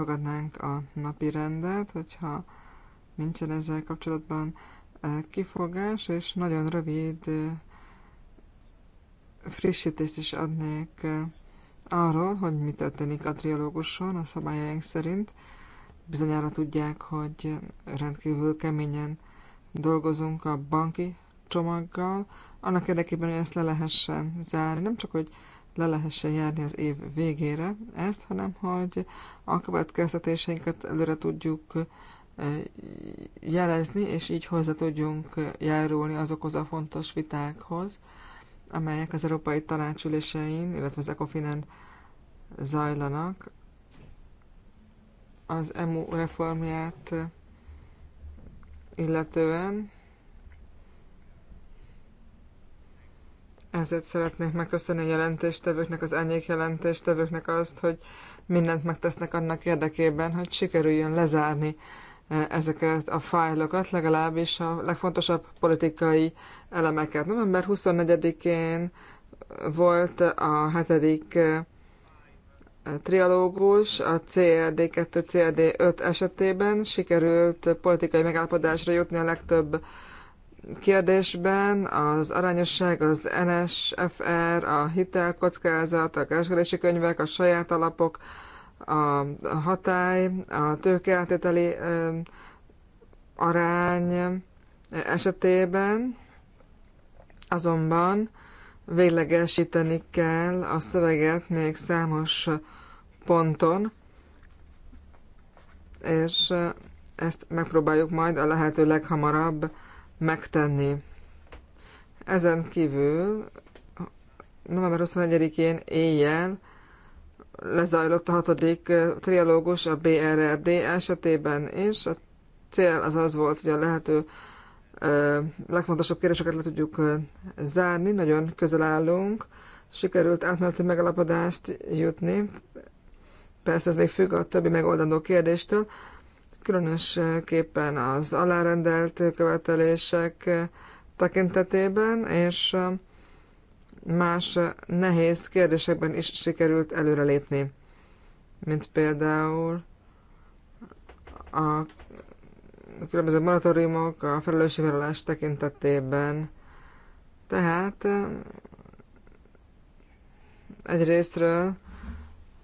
fogadnánk a napi rendet, hogyha nincsen ezzel kapcsolatban e, kifogás, és nagyon rövid e, frissítést is adnék e, arról, hogy mi történik a triológuson a szabályaink szerint. Bizonyára tudják, hogy rendkívül keményen dolgozunk a banki csomaggal, annak érdekében, hogy ezt le lehessen zárni. Nem csak, hogy le lehessen járni az év végére ezt, hanem hogy a következtetéseinket előre tudjuk jelezni, és így hozzá tudjunk járulni azokhoz a fontos vitákhoz, amelyek az Európai Tanácsülésein, illetve az ECOFIN-en zajlanak. Az EMU reformját illetően Ezért szeretnék megköszönni a jelentéstevőknek, az enyék jelentéstevőknek azt, hogy mindent megtesznek annak érdekében, hogy sikerüljön lezárni e, ezeket a fájlokat, legalábbis a legfontosabb politikai elemeket. November 24-én volt a hetedik e, trialógus a CRD 2, CRD 5 esetében sikerült politikai megállapodásra jutni a legtöbb kérdésben az arányosság, az NSFR, a hitelkockázat, a kereskedési könyvek, a saját alapok, a hatály, a tőkeáttételi arány esetében azonban véglegesíteni kell a szöveget még számos ponton, és ezt megpróbáljuk majd a lehető leghamarabb megtenni. Ezen kívül november 21-én éjjel lezajlott a hatodik trialógus a BRRD esetében, és a cél az az volt, hogy a lehető legfontosabb kérdéseket le tudjuk zárni, nagyon közel állunk, sikerült átmeneti megalapodást jutni, persze ez még függ a többi megoldandó kérdéstől, különösképpen az alárendelt követelések tekintetében, és más nehéz kérdésekben is sikerült előrelépni, mint például a különböző moratóriumok a felelősségvállalás tekintetében. Tehát egyrésztről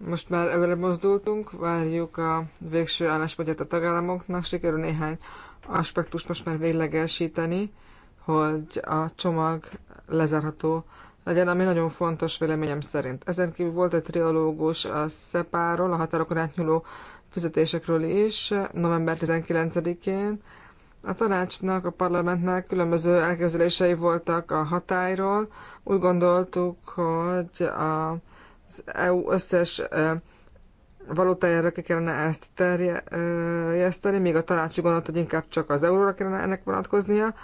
most már előre mozdultunk, várjuk a végső álláspontját a tagállamoknak, sikerül néhány aspektus, most már véglegesíteni, hogy a csomag lezárható legyen, ami nagyon fontos véleményem szerint. Ezen kívül volt egy triológus a szepá ról a határokon átnyúló fizetésekről is, november 19-én. A tanácsnak, a parlamentnek különböző elképzelései voltak a hatályról. Úgy gondoltuk, hogy a az EU összes valutájára ki kellene ezt terjeszteni, még a tanács gondolt, hogy inkább csak az euróra kellene ennek vonatkoznia.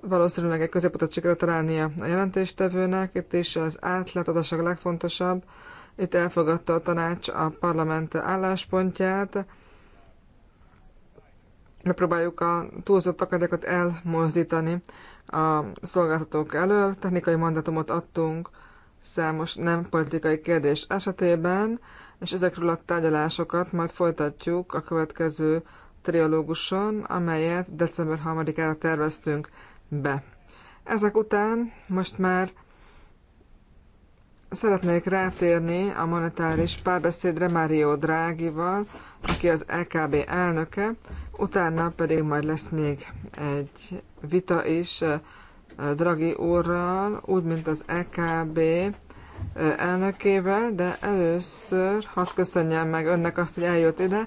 Valószínűleg egy középutat sikerült találnia a jelentéstevőnek, itt is az átláthatóság legfontosabb. Itt elfogadta a tanács a parlament álláspontját. Megpróbáljuk a túlzott akadályokat elmozdítani a szolgáltatók elől. Technikai mandatumot adtunk számos nem politikai kérdés esetében, és ezekről a tárgyalásokat majd folytatjuk a következő triológuson, amelyet december 3-ára terveztünk be. Ezek után most már szeretnék rátérni a monetáris párbeszédre Mário Drágival, aki az LKB elnöke, utána pedig majd lesz még egy vita is Draghi úrral, úgy, mint az EKB elnökével, de először hadd köszönjem meg önnek azt, hogy eljött ide.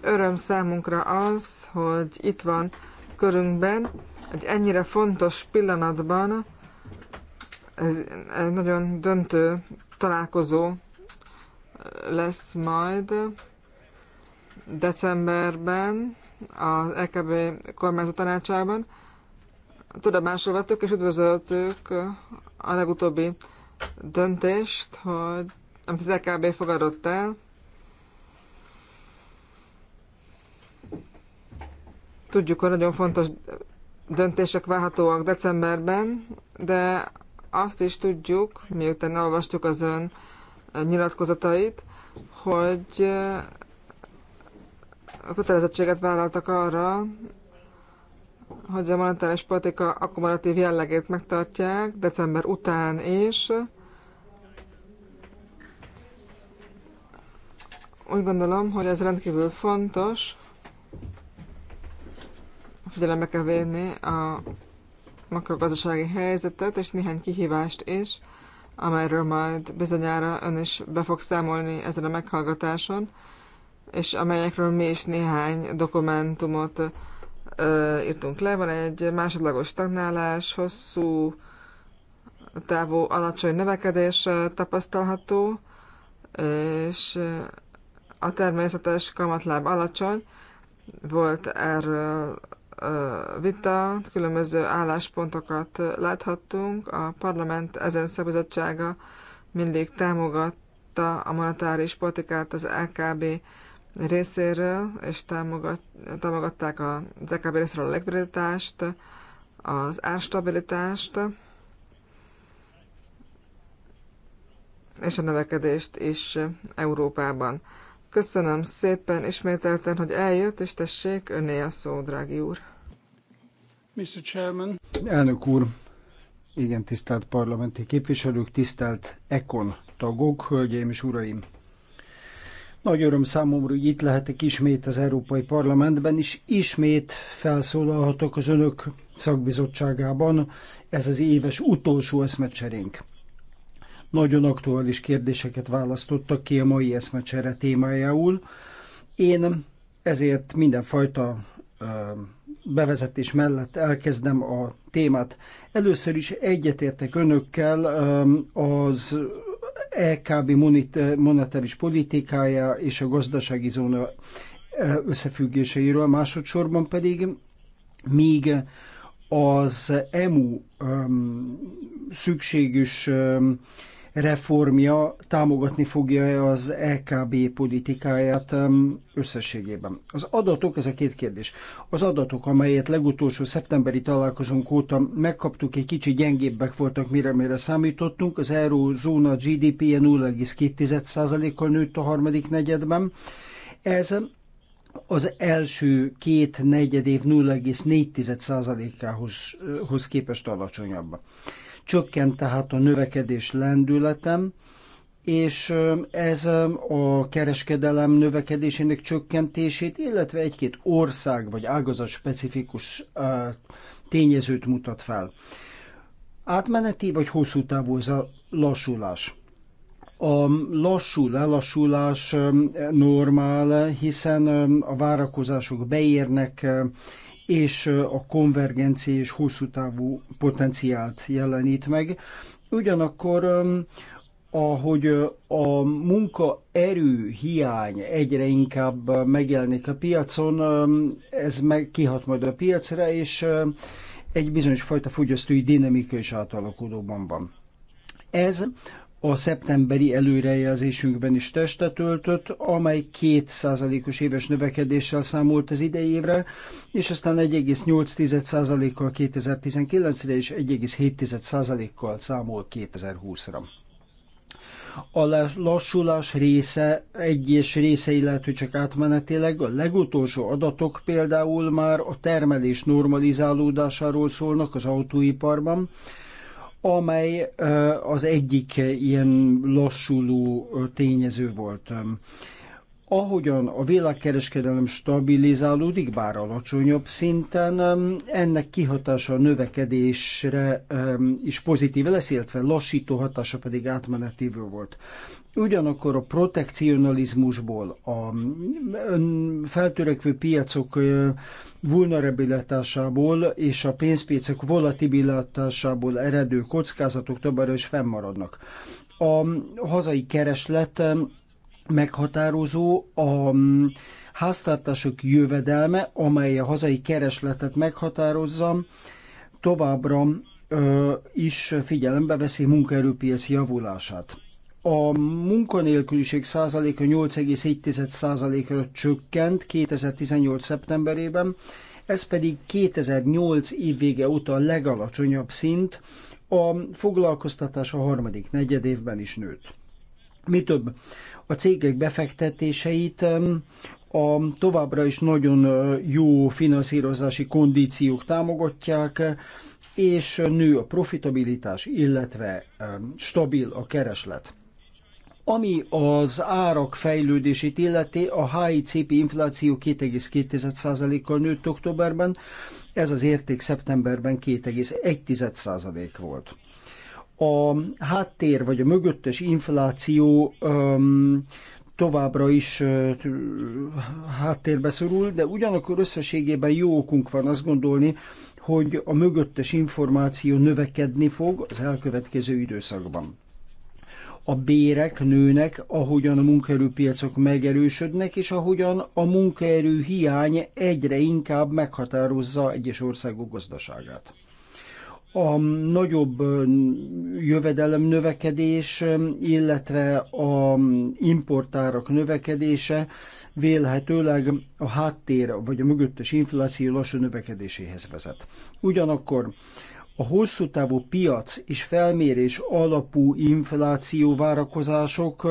Öröm számunkra az, hogy itt van körünkben, egy ennyire fontos pillanatban, egy nagyon döntő találkozó lesz majd decemberben az EKB kormányzó tanácsában tudomásra vettük és üdvözöltük a legutóbbi döntést, hogy amit az LKB e fogadott el, Tudjuk, hogy nagyon fontos döntések várhatóak decemberben, de azt is tudjuk, miután elolvastuk az ön nyilatkozatait, hogy a kötelezettséget vállaltak arra, hogy a monetáris politika akkumulatív jellegét megtartják december után is. Úgy gondolom, hogy ez rendkívül fontos. Figyelembe kell venni a makrogazdasági helyzetet és néhány kihívást is, amelyről majd bizonyára ön is be fog számolni ezen a meghallgatáson, és amelyekről mi is néhány dokumentumot írtunk le, van egy másodlagos stagnálás, hosszú távú alacsony növekedés tapasztalható, és a természetes kamatláb alacsony. Volt erről vita, különböző álláspontokat láthattunk. A parlament ezen szabizottsága mindig támogatta a monetáris politikát az LKB részéről, és támogat, támogatták az EKB részéről a likviditást, az árstabilitást, és a növekedést is Európában. Köszönöm szépen ismételten, hogy eljött, és tessék, öné a szó, drági úr. Mr. Chairman. Elnök úr, igen, tisztelt parlamenti képviselők, tisztelt Ekon tagok, hölgyeim és uraim! Nagy öröm számomra, hogy itt lehetek ismét az Európai Parlamentben, és ismét felszólalhatok az önök szakbizottságában. Ez az éves utolsó eszmecserénk. Nagyon aktuális kérdéseket választottak ki a mai eszmecsere témájául. Én ezért mindenfajta bevezetés mellett elkezdem a témát. Először is egyetértek önökkel az EKB monetáris politikája és a gazdasági zóna e, összefüggéseiről, másodszorban pedig még az e EMU um, szükséges um, reformja támogatni fogja az EKB politikáját összességében? Az adatok, ez a két kérdés. Az adatok, amelyet legutolsó szeptemberi találkozónk óta megkaptuk, egy kicsi gyengébbek voltak, mire mire számítottunk. Az eurózóna GDP-je 0,2%-kal nőtt a harmadik negyedben. Ez az első két negyed év 0,4%-ához eh, képest alacsonyabb csökkent tehát a növekedés lendületem, és ez a kereskedelem növekedésének csökkentését, illetve egy-két ország vagy ágazat specifikus tényezőt mutat fel. Átmeneti vagy hosszú távú ez a lassulás? A lassú lelassulás normál, hiszen a várakozások beérnek, és a konvergencia és hosszú távú potenciált jelenít meg. Ugyanakkor ahogy a munkaerő hiány egyre inkább megjelenik a piacon, ez meg kihat majd a piacra, és egy bizonyos fajta fogyasztói dinamika is átalakulóban van. Ez a szeptemberi előrejelzésünkben is testet öltött, amely 2%-os éves növekedéssel számolt az idei évre, és aztán 1,8%-kal 2019-re és 1,7%-kal számol 2020-ra. A lassulás része, egyes részei lehet, hogy csak átmenetileg, a legutolsó adatok például már a termelés normalizálódásáról szólnak az autóiparban, amely az egyik ilyen lassuló tényező volt. Ahogyan a világkereskedelem stabilizálódik, bár alacsonyabb szinten, ennek kihatása a növekedésre is pozitív lesz, illetve lassító hatása pedig átmenetívő volt. Ugyanakkor a protekcionalizmusból, a feltörekvő piacok vulnerabilitásából és a pénzpiacok volatilitásából eredő kockázatok továbbra is fennmaradnak. A hazai kereslet meghatározó a hm, háztartások jövedelme, amely a hazai keresletet meghatározza, továbbra is figyelembe veszi munkaerőpiac javulását. A munkanélküliség százaléka 8,7 százalékra csökkent 2018. szeptemberében, ez pedig 2008 év vége óta a legalacsonyabb szint, a foglalkoztatás a harmadik negyedévben is nőtt. Mi több, a cégek befektetéseit a továbbra is nagyon jó finanszírozási kondíciók támogatják, és nő a profitabilitás, illetve stabil a kereslet. Ami az árak fejlődését illeti, a HICP infláció 2,2%-kal nőtt októberben, ez az érték szeptemberben 2,1% volt. A háttér vagy a mögöttes infláció um, továbbra is háttérbe szorul, de ugyanakkor összességében jó okunk van azt gondolni, hogy a mögöttes információ növekedni fog az elkövetkező időszakban a bérek nőnek, ahogyan a munkaerőpiacok megerősödnek, és ahogyan a munkaerő hiány egyre inkább meghatározza egyes országok gazdaságát. A nagyobb jövedelem növekedés, illetve a importárak növekedése vélhetőleg a háttér vagy a mögöttes infláció lassú növekedéséhez vezet. Ugyanakkor a hosszú távú piac és felmérés alapú infláció várakozások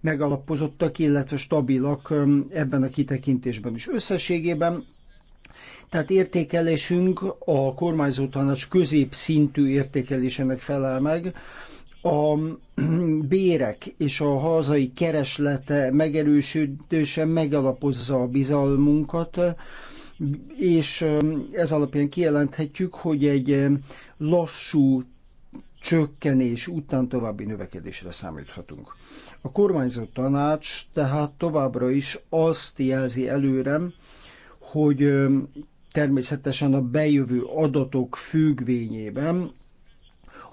megalapozottak, illetve stabilak ebben a kitekintésben is. Összességében tehát értékelésünk a kormányzó tanács középszintű értékelésének felel meg, a bérek és a hazai kereslete megerősödése megalapozza a bizalmunkat, és ez alapján kijelenthetjük, hogy egy lassú csökkenés után további növekedésre számíthatunk. A kormányzó tanács tehát továbbra is azt jelzi előre, hogy természetesen a bejövő adatok függvényében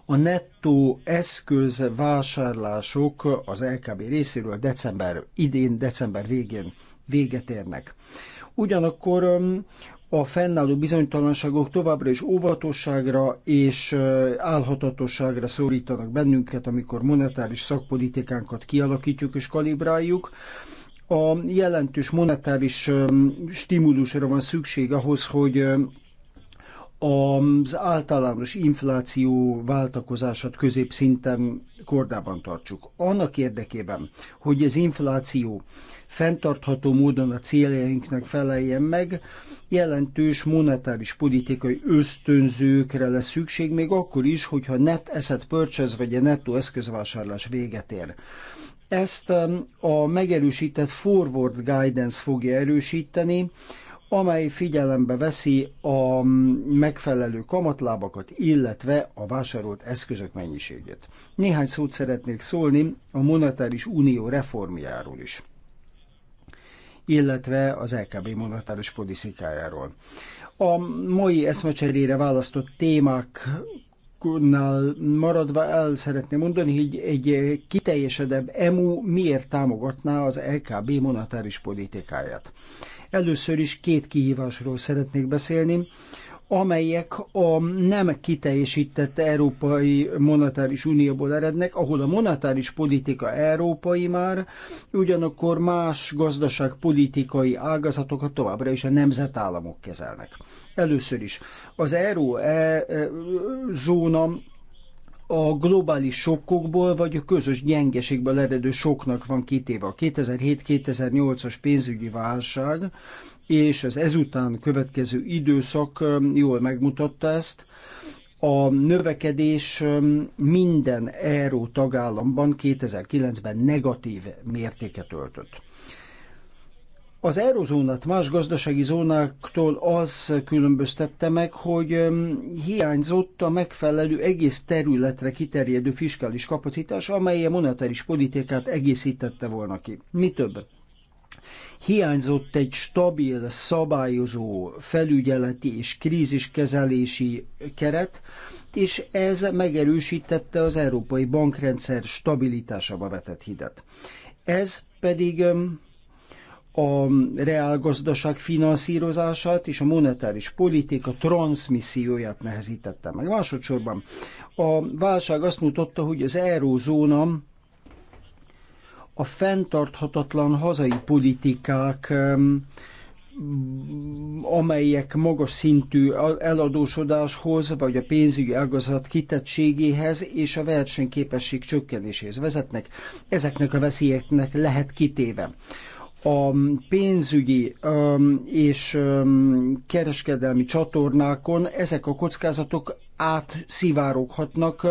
a nettó eszközvásárlások az LKB részéről december, idén december végén véget érnek. Ugyanakkor a fennálló bizonytalanságok továbbra is óvatosságra és álhatatosságra szorítanak bennünket, amikor monetáris szakpolitikánkat kialakítjuk és kalibráljuk. A jelentős monetáris stimulusra van szükség ahhoz, hogy az általános infláció váltakozását középszinten kordában tartsuk. Annak érdekében, hogy az infláció fenntartható módon a céljainknak feleljen meg, jelentős monetáris politikai ösztönzőkre lesz szükség, még akkor is, hogyha net asset purchase vagy a nettó eszközvásárlás véget ér. Ezt um, a megerősített forward guidance fogja erősíteni, amely figyelembe veszi a um, megfelelő kamatlábakat, illetve a vásárolt eszközök mennyiségét. Néhány szót szeretnék szólni a monetáris unió reformjáról is illetve az LKB monetáris politikájáról. A mai eszmecserére választott témák nál maradva el szeretném mondani, hogy egy kiteljesedebb EMU miért támogatná az LKB monetáris politikáját. Először is két kihívásról szeretnék beszélni amelyek a nem kiteljesített Európai Monetáris Unióból erednek, ahol a monetáris politika európai már, ugyanakkor más gazdaságpolitikai ágazatokat továbbra is a nemzetállamok kezelnek. Először is az euró -E, e zóna a globális sokkokból vagy a közös gyengeségből eredő soknak van kitéve. A 2007-2008-as pénzügyi válság és az ezután következő időszak um, jól megmutatta ezt. A növekedés um, minden euró tagállamban 2009-ben negatív mértéket öltött. Az eurozónát más gazdasági zónáktól az különböztette meg, hogy um, hiányzott a megfelelő egész területre kiterjedő fiskális kapacitás, amely a monetáris politikát egészítette volna ki. Mi több? hiányzott egy stabil, szabályozó, felügyeleti és kríziskezelési keret, és ez megerősítette az európai bankrendszer stabilitásába vetett hidet. Ez pedig a reálgazdaság finanszírozását és a monetáris politika transmisszióját nehezítette meg. Másodszorban a válság azt mutatta, hogy az eurózóna a fenntarthatatlan hazai politikák, amelyek magas szintű eladósodáshoz, vagy a pénzügyi ágazat kitettségéhez és a versenyképesség csökkenéséhez vezetnek, ezeknek a veszélyeknek lehet kitéve a pénzügyi és kereskedelmi csatornákon ezek a kockázatok átszivároghatnak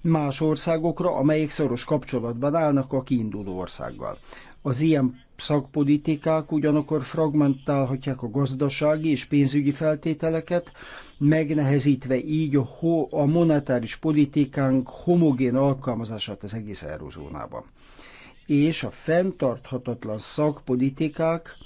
más országokra, amelyek szoros kapcsolatban állnak a kiinduló országgal. Az ilyen szakpolitikák ugyanakkor fragmentálhatják a gazdasági és pénzügyi feltételeket, megnehezítve így a, ho- a monetáris politikánk homogén alkalmazását az egész eurozónában. És a fenntarthatatlan szakpolitikák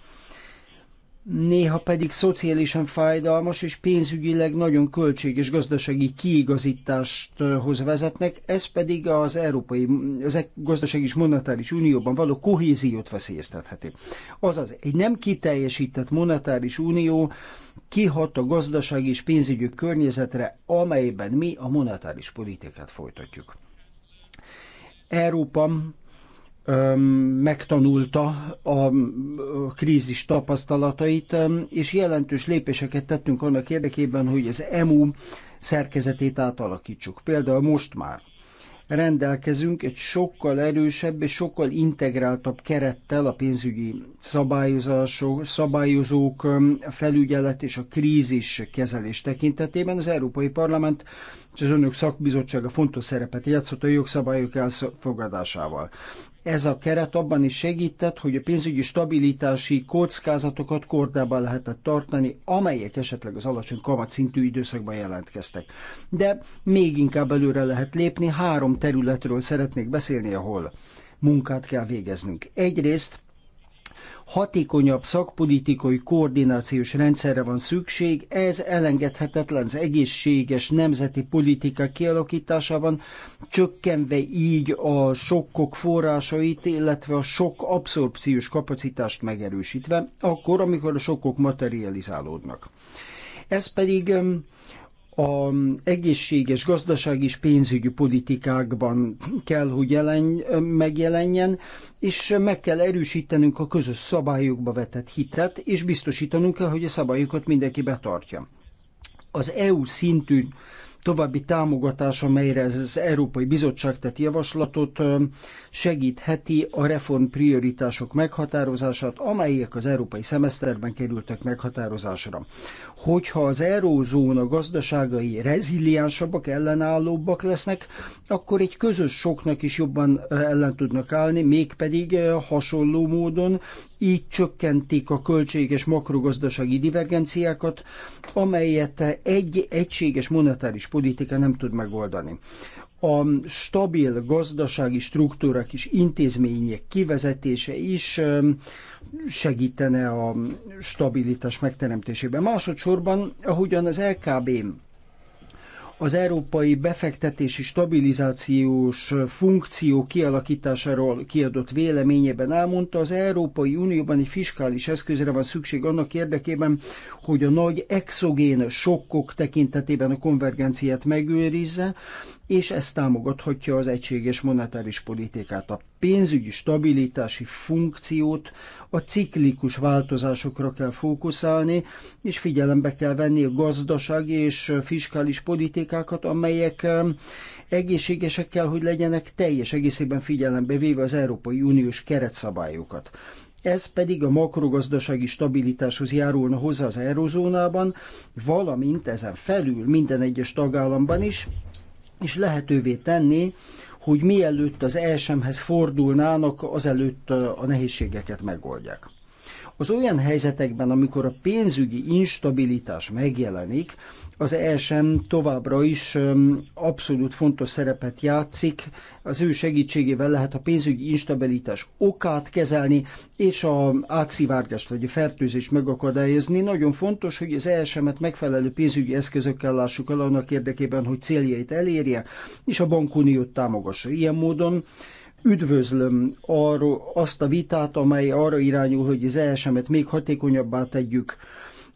néha pedig szociálisan fájdalmas és pénzügyileg nagyon költséges gazdasági kiigazítást hoz vezetnek, ez pedig az Európai az e- Gazdasági és Monetáris Unióban való kohéziót veszélyeztetheti. Azaz, egy nem kiteljesített monetáris unió kihat a gazdasági és pénzügyi környezetre, amelyben mi a monetáris politikát folytatjuk. Európa megtanulta a krízis tapasztalatait, és jelentős lépéseket tettünk annak érdekében, hogy az EMU szerkezetét átalakítsuk. Például most már rendelkezünk egy sokkal erősebb és sokkal integráltabb kerettel a pénzügyi szabályozások, szabályozók felügyelet és a krízis kezelés tekintetében. Az Európai Parlament és az önök szakbizottsága fontos szerepet játszott a jogszabályok elfogadásával. Ez a keret abban is segített, hogy a pénzügyi stabilitási kockázatokat kordában lehetett tartani, amelyek esetleg az alacsony kamatszintű időszakban jelentkeztek. De még inkább előre lehet lépni, három területről szeretnék beszélni, ahol munkát kell végeznünk. Egyrészt hatékonyabb szakpolitikai koordinációs rendszerre van szükség, ez elengedhetetlen az egészséges nemzeti politika kialakításában, csökkenve így a sokkok forrásait, illetve a sok abszorpciós kapacitást megerősítve, akkor, amikor a sokkok materializálódnak. Ez pedig a egészséges gazdaság és pénzügyi politikákban kell, hogy jelen, megjelenjen, és meg kell erősítenünk a közös szabályokba vetett hitet, és biztosítanunk kell, hogy a szabályokat mindenki betartja. Az EU szintű további támogatás, amelyre ez az Európai Bizottság tett javaslatot, segítheti a reform prioritások meghatározását, amelyek az európai szemeszterben kerültek meghatározásra. Hogyha az eurózóna gazdaságai reziliánsabbak, ellenállóbbak lesznek, akkor egy közös soknak is jobban ellen tudnak állni, mégpedig hasonló módon így csökkentik a költséges makrogazdasági divergenciákat, amelyet egy egységes monetáris politika nem tud megoldani a stabil gazdasági struktúrák és intézmények kivezetése is segítene a stabilitás megteremtésében. Másodszorban, ahogyan az LKB az európai befektetési stabilizációs funkció kialakításáról kiadott véleményében elmondta, az Európai Unióban egy fiskális eszközre van szükség annak érdekében, hogy a nagy exogén sokkok tekintetében a konvergenciát megőrizze, és ezt támogathatja az egységes monetáris politikát. A pénzügyi stabilitási funkciót a ciklikus változásokra kell fókuszálni, és figyelembe kell venni a gazdasági és fiskális politikákat, amelyek egészségesek kell, hogy legyenek teljes egészében figyelembe véve az Európai Uniós keretszabályokat. Ez pedig a makrogazdasági stabilitáshoz járulna hozzá az eurozónában, valamint ezen felül minden egyes tagállamban is, és lehetővé tenni, hogy mielőtt az ESM-hez fordulnának, azelőtt a nehézségeket megoldják. Az olyan helyzetekben, amikor a pénzügyi instabilitás megjelenik, az ESM továbbra is abszolút fontos szerepet játszik, az ő segítségével lehet a pénzügyi instabilitás okát kezelni, és a átszivárgást vagy a fertőzést megakadályozni. Nagyon fontos, hogy az ESM-et megfelelő pénzügyi eszközökkel lássuk el annak érdekében, hogy céljait elérje, és a bankuniót támogassa. Ilyen módon Üdvözlöm arról azt a vitát, amely arra irányul, hogy az ESM-et még hatékonyabbá tegyük,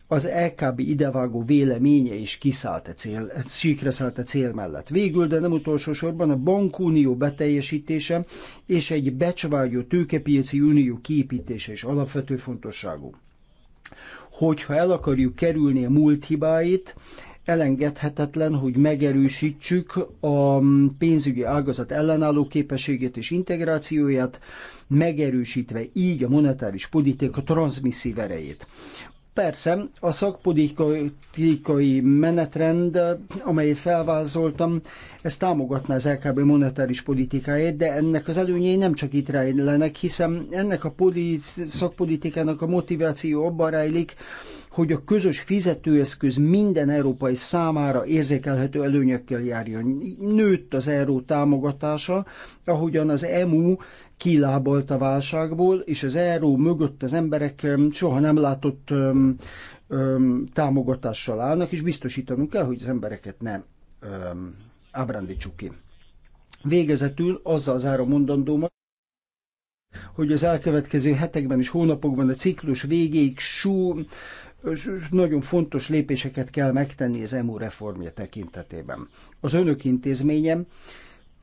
az LKB idevágó véleménye is kiszállt a cél, síkra szállt a cél mellett. Végül, de nem utolsó sorban a bankunió beteljesítése és egy becsvágyó tőkepiaci unió kiépítése is alapvető fontosságú. Hogyha el akarjuk kerülni a múlt hibáit, elengedhetetlen, hogy megerősítsük a pénzügyi ágazat ellenálló képességét és integrációját, megerősítve így a monetáris politika transmisszív erejét. Persze, a szakpolitikai menetrend, amelyet felvázoltam, ez támogatná az LKB monetáris politikáját, de ennek az előnyei nem csak itt rejlenek, hiszen ennek a poli- szakpolitikának a motiváció abban rejlik, hogy a közös fizetőeszköz minden európai számára érzékelhető előnyökkel járjon. Nőtt az euró támogatása, ahogyan az EMU kilábalt a válságból, és az euró mögött az emberek soha nem látott öm, öm, támogatással állnak, és biztosítanunk kell, hogy az embereket nem öm, ábrándítsuk ki. Végezetül azzal zárom mondandómat, hogy az elkövetkező hetekben és hónapokban a ciklus végéig sú, nagyon fontos lépéseket kell megtenni az EMU reformja tekintetében. Az önök intézményem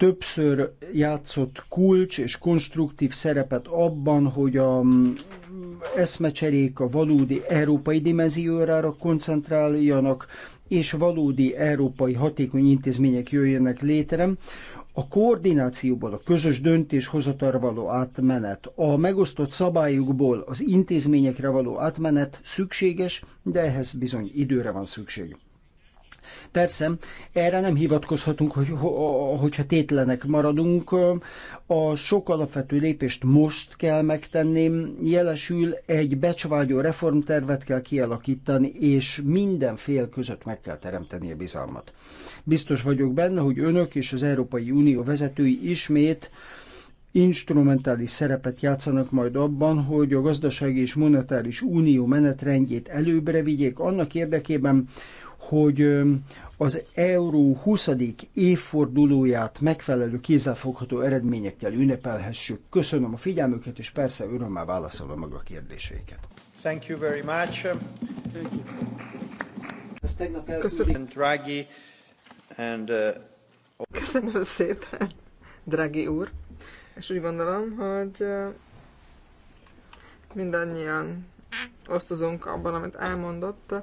többször játszott kulcs és konstruktív szerepet abban, hogy a mm, eszmecserék a valódi európai dimenzióra koncentráljanak, és valódi európai hatékony intézmények jöjjenek létre. A koordinációból a közös döntéshozatalra való átmenet, a megosztott szabályokból az intézményekre való átmenet szükséges, de ehhez bizony időre van szükség. Persze, erre nem hivatkozhatunk, hogy, hogyha tétlenek maradunk. A sok alapvető lépést most kell megtenni, jelesül egy becsvágyó reformtervet kell kialakítani, és minden fél között meg kell teremteni a bizalmat. Biztos vagyok benne, hogy önök és az Európai Unió vezetői ismét instrumentális szerepet játszanak majd abban, hogy a gazdasági és monetáris unió menetrendjét előbbre vigyék annak érdekében, hogy az Euró 20. évfordulóját megfelelő kézzelfogható eredményekkel ünnepelhessük. Köszönöm a figyelmüket, és persze örömmel válaszolom maga a kérdéseiket. Thank you very much. Thank you. Köszönöm. Draghi and, uh... Köszönöm szépen, Draghi úr. És úgy gondolom, hogy uh, mindannyian osztozunk abban, amit elmondott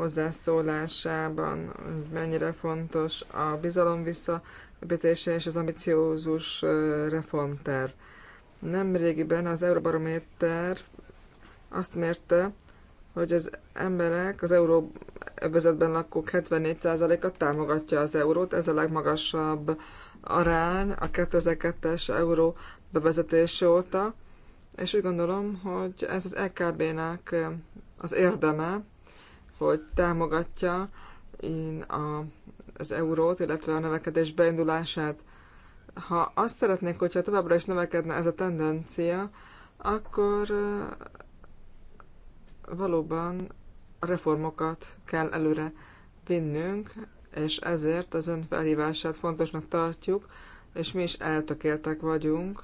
hozzászólásában, mennyire fontos a bizalom visszaépítése és az ambiciózus reformterv. Nemrégiben az Euróbarométer azt mérte, hogy az emberek, az euróvezetben lakók 74%-a támogatja az eurót, ez a legmagasabb arány a 2002-es euró bevezetése óta, és úgy gondolom, hogy ez az EKB-nek az érdeme, hogy támogatja én a, az eurót, illetve a növekedés beindulását. Ha azt szeretnék, hogyha továbbra is növekedne ez a tendencia, akkor valóban reformokat kell előre vinnünk, és ezért az ön felhívását fontosnak tartjuk, és mi is eltökéltek vagyunk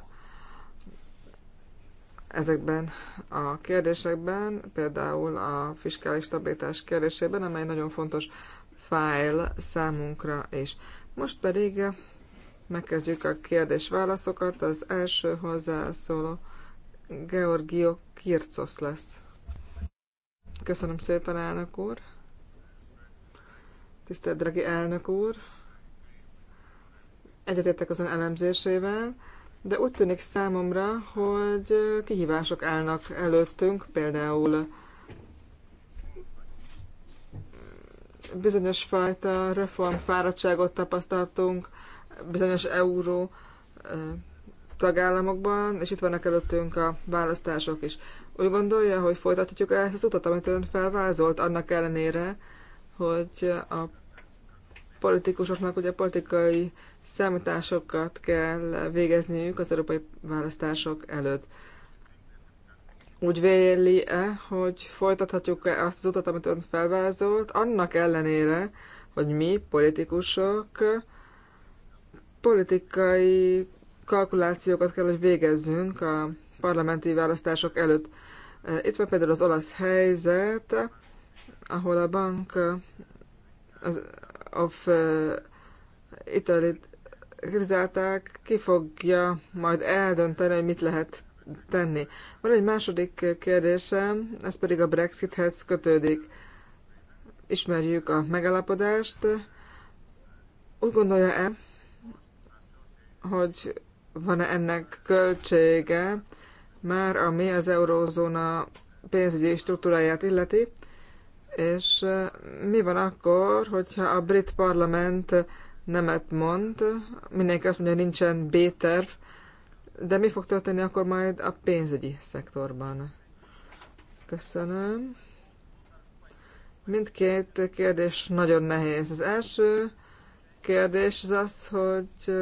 ezekben a kérdésekben, például a fiskális stabilitás kérdésében, amely nagyon fontos fájl számunkra is. Most pedig megkezdjük a kérdés-válaszokat. Az első hozzászóló Georgio Kircosz lesz. Köszönöm szépen, elnök úr! Tisztelt, drági elnök úr! Egyetértek azon elemzésével, de úgy tűnik számomra, hogy kihívások állnak előttünk, például bizonyos fajta reformfáradtságot tapasztaltunk bizonyos euró tagállamokban, és itt vannak előttünk a választások is. Úgy gondolja, hogy folytathatjuk ezt az utat, amit ön felvázolt, annak ellenére, hogy a politikusoknak ugye politikai számításokat kell végezniük az európai választások előtt. Úgy véli-e, hogy folytathatjuk-e azt az utat, amit ön felvázolt, annak ellenére, hogy mi, politikusok, politikai kalkulációkat kell, hogy végezzünk a parlamenti választások előtt. Itt van például az olasz helyzet, ahol a bank, az, of Italy-t kritizálták, ki fogja majd eldönteni, hogy mit lehet tenni. Van egy második kérdésem, ez pedig a Brexithez kötődik. Ismerjük a megalapodást. Úgy gondolja-e, hogy van-e ennek költsége már ami az eurózóna pénzügyi struktúráját illeti, és mi van akkor, hogyha a brit parlament nemet mond, mindenki azt mondja, hogy nincsen B-terv, de mi fog történni akkor majd a pénzügyi szektorban? Köszönöm. Mindkét kérdés nagyon nehéz. Az első kérdés az az, hogy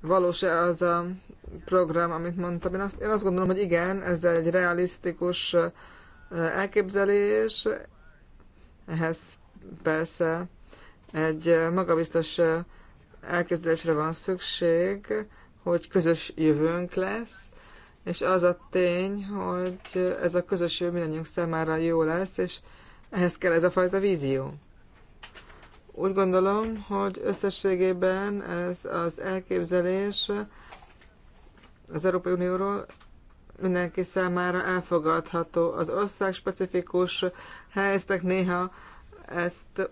valós-e az a program, amit mondtam. Én azt, én azt gondolom, hogy igen, ez egy realisztikus elképzelés. Ehhez persze egy magabiztos elképzelésre van szükség, hogy közös jövőnk lesz, és az a tény, hogy ez a közös jövő mindannyiunk számára jó lesz, és ehhez kell ez a fajta vízió. Úgy gondolom, hogy összességében ez az elképzelés az Európai Unióról mindenki számára elfogadható. Az ország specifikus helyzetek néha ezt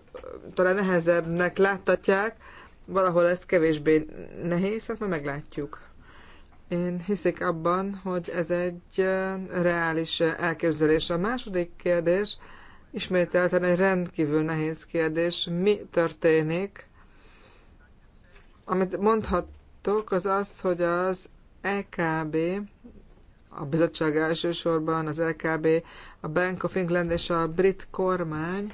talán nehezebbnek láttatják, valahol ezt kevésbé nehéz, hát majd meglátjuk. Én hiszik abban, hogy ez egy reális elképzelés. A második kérdés ismételten egy rendkívül nehéz kérdés. Mi történik? Amit mondhatok, az az, hogy az EKB a bizottság elsősorban, az LKB, a Bank of England és a brit kormány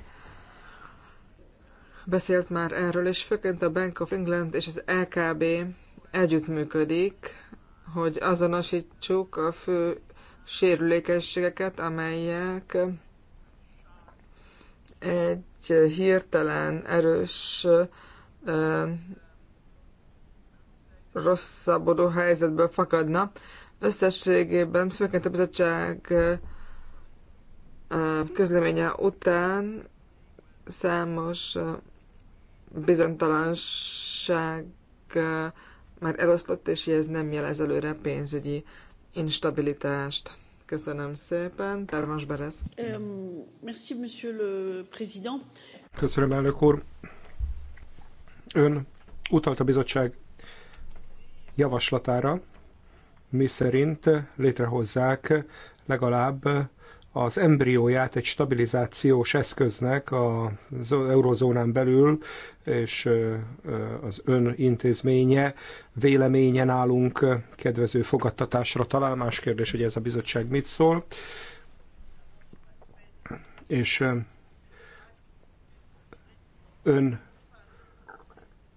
beszélt már erről, és főként a Bank of England és az LKB együttműködik, hogy azonosítsuk a fő sérülékenységeket, amelyek egy hirtelen erős rosszabbodó helyzetből fakadna Összességében, főként a bizottság közleménye után számos bizonytalanság már eloszlott, és ez nem jelez előre pénzügyi instabilitást. Köszönöm szépen. Termas Berez. Merci, monsieur le président. Köszönöm, elnök úr. Ön utalt a bizottság javaslatára, mi szerint létrehozzák legalább az embrióját egy stabilizációs eszköznek az eurozónán belül, és az ön intézménye véleménye nálunk kedvező fogadtatásra talál. Más kérdés, hogy ez a bizottság mit szól. És ön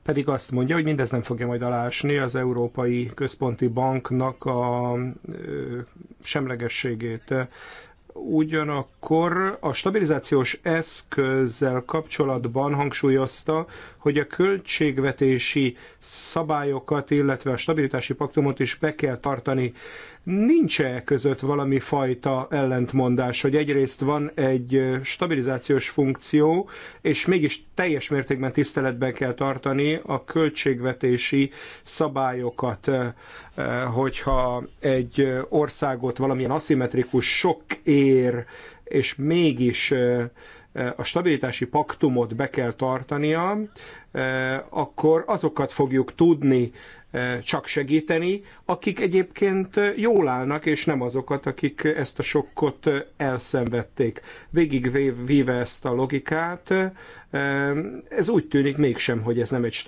pedig azt mondja, hogy mindez nem fogja majd alásni az Európai Központi Banknak a semlegességét. Ugyanakkor a stabilizációs eszközzel kapcsolatban hangsúlyozta, hogy a költségvetési szabályokat, illetve a stabilitási paktumot is be kell tartani. nincs -e között valami fajta ellentmondás, hogy egyrészt van egy stabilizációs funkció, és mégis teljes mértékben tiszteletben kell tartani a költségvetési szabályokat, hogyha egy országot valamilyen aszimmetrikus sok ér, és mégis Eh, a stabilitási paktumot be kell tartania, eh, akkor azokat fogjuk tudni eh, csak segíteni, akik egyébként jól állnak, és nem azokat, akik ezt a sokkot elszenvedték. véve ezt a logikát, ez úgy tűnik mégsem, hogy ez, nem egy,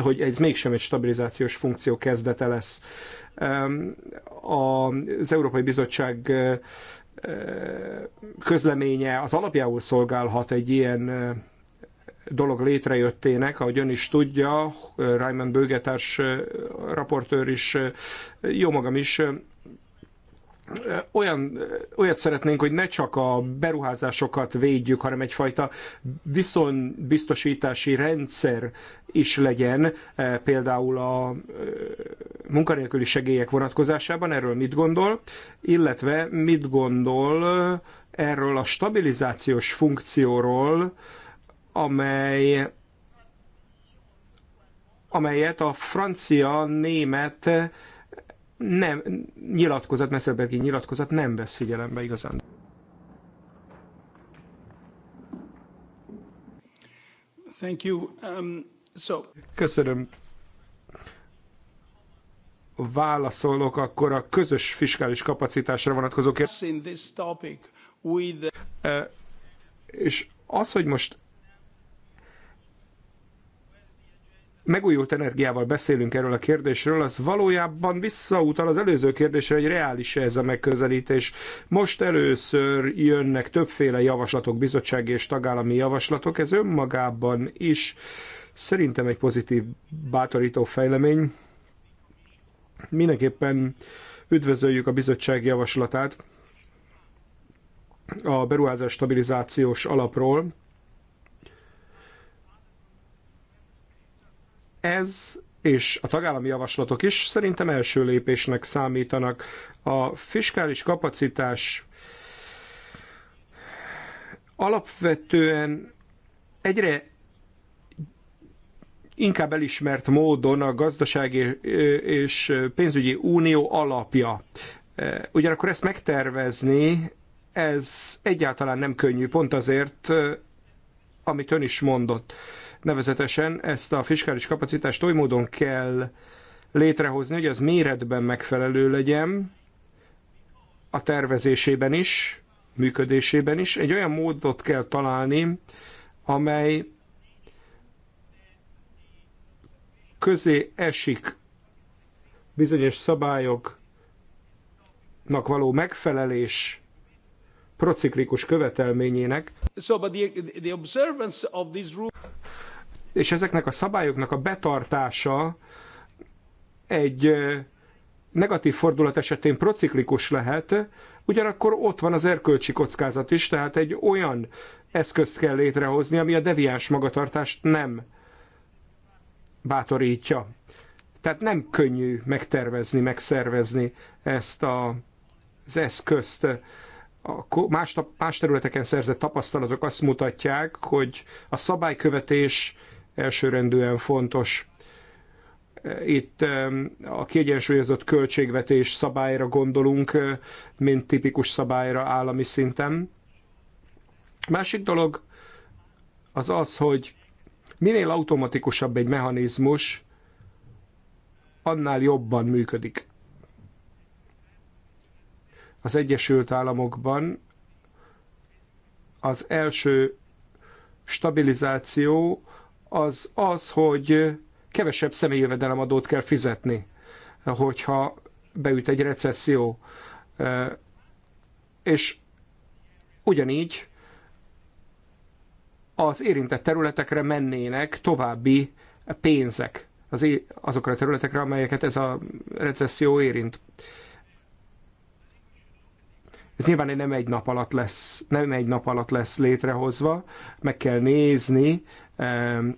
hogy ez mégsem egy stabilizációs funkció kezdete lesz. Az Európai Bizottság közleménye az alapjául szolgálhat egy ilyen dolog létrejöttének, ahogy ön is tudja, Raymond Bőgetárs raportőr is, jó magam is olyan, olyat szeretnénk, hogy ne csak a beruházásokat védjük, hanem egyfajta viszonybiztosítási rendszer is legyen, például a munkanélküli segélyek vonatkozásában, erről mit gondol, illetve mit gondol erről a stabilizációs funkcióról, amely amelyet a francia, német nem, nyilatkozat, Messelbergi nyilatkozat nem vesz figyelembe igazán. Thank you. Um, so... Köszönöm. Válaszolok akkor a közös fiskális kapacitásra vonatkozó kérdésre. Uh, eh, és az, hogy most megújult energiával beszélünk erről a kérdésről, az valójában visszautal az előző kérdésre, hogy reális -e ez a megközelítés. Most először jönnek többféle javaslatok, bizottsági és tagállami javaslatok, ez önmagában is szerintem egy pozitív, bátorító fejlemény. Mindenképpen üdvözöljük a bizottság javaslatát a beruházás stabilizációs alapról, Ez és a tagállami javaslatok is szerintem első lépésnek számítanak. A fiskális kapacitás alapvetően egyre inkább elismert módon a gazdasági és pénzügyi unió alapja. Ugyanakkor ezt megtervezni, ez egyáltalán nem könnyű, pont azért, amit ön is mondott. Nevezetesen ezt a fiskális kapacitást oly módon kell létrehozni, hogy az méretben megfelelő legyen, a tervezésében is, működésében is. Egy olyan módot kell találni, amely közé esik bizonyos szabályoknak való megfelelés prociklikus követelményének és ezeknek a szabályoknak a betartása egy negatív fordulat esetén prociklikus lehet, ugyanakkor ott van az erkölcsi kockázat is, tehát egy olyan eszközt kell létrehozni, ami a deviáns magatartást nem bátorítja. Tehát nem könnyű megtervezni, megszervezni ezt a, az eszközt. A más, más területeken szerzett tapasztalatok azt mutatják, hogy a szabálykövetés elsőrendűen fontos. Itt a kiegyensúlyozott költségvetés szabályra gondolunk, mint tipikus szabályra állami szinten. Másik dolog az az, hogy minél automatikusabb egy mechanizmus, annál jobban működik. Az Egyesült Államokban az első stabilizáció az az, hogy kevesebb személyjövedelemadót kell fizetni, hogyha beüt egy recesszió. És ugyanígy az érintett területekre mennének további pénzek azokra a területekre, amelyeket ez a recesszió érint. Ez nyilván nem egy nap alatt lesz, nem egy nap alatt lesz létrehozva, meg kell nézni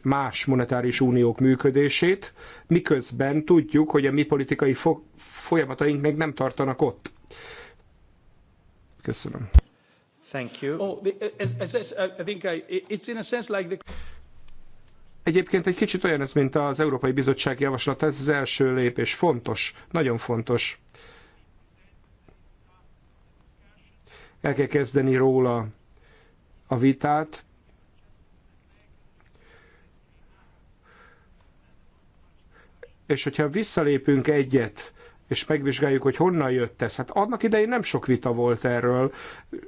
más monetáris uniók működését, miközben tudjuk, hogy a mi politikai folyamataink még nem tartanak ott. Köszönöm. Thank you. Oh, as, as, I think I, it's in a sense like the... Egyébként egy kicsit olyan ez, mint az Európai Bizottság javaslata, ez az első lépés. Fontos, nagyon fontos. El kell kezdeni róla a vitát, és hogyha visszalépünk egyet, és megvizsgáljuk, hogy honnan jött ez. Hát annak idején nem sok vita volt erről.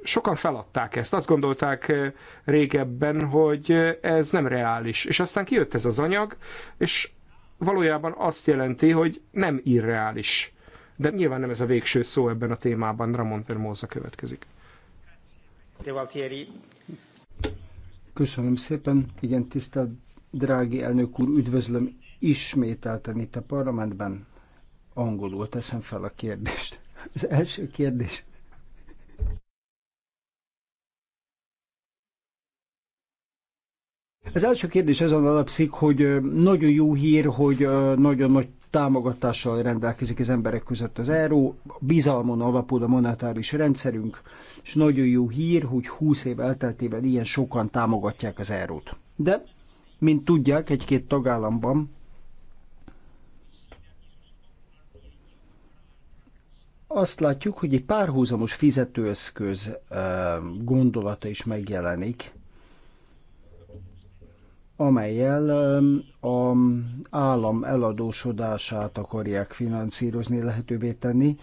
Sokan feladták ezt. Azt gondolták eh, régebben, hogy eh, ez nem reális. És aztán kijött ez az anyag, és valójában azt jelenti, hogy nem irreális. De nyilván nem ez a végső szó ebben a témában. Ramon Permóza következik. Köszönöm szépen. Igen, tisztelt drági elnök úr, üdvözlöm Ismételten itt a parlamentben angolul teszem fel a kérdést. Az első kérdés. Az első kérdés ezen alapszik, hogy nagyon jó hír, hogy nagyon nagy támogatással rendelkezik az emberek között az euró, bizalmon alapul a monetáris rendszerünk, és nagyon jó hír, hogy 20 év elteltével ilyen sokan támogatják az eurót. De, mint tudják, egy-két tagállamban azt látjuk, hogy egy párhuzamos fizetőeszköz gondolata is megjelenik, amelyel a állam eladósodását akarják finanszírozni, lehetővé tenni.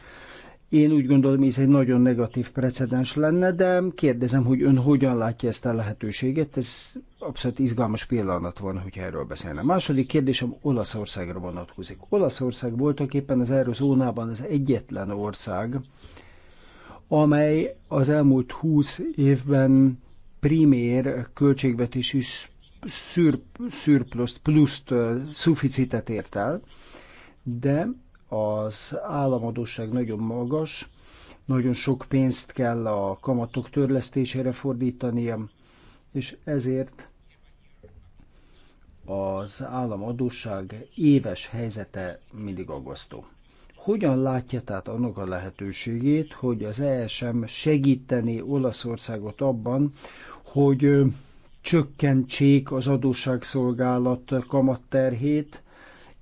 Én úgy gondolom, ez egy nagyon negatív precedens lenne, de kérdezem, hogy ön hogyan látja ezt a lehetőséget. Ez abszolút izgalmas pillanat van, hogy erről beszélne. Második kérdésem Olaszországra vonatkozik. Olaszország voltak éppen az eurozónában az egyetlen ország, amely az elmúlt 20 évben primér költségvetési szürp, pluszt, szuficitet ért el, de az államadóság nagyon magas, nagyon sok pénzt kell a kamatok törlesztésére fordítania, és ezért az államadóság éves helyzete mindig aggasztó. Hogyan látja tehát annak a lehetőségét, hogy az ESM segíteni Olaszországot abban, hogy csökkentsék az adósságszolgálat kamatterhét,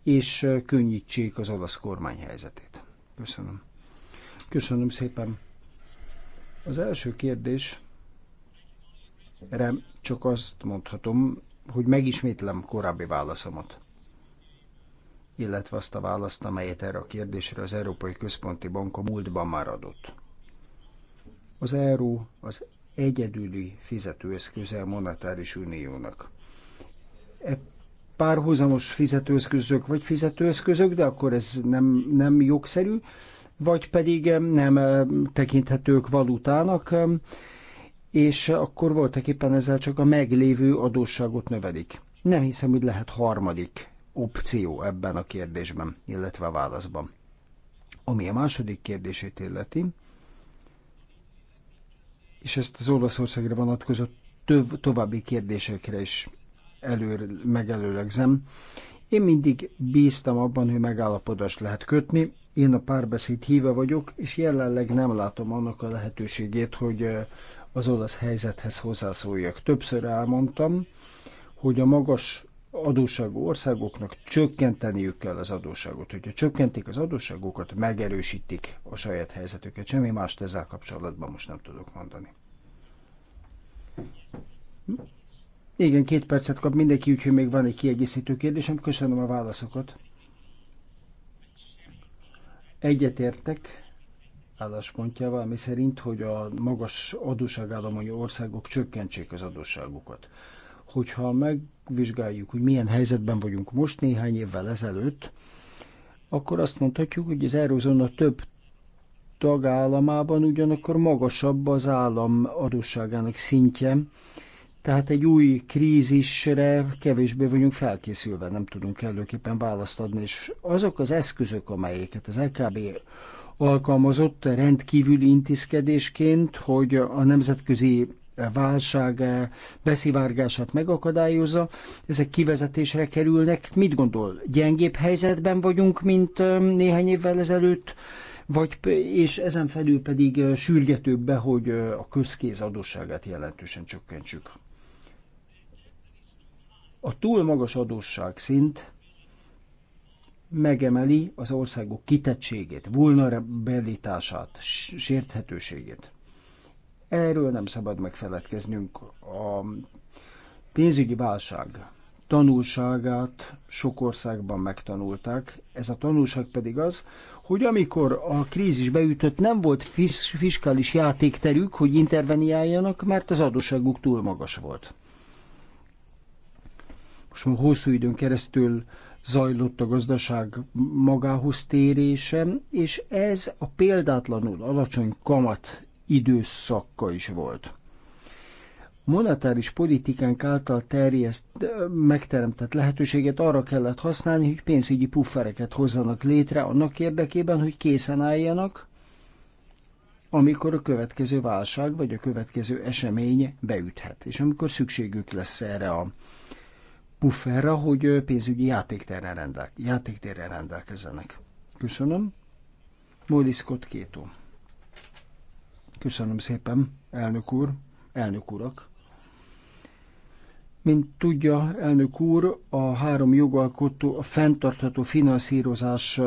és könnyítsék az olasz kormány helyzetét. Köszönöm. Köszönöm szépen. Az első kérdés, csak azt mondhatom, hogy megismétlem korábbi válaszomat illetve azt a választ, amelyet erre a kérdésre az Európai Központi Bank a múltban már adott. Az euró az egyedüli fizetőeszköze a monetáris uniónak. E párhuzamos fizetőeszközök vagy fizetőeszközök, de akkor ez nem, nem jogszerű, vagy pedig nem tekinthetők valutának, és akkor voltak éppen ezzel csak a meglévő adósságot növelik. Nem hiszem, hogy lehet harmadik opció ebben a kérdésben, illetve a válaszban. Ami a második kérdését illeti, és ezt az Olaszországra vonatkozó töv- további kérdésekre is előr, megelőlegzem. Én mindig bíztam abban, hogy megállapodást lehet kötni. Én a párbeszéd híve vagyok, és jelenleg nem látom annak a lehetőségét, hogy az olasz helyzethez hozzászóljak. Többször elmondtam, hogy a magas adósságú országoknak csökkenteniük kell az adósságot. Hogyha csökkentik az adósságokat, megerősítik a saját helyzetüket. Semmi mást ezzel kapcsolatban most nem tudok mondani. Igen, két percet kap mindenki, úgyhogy még van egy kiegészítő kérdésem. Köszönöm a válaszokat. Egyetértek álláspontjával, ami szerint, hogy a magas adósságállományú országok csökkentsék az adósságukat. Hogyha megvizsgáljuk, hogy milyen helyzetben vagyunk most néhány évvel ezelőtt, akkor azt mondhatjuk, hogy az Eurózóna több tagállamában ugyanakkor magasabb az állam adósságának szintje, tehát egy új krízisre kevésbé vagyunk felkészülve, nem tudunk előképpen választ adni, és azok az eszközök, amelyeket az LKB alkalmazott rendkívül intézkedésként, hogy a nemzetközi válság beszivárgását megakadályozza, ezek kivezetésre kerülnek. Mit gondol, gyengébb helyzetben vagyunk, mint néhány évvel ezelőtt, vagy, és ezen felül pedig sürgetőbb be, hogy a közkéz adósságát jelentősen csökkentsük? A túl magas adósság szint megemeli az országok kitettségét, vulnerabilitását, sérthetőségét. Erről nem szabad megfeledkeznünk. A pénzügyi válság tanulságát sok országban megtanulták. Ez a tanulság pedig az, hogy amikor a krízis beütött, nem volt fiskális játékterük, hogy interveniáljanak, mert az adósságuk túl magas volt most már hosszú időn keresztül zajlott a gazdaság magához térése, és ez a példátlanul alacsony kamat időszakka is volt. Monetáris politikánk által terjeszt, megteremtett lehetőséget arra kellett használni, hogy pénzügyi puffereket hozzanak létre annak érdekében, hogy készen álljanak, amikor a következő válság vagy a következő esemény beüthet, és amikor szükségük lesz erre a pufferre, hogy pénzügyi játéktérrel, rendelk, játéktérrel rendelkezzenek. Köszönöm. Módi Scott Kétó. Köszönöm szépen, elnök úr, elnök urak. Mint tudja, elnök úr, a három jogalkotó a fenntartható finanszírozás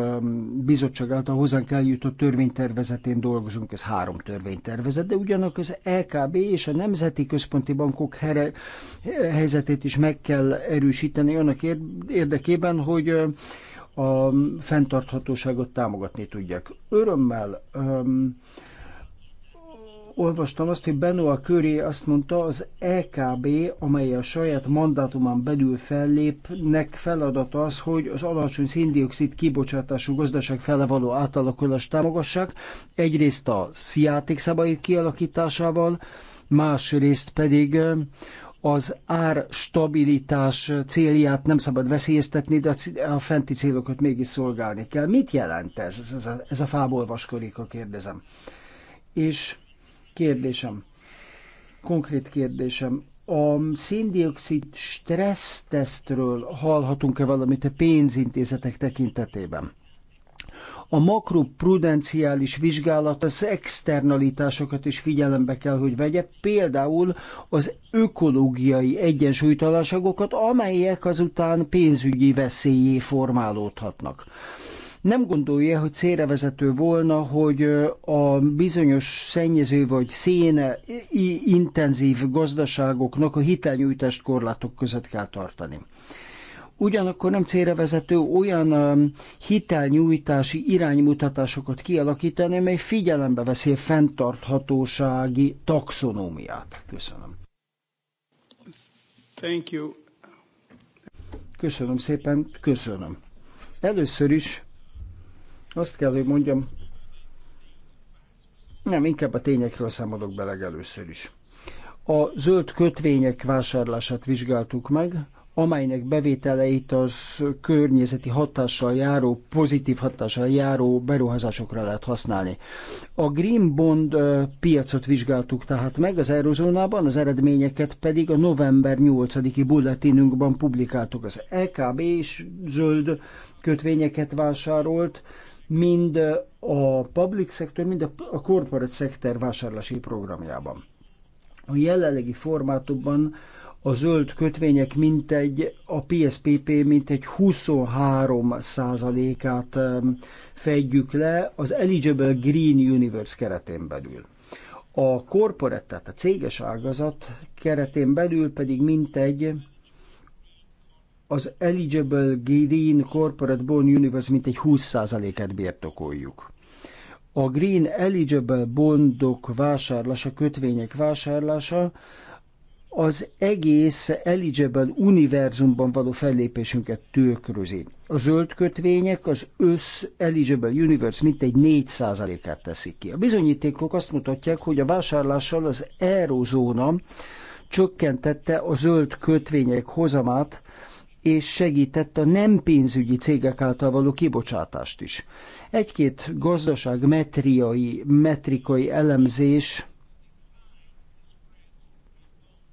bizottság által hozzánk eljutott törvénytervezetén dolgozunk, ez három törvénytervezet, de ugyanakkor az LKB e és a Nemzeti Központi Bankok here, eh, helyzetét is meg kell erősíteni annak érdekében, hogy a fenntarthatóságot támogatni tudják. Örömmel um, olvastam azt, hogy Benoit Köré azt mondta, az EKB, amely a saját mandátumán belül fellépnek, feladata az, hogy az alacsony széndiokszid kibocsátású gazdaság fele való átalakulást támogassák, egyrészt a játékszabályok kialakításával, másrészt pedig az ár stabilitás célját nem szabad veszélyeztetni, de a fenti célokat mégis szolgálni kell. Mit jelent ez? Ez a, ez a fából vaskoréka, kérdezem. És kérdésem, konkrét kérdésem, a széndiokszid stressztesztről hallhatunk-e valamit a pénzintézetek tekintetében? A makroprudenciális vizsgálat az externalitásokat is figyelembe kell, hogy vegye, például az ökológiai egyensúlytalanságokat, amelyek azután pénzügyi veszélyé formálódhatnak nem gondolja, hogy vezető volna, hogy a bizonyos szennyező vagy szén intenzív gazdaságoknak a hitelnyújtást korlátok között kell tartani. Ugyanakkor nem vezető olyan hitelnyújtási iránymutatásokat kialakítani, amely figyelembe veszi a fenntarthatósági taxonómiát. Köszönöm. Thank you. Köszönöm szépen, köszönöm. Először is azt kell, hogy mondjam, nem, inkább a tényekről számolok be legelőször is. A zöld kötvények vásárlását vizsgáltuk meg, amelynek bevételeit az környezeti hatással járó, pozitív hatással járó beruházásokra lehet használni. A Green Bond piacot vizsgáltuk tehát meg az eurozónában, az eredményeket pedig a november 8-i bulletinünkben publikáltuk. Az EKB is zöld kötvényeket vásárolt, mind a public sector, mind a corporate sector vásárlási programjában. A jelenlegi formátumban a zöld kötvények mintegy, a PSPP mintegy 23 százalékát fedjük le az Eligible Green Universe keretén belül. A corporate, tehát a céges ágazat keretén belül pedig mintegy az Eligible Green Corporate Bond Universe mintegy 20 et birtokoljuk. A Green Eligible Bondok vásárlása, kötvények vásárlása az egész eligible univerzumban való fellépésünket tükrözi. A zöld kötvények az össz eligible universe mintegy 4%-át teszik ki. A bizonyítékok azt mutatják, hogy a vásárlással az eurozóna csökkentette a zöld kötvények hozamát és segített a nem pénzügyi cégek által való kibocsátást is. Egy-két gazdaság metriai, metrikai elemzés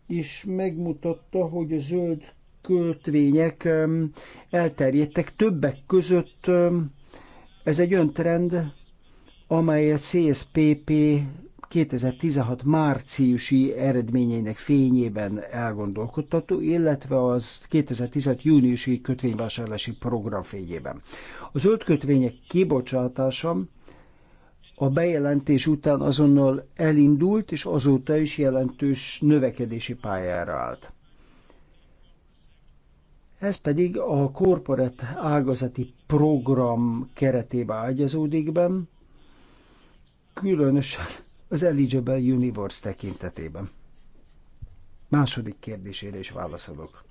is megmutatta, hogy a zöld kötvények elterjedtek többek között. Ez egy olyan trend, amely a CSPP 2016 márciusi eredményeinek fényében elgondolkodtató, illetve az 2016 júniusi kötvényvásárlási program fényében. A zöld kötvények kibocsátása a bejelentés után azonnal elindult, és azóta is jelentős növekedési pályára állt. Ez pedig a korporát ágazati program keretébe ágyazódik be, különösen az Eligible Universe tekintetében? Második kérdésére is válaszolok.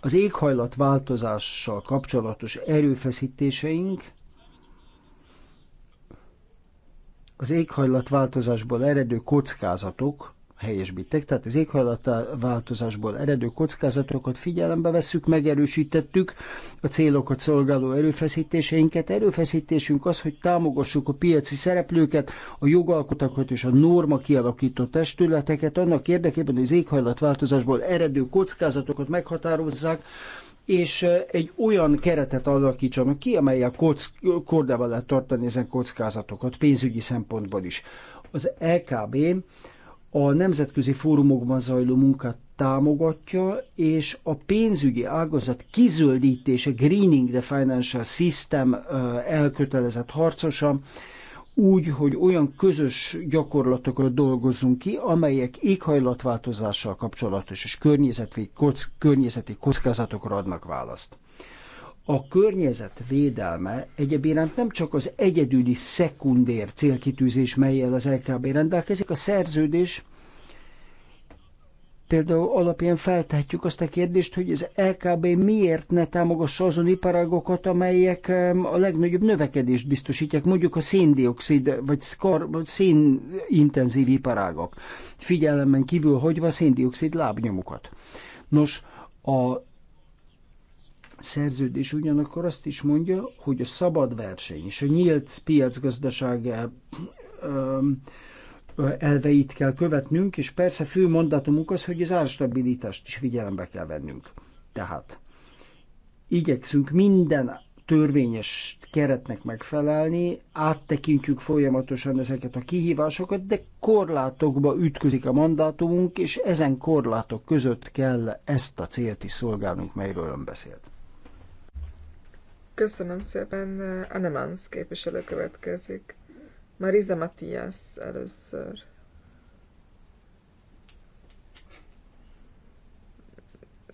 Az éghajlat változással kapcsolatos erőfeszítéseink az éghajlatváltozásból eredő kockázatok helyesbítek, tehát az változásból eredő kockázatokat figyelembe vesszük, megerősítettük a célokat szolgáló erőfeszítéseinket. Erőfeszítésünk az, hogy támogassuk a piaci szereplőket, a jogalkotókat és a norma kialakító testületeket annak érdekében, hogy az éghajlatváltozásból eredő kockázatokat meghatározzák, és egy olyan keretet alakítsanak ki, amelyel kordával lehet tartani ezen kockázatokat pénzügyi szempontból is. Az LKB e a nemzetközi fórumokban zajló munkát támogatja, és a pénzügyi ágazat kizöldítése, Greening the Financial System elkötelezett harcosa, úgy, hogy olyan közös gyakorlatokat dolgozzunk ki, amelyek éghajlatváltozással kapcsolatos és környezeti, környezeti kockázatokra adnak választ a környezet védelme egyébként nem csak az egyedüli szekundér célkitűzés, melyel az LKB rendelkezik, a szerződés például alapján feltehetjük azt a kérdést, hogy az LKB miért ne támogassa azon iparágokat, amelyek a legnagyobb növekedést biztosítják, mondjuk a széndiokszid vagy szénintenzív iparágak, figyelemben kívül hagyva a széndiokszid lábnyomukat. Nos, a szerződés ugyanakkor azt is mondja, hogy a szabad verseny és a nyílt piacgazdaság elveit kell követnünk, és persze fő mondatomuk az, hogy az árstabilitást is figyelembe kell vennünk. Tehát igyekszünk minden törvényes keretnek megfelelni, áttekintjük folyamatosan ezeket a kihívásokat, de korlátokba ütközik a mandátumunk, és ezen korlátok között kell ezt a célt is szolgálnunk, melyről ön beszélt. Köszönöm szépen. Anemans képviselő következik. Marisa Matias először.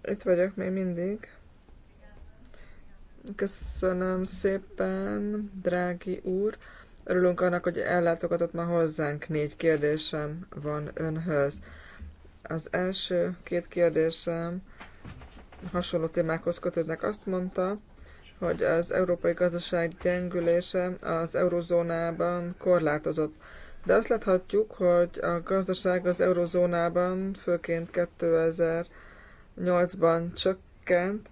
Itt vagyok még mindig. Köszönöm szépen, drági úr. Örülünk annak, hogy ellátogatott ma hozzánk. Négy kérdésem van önhöz. Az első két kérdésem hasonló témákhoz kötődnek. Azt mondta, hogy az európai gazdaság gyengülése az eurozónában korlátozott. De azt láthatjuk, hogy a gazdaság az eurozónában főként 2008-ban csökkent,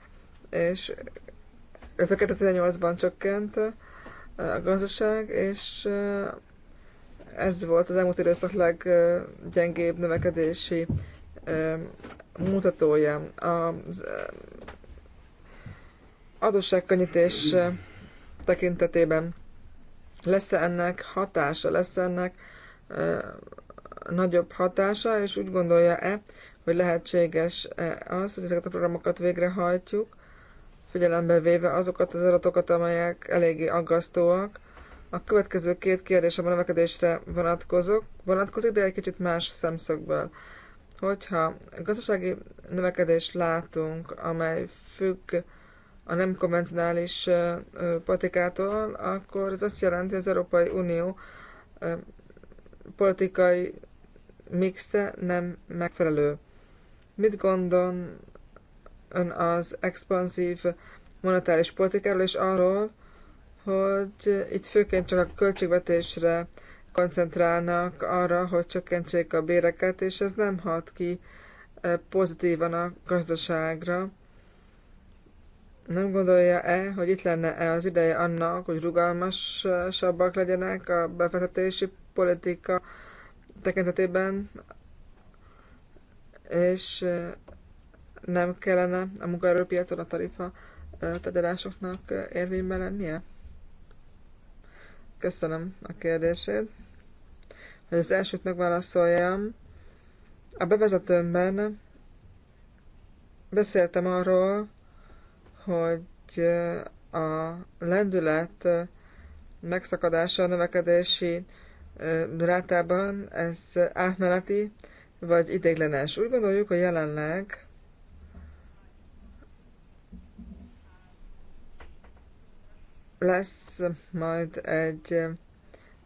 és 2018-ban csökkent a gazdaság, és ez volt az elmúlt időszak leggyengébb növekedési mutatója. Az adósságkönnyítés tekintetében lesz -e ennek hatása, lesz -e ennek nagyobb hatása, és úgy gondolja-e, hogy lehetséges -e az, hogy ezeket a programokat végrehajtjuk, figyelembe véve azokat az adatokat, amelyek eléggé aggasztóak. A következő két kérdésem a növekedésre vonatkozok, vonatkozik, de egy kicsit más szemszögből. Hogyha gazdasági növekedést látunk, amely függ a nem konvencionális patikától, akkor ez azt jelenti, hogy az Európai Unió politikai mixe nem megfelelő. Mit gondol ön az expanzív monetáris politikáról és arról, hogy itt főként csak a költségvetésre koncentrálnak arra, hogy csökkentsék a béreket, és ez nem hat ki pozitívan a gazdaságra. Nem gondolja-e, hogy itt lenne-e az ideje annak, hogy rugalmasabbak legyenek a befektetési politika tekintetében, és nem kellene a munkaerőpiacon a tarifa tegyelásoknak érvényben lennie? Köszönöm a kérdését. Hogy az elsőt megválaszoljam, a bevezetőmben beszéltem arról, hogy eh, a lendület eh, megszakadása a növekedési eh, rátában ez átmeneti vagy ideiglenes. Úgy gondoljuk, hogy jelenleg lesz majd egy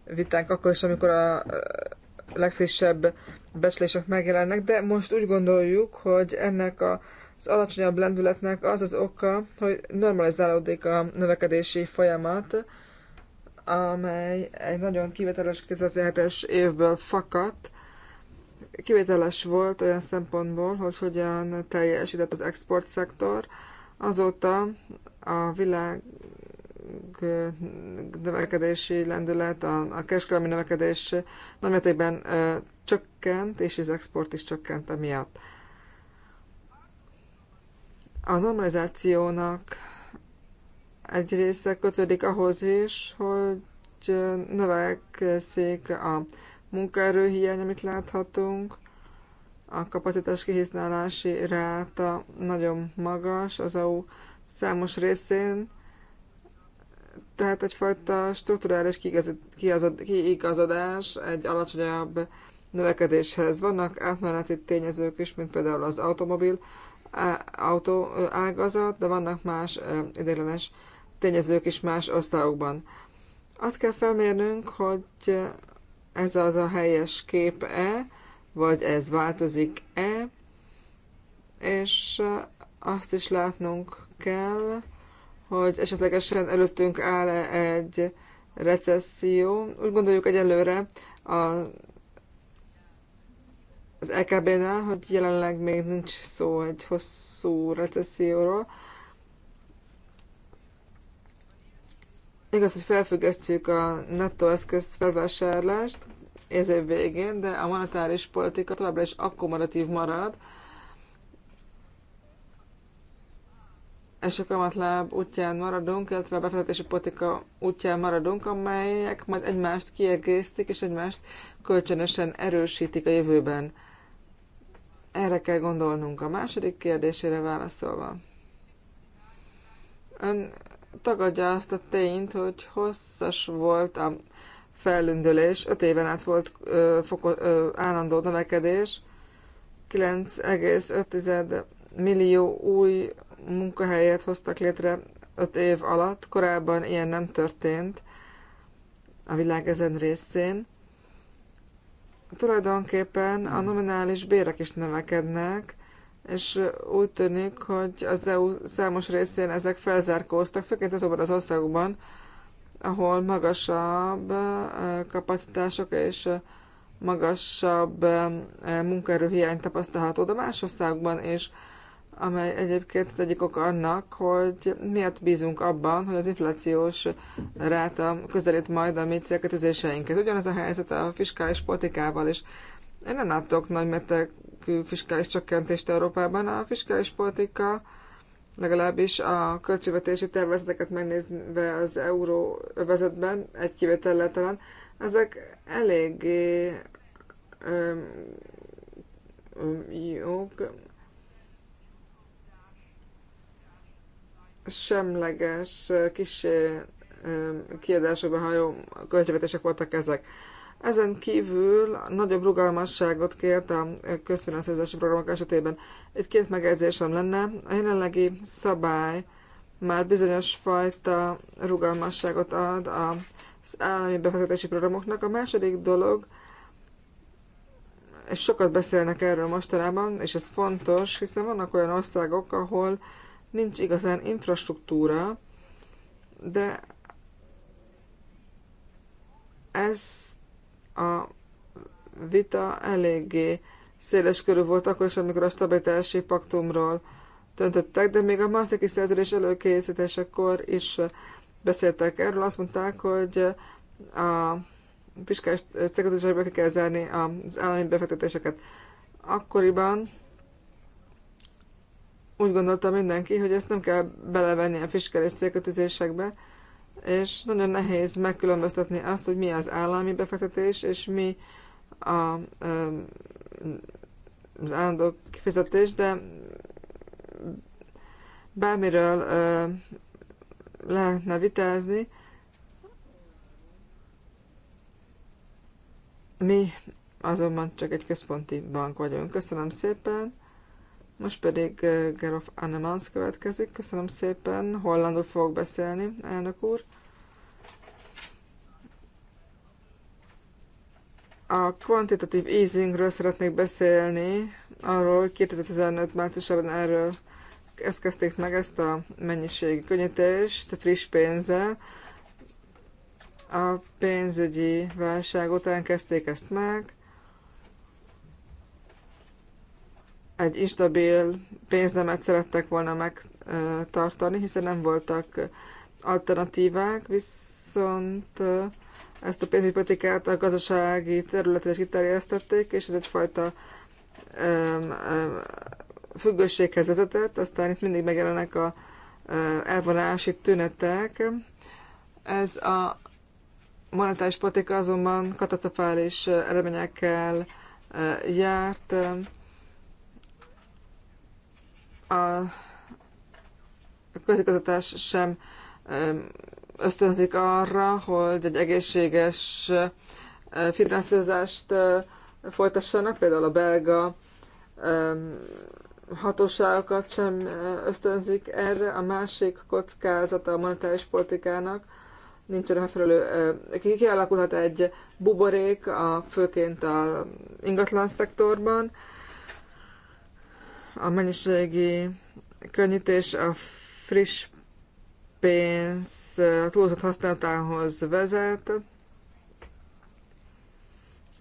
vitánk akkor is, amikor a legfrissebb becslések megjelennek, de most úgy gondoljuk, hogy ennek a az alacsonyabb lendületnek az az oka, hogy normalizálódik a növekedési folyamat, amely egy nagyon kivételes 2007-es évből fakadt. Kivételes volt olyan szempontból, hogy hogyan teljesített az export szektor. Azóta a világ növekedési lendület, a, a kereskedelmi növekedés nagymértékben csökkent, és az export is csökkent emiatt. miatt a normalizációnak egy része kötődik ahhoz is, hogy növekszik a munkaerőhiány, amit láthatunk, a kapacitás kihasználási ráta nagyon magas az EU számos részén, tehát egyfajta strukturális kiigazodás egy alacsonyabb növekedéshez. Vannak átmeneti tényezők is, mint például az automobil autóágazat, de vannak más ideiglenes tényezők is más osztályokban. Azt kell felmérnünk, hogy ez az a helyes kép-e, vagy ez változik-e, és azt is látnunk kell, hogy esetlegesen előttünk áll -e egy recesszió. Úgy gondoljuk egyelőre a az EKB-nál, hogy jelenleg még nincs szó egy hosszú recesszióról. Igaz, hogy felfüggesztjük a nettó eszköz felvásárlást ez év végén, de a monetáris politika továbbra is akkumulatív marad, és a kamatláb útján maradunk, illetve a befektetési politika útján maradunk, amelyek majd egymást kiegészítik és egymást kölcsönösen erősítik a jövőben. Erre kell gondolnunk a második kérdésére válaszolva. Ön tagadja azt a tényt, hogy hosszas volt a fellündülés, 5 éven át volt ö, foko, ö, állandó növekedés, 9,5 millió új munkahelyet hoztak létre 5 év alatt, korábban ilyen nem történt a világ ezen részén tulajdonképpen a nominális bérek is növekednek, és úgy tűnik, hogy az EU számos részén ezek felzárkóztak, főként azokban az országokban, ahol magasabb kapacitások és magasabb munkaerőhiány tapasztalható, de más országban is amely egyébként az egyik oka annak, hogy miért bízunk abban, hogy az inflációs ráta közelít majd a mi célkötözéseinket. Ugyanez a helyzet a fiskális politikával is. Én nem látok nagy metekű fiskális csökkentést Európában. A fiskális politika legalábbis a költségvetési tervezeteket megnézve az euróvezetben, egy kivétellel talán, ezek eléggé öm, jók, semleges, kis kiadásokban hajó költségvetések voltak ezek. Ezen kívül nagyobb rugalmasságot kért a közfinanszírozási programok esetében. Itt két megjegyzésem lenne. A jelenlegi szabály már bizonyos fajta rugalmasságot ad az állami befektetési programoknak. A második dolog, és sokat beszélnek erről mostanában, és ez fontos, hiszen vannak olyan országok, ahol nincs igazán infrastruktúra, de ez a vita eléggé széles körül volt akkor is, amikor a stabilitási paktumról döntöttek, de még a Maastrichti szerződés előkészítésekor is beszéltek erről. Azt mondták, hogy a fiskális cégkötőzésbe ki kell zárni az állami befektetéseket. Akkoriban úgy gondolta mindenki, hogy ezt nem kell belevenni a fiskális célkötözésekbe, és nagyon nehéz megkülönböztetni azt, hogy mi az állami befektetés, és mi a, az állandó kifizetés, de bármiről lehetne vitázni, mi azonban csak egy központi bank vagyunk. Köszönöm szépen! Most pedig Gerof Annemans következik. Köszönöm szépen, hollandul fogok beszélni, elnök úr. A kvantitatív easingről szeretnék beszélni, arról 2015 márciusában erről ezt kezdték meg, ezt a mennyiségi könnyítést friss pénzzel. A pénzügyi válság után kezdték ezt meg, egy instabil pénznemet szerettek volna megtartani, hiszen nem voltak alternatívák, viszont ezt a pénzügypolitikát a gazdasági területre is kiterjesztették, és ez egyfajta függőséghez vezetett, aztán itt mindig megjelennek a elvonási tünetek. Ez a monetáris politika azonban katasztrofális eredményekkel járt, a közigazgatás sem ösztönzik arra, hogy egy egészséges finanszírozást folytassanak, például a belga hatóságokat sem ösztönzik erre. A másik kockázata a monetáris politikának nincsen megfelelő. Kialakulhat egy buborék, a, főként a ingatlan szektorban, a mennyiségi könnyítés a friss pénz a túlzott használatához vezet,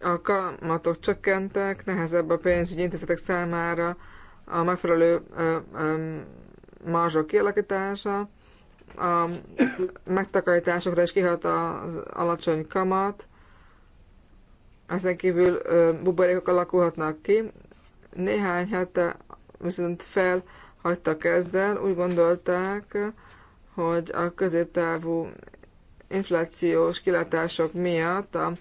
a kamatok csökkentek, nehezebb a pénzügyi intézetek számára a megfelelő ö, ö, marzsok kialakítása, a megtakarításokra is kihat az alacsony kamat, ezen kívül ö, buborékok alakulhatnak ki. Néhány hete viszont felhagytak ezzel, úgy gondolták, hogy a középtávú inflációs kilátások miatt a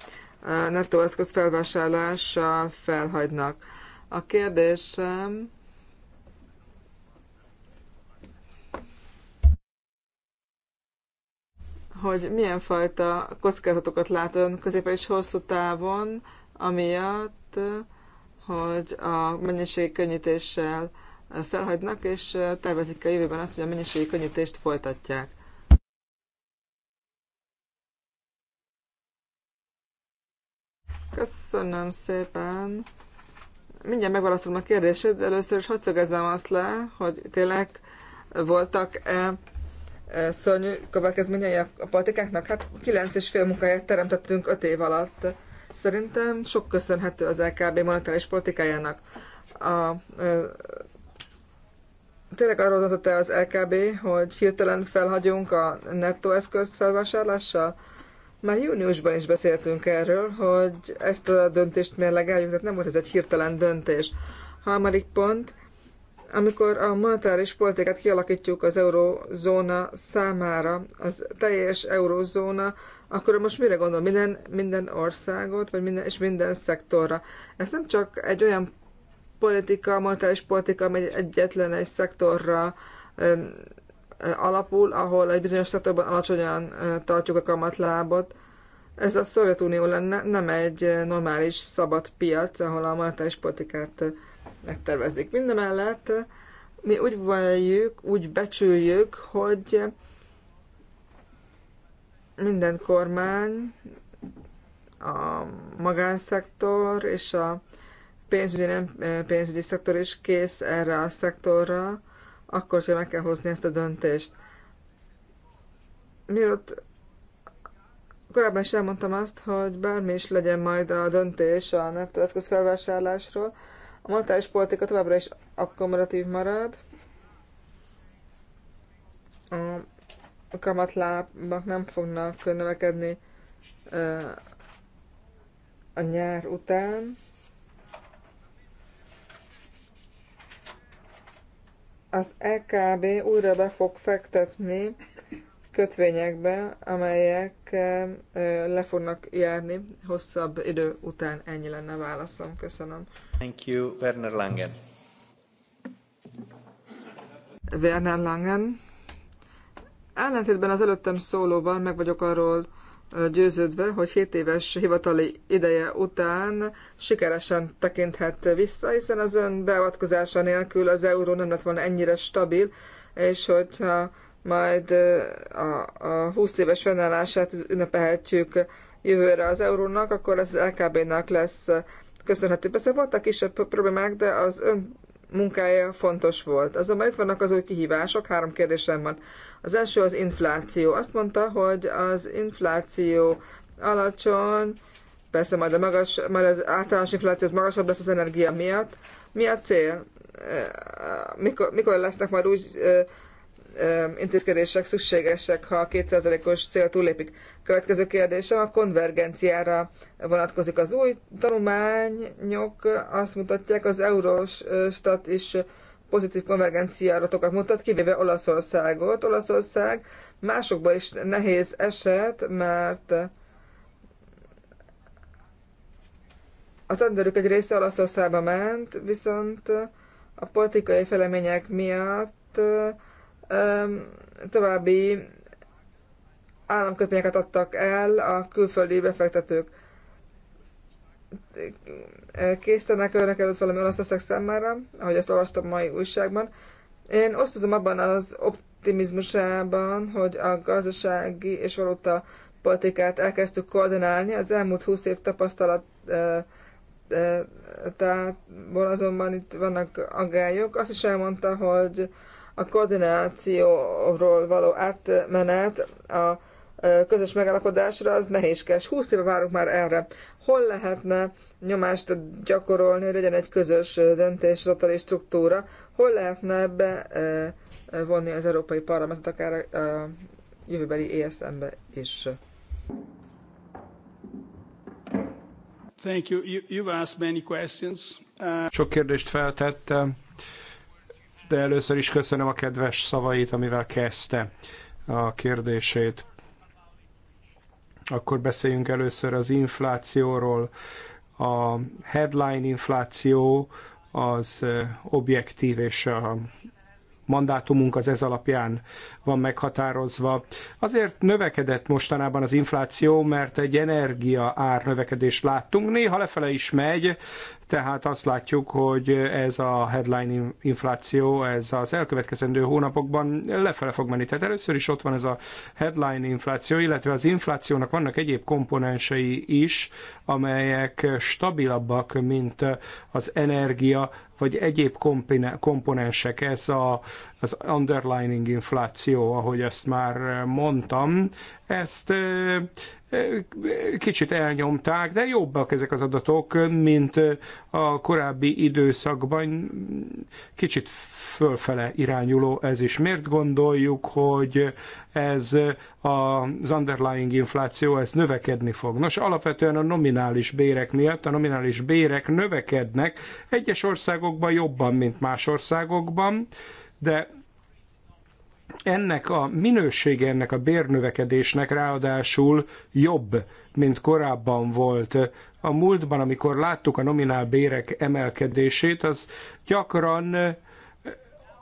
nettóeszköz felvásárlással felhagynak. A kérdésem hogy milyen fajta kockázatokat lát ön közép és hosszú távon, amiatt, hogy a mennyiségi könnyítéssel felhagynak, és tervezik a jövőben azt, hogy a mennyiségi könnyítést folytatják. Köszönöm szépen. Mindjárt megválaszolom a kérdését, de először is hogy szögezzem azt le, hogy tényleg voltak-e e, szörnyű következményei a politikáknak? Hát 9,5 munkáját teremtettünk 5 év alatt. Szerintem sok köszönhető az LKB monetáris politikájának. A, ö, tényleg arról döntött -e az LKB, hogy hirtelen felhagyunk a nettó eszköz felvásárlással? Már júniusban is beszéltünk erről, hogy ezt a döntést mérlegeljük, tehát nem volt ez egy hirtelen döntés. Harmadik pont, amikor a monetáris politikát kialakítjuk az eurózóna számára, az teljes eurózóna akkor most mire gondol? Minden, minden országot, vagy minden, és minden szektorra. Ez nem csak egy olyan politika, monetáris politika, amely egyetlen egy szektorra öm, ö, alapul, ahol egy bizonyos szektorban alacsonyan ö, tartjuk a kamatlábot. Ez a Szovjetunió lenne, nem egy normális, szabad piac, ahol a monetáris politikát megtervezik. Mindemellett mi úgy valljuk, úgy becsüljük, hogy minden kormány, a magánszektor és a pénzügyi, nem eh, pénzügyi szektor is kész erre a szektorra, akkor sem meg kell hozni ezt a döntést. Mielőtt korábban is elmondtam azt, hogy bármi is legyen majd a döntés a nettó eszközfelvásárlásról, felvásárlásról, a monetáris politika továbbra is akkumulatív marad. A a kamatlábak nem fognak növekedni a nyár után. Az EKB újra be fog fektetni kötvényekbe, amelyek le fognak járni hosszabb idő után. Ennyi lenne a válaszom. Köszönöm. Thank you, Werner Langen. Werner Langen. Ellentétben az előttem szólóval meg vagyok arról győződve, hogy 7 éves hivatali ideje után sikeresen tekinthet vissza, hiszen az ön beavatkozása nélkül az euró nem lett volna ennyire stabil, és hogyha majd a, a 20 éves fennállását ünnepelhetjük jövőre az eurónak, akkor ez az LKB-nak lesz köszönhető. Persze voltak kisebb problémák, de az ön munkája fontos volt. Azonban itt vannak az új kihívások, három kérdésem van. Az első az infláció. Azt mondta, hogy az infláció alacsony, persze majd, a magas, majd az általános infláció az magasabb lesz az energia miatt. Mi a cél? Mikor, mikor lesznek majd úgy intézkedések szükségesek, ha a 2%-os cél túllépik. Következő kérdésem a konvergenciára vonatkozik. Az új tanulmányok azt mutatják, az Eurostat is pozitív konvergencia adatokat mutat, kivéve Olaszországot. Olaszország másokban is nehéz eset, mert a tenderük egy része Olaszországba ment, viszont a politikai felemények miatt további államkötvényeket adtak el a külföldi befektetők. Késztenek önök előtt valami Olaszország számára, ahogy ezt olvastam a mai újságban. Én osztozom abban az optimizmusában, hogy a gazdasági és valóta politikát elkezdtük koordinálni. Az elmúlt 20 év tapasztalat tehát azonban itt vannak aggályok. Azt is elmondta, hogy a koordinációról való átmenet a közös megállapodásra, az nehézkes. 20 éve várunk már erre. Hol lehetne nyomást gyakorolni, hogy legyen egy közös döntéshozatali struktúra? Hol lehetne vonni az Európai Parlamentet akár a jövőbeli ESM-be is? Thank you. you you've asked many questions. Uh... Sok kérdést feltettem de először is köszönöm a kedves szavait, amivel kezdte a kérdését. Akkor beszéljünk először az inflációról. A headline infláció az objektív és a mandátumunk az ez alapján van meghatározva. Azért növekedett mostanában az infláció, mert egy energia ár növekedést láttunk. Néha lefele is megy, tehát azt látjuk, hogy ez a headline infláció, ez az elkövetkezendő hónapokban lefele fog menni. Tehát először is ott van ez a headline infláció, illetve az inflációnak vannak egyéb komponensei is, amelyek stabilabbak, mint az energia, vagy egyéb komponensek, ez a, az underlining infláció, ahogy ezt már mondtam, ezt kicsit elnyomták, de jobbak ezek az adatok, mint a korábbi időszakban. Kicsit fölfele irányuló ez is. Miért gondoljuk, hogy ez az underlying infláció, ez növekedni fog? Nos, alapvetően a nominális bérek miatt, a nominális bérek növekednek egyes országokban jobban, mint más országokban, de ennek a minősége, ennek a bérnövekedésnek ráadásul jobb, mint korábban volt. A múltban, amikor láttuk a nominál bérek emelkedését, az gyakran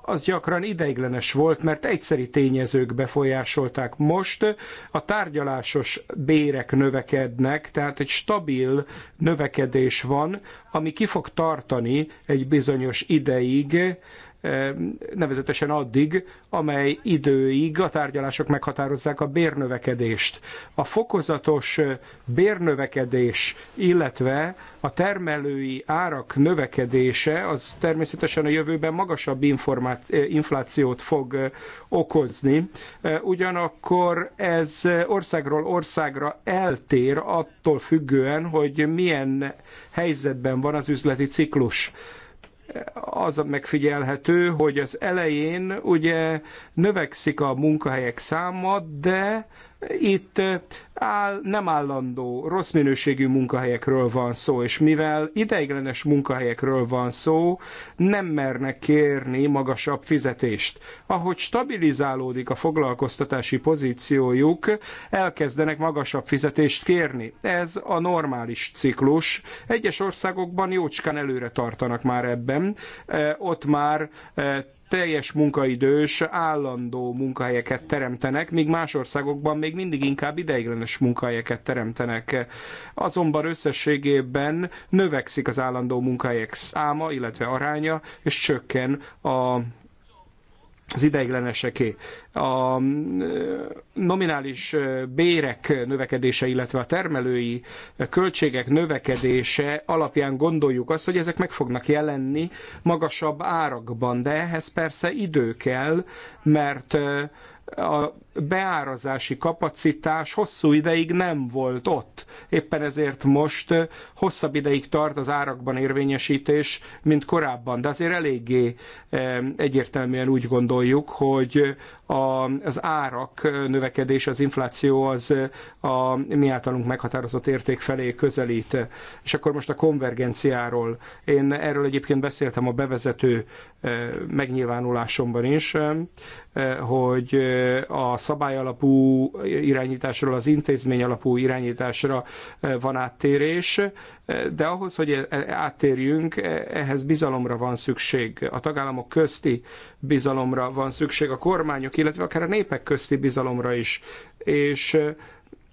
az gyakran ideiglenes volt, mert egyszeri tényezők befolyásolták. Most a tárgyalásos bérek növekednek, tehát egy stabil növekedés van, ami ki fog tartani egy bizonyos ideig, nevezetesen addig, amely időig a tárgyalások meghatározzák a bérnövekedést. A fokozatos bérnövekedés, illetve a termelői árak növekedése, az természetesen a jövőben magasabb inflációt fog okozni. Ugyanakkor ez országról országra eltér attól függően, hogy milyen helyzetben van az üzleti ciklus az megfigyelhető, hogy az elején ugye növekszik a munkahelyek száma, de itt áll, nem állandó, rossz minőségű munkahelyekről van szó, és mivel ideiglenes munkahelyekről van szó, nem mernek kérni magasabb fizetést. Ahogy stabilizálódik a foglalkoztatási pozíciójuk, elkezdenek magasabb fizetést kérni. Ez a normális ciklus. Egyes országokban jócskán előre tartanak már ebben, ott már teljes munkaidős, állandó munkahelyeket teremtenek, míg más országokban még mindig inkább ideiglenes munkahelyeket teremtenek. Azonban összességében növekszik az állandó munkahelyek száma, illetve aránya, és csökken a az ideigleneseké. A nominális bérek növekedése, illetve a termelői költségek növekedése alapján gondoljuk azt, hogy ezek meg fognak jelenni magasabb árakban, de ehhez persze idő kell, mert a beárazási kapacitás hosszú ideig nem volt ott. Éppen ezért most hosszabb ideig tart az árakban érvényesítés, mint korábban. De azért eléggé egyértelműen úgy gondoljuk, hogy az árak növekedés, az infláció az a mi általunk meghatározott érték felé közelít. És akkor most a konvergenciáról. Én erről egyébként beszéltem a bevezető megnyilvánulásomban is, hogy a szabályalapú irányításról az intézmény alapú irányításra eh, van áttérés, eh, de ahhoz, hogy e, e, áttérjünk, eh, ehhez bizalomra van szükség. A tagállamok közti bizalomra van szükség, a kormányok, illetve akár a népek közti bizalomra is. És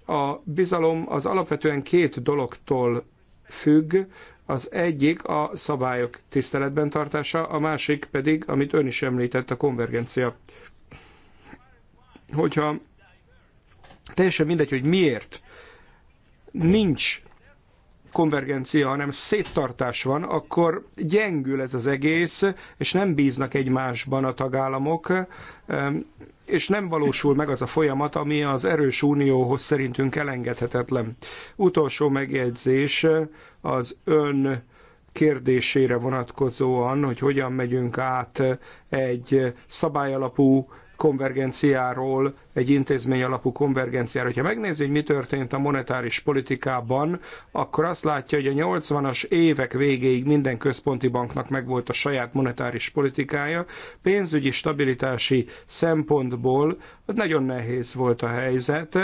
a bizalom az alapvetően két dologtól függ, az egyik a szabályok tiszteletben tartása, a másik pedig, amit ön is említett, a konvergencia hogyha teljesen mindegy, hogy miért nincs konvergencia, hanem széttartás van, akkor gyengül ez az egész, és nem bíznak egymásban a tagállamok, és nem valósul meg az a folyamat, ami az erős unióhoz szerintünk elengedhetetlen. Utolsó megjegyzés az ön kérdésére vonatkozóan, hogy hogyan megyünk át egy szabályalapú konvergenciáról egy intézmény alapú konvergenciára. Ha megnézi, hogy mi történt a monetáris politikában, akkor azt látja, hogy a 80-as évek végéig minden központi banknak megvolt a saját monetáris politikája. Pénzügyi stabilitási szempontból nagyon nehéz volt a helyzet,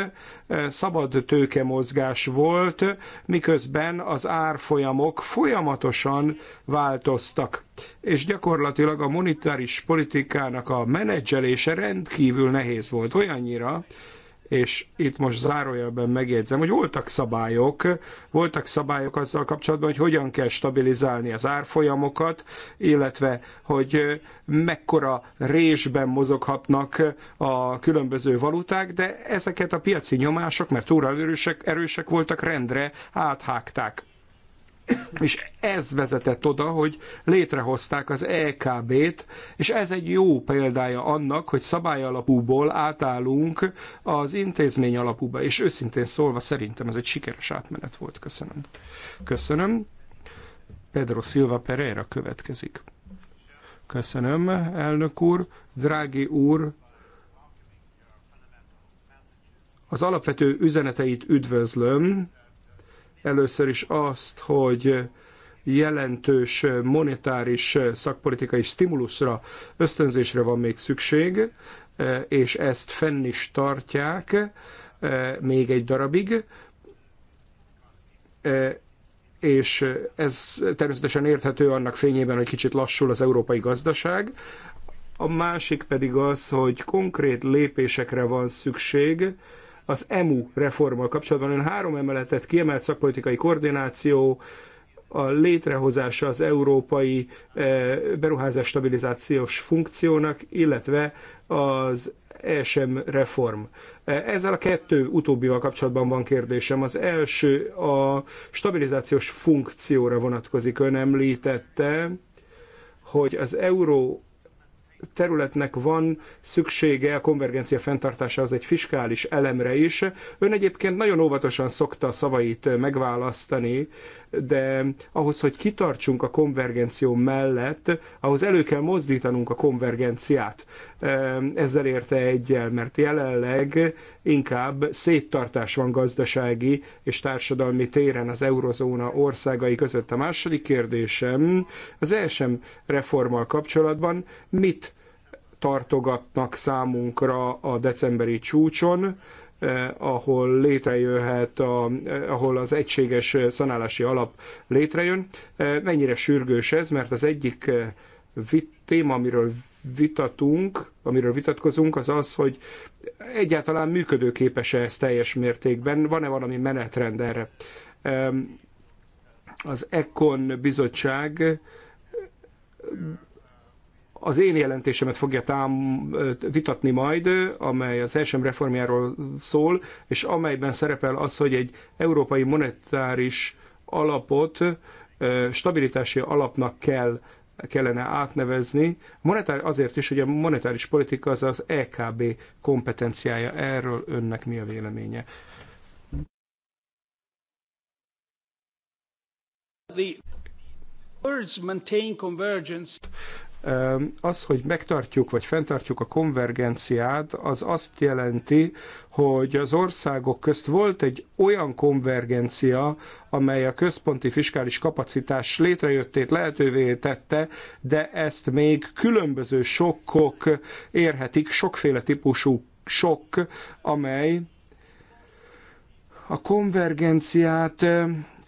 szabad tőkemozgás volt, miközben az árfolyamok folyamatosan változtak. És gyakorlatilag a monetáris politikának a menedzselése rendkívül nehéz volt. Olyan annyira, és itt most zárójelben megjegyzem, hogy voltak szabályok, voltak szabályok azzal kapcsolatban, hogy hogyan kell stabilizálni az árfolyamokat, illetve hogy mekkora résben mozoghatnak a különböző valuták, de ezeket a piaci nyomások, mert túl erősek, erősek voltak, rendre áthágták. És ez vezetett oda, hogy létrehozták az EKB-t, és ez egy jó példája annak, hogy szabály alapúból átállunk az intézmény alapúba, és őszintén szólva szerintem ez egy sikeres átmenet volt. Köszönöm. Köszönöm. Pedro Silva Pereira következik. Köszönöm, elnök úr. Drági úr, az alapvető üzeneteit üdvözlöm, Először is azt, hogy jelentős monetáris szakpolitikai stimulusra ösztönzésre van még szükség, és ezt fenn is tartják még egy darabig, és ez természetesen érthető annak fényében, hogy kicsit lassul az európai gazdaság. A másik pedig az, hogy konkrét lépésekre van szükség, az EMU reformmal kapcsolatban. Ön három emeletet kiemelt szakpolitikai koordináció, a létrehozása az európai eh, beruházás stabilizációs funkciónak, illetve az ESM reform. Eh, ezzel a kettő utóbbival kapcsolatban van kérdésem. Az első a stabilizációs funkcióra vonatkozik. Ön említette, hogy az euró területnek van szüksége a konvergencia az egy fiskális elemre is. Ön egyébként nagyon óvatosan szokta szavait megválasztani, de ahhoz, hogy kitartsunk a konvergenció mellett, ahhoz elő kell mozdítanunk a konvergenciát. Ehm, ezzel érte egyel, mert jelenleg inkább széttartás van gazdasági és társadalmi téren az eurozóna országai között. A második kérdésem az ESM reformmal kapcsolatban mit tartogatnak számunkra a decemberi csúcson, eh, ahol létrejöhet, a, eh, ahol az egységes szanálási alap létrejön. Eh, mennyire sürgős ez, mert az egyik vit, téma, amiről vitatunk, amiről vitatkozunk, az az, hogy egyáltalán működőképes-e ez teljes mértékben, van-e valami menetrend erre. Az Ekon bizottság eh, az én jelentésemet fogja tám, eh, vitatni majd, amely az e SM reformjáról szól, és amelyben szerepel az, hogy egy európai monetáris alapot eh, stabilitási alapnak kell kellene átnevezni. Monetár, azért is, hogy a monetáris politika az az EKB kompetenciája. Erről önnek mi a véleménye? The words maintain convergence. Az, hogy megtartjuk vagy fenntartjuk a konvergenciát, az azt jelenti, hogy az országok közt volt egy olyan konvergencia, amely a központi fiskális kapacitás létrejöttét lehetővé tette, de ezt még különböző sokkok érhetik, sokféle típusú sok, amely a konvergenciát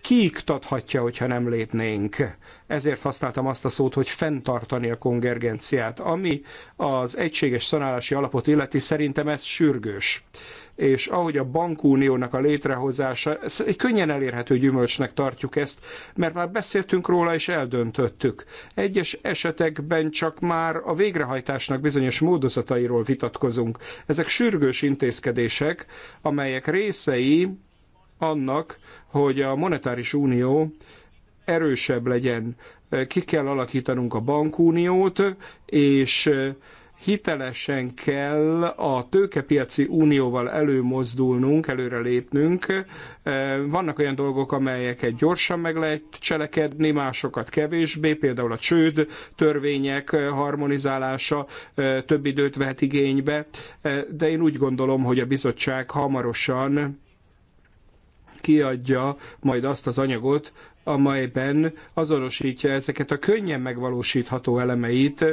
kiiktathatja, hogyha nem lépnénk ezért használtam azt a szót, hogy fenntartani a konvergenciát. Ami az egységes szanálási alapot illeti, szerintem ez sürgős és ahogy a bankuniónak a létrehozása, egy könnyen elérhető gyümölcsnek tartjuk ezt, mert már beszéltünk róla és eldöntöttük. Egyes esetekben csak már a végrehajtásnak bizonyos módozatairól vitatkozunk. Ezek sürgős intézkedések, amelyek részei annak, hogy a monetáris unió erősebb legyen. Ki kell alakítanunk a bankuniót, és hitelesen kell a tőkepiaci unióval előmozdulnunk, előre lépnünk. Vannak olyan dolgok, amelyeket gyorsan meg lehet cselekedni, másokat kevésbé, például a csőd törvények harmonizálása több időt vehet igénybe, de én úgy gondolom, hogy a bizottság hamarosan kiadja majd azt az anyagot, amelyben azonosítja ezeket a könnyen megvalósítható elemeit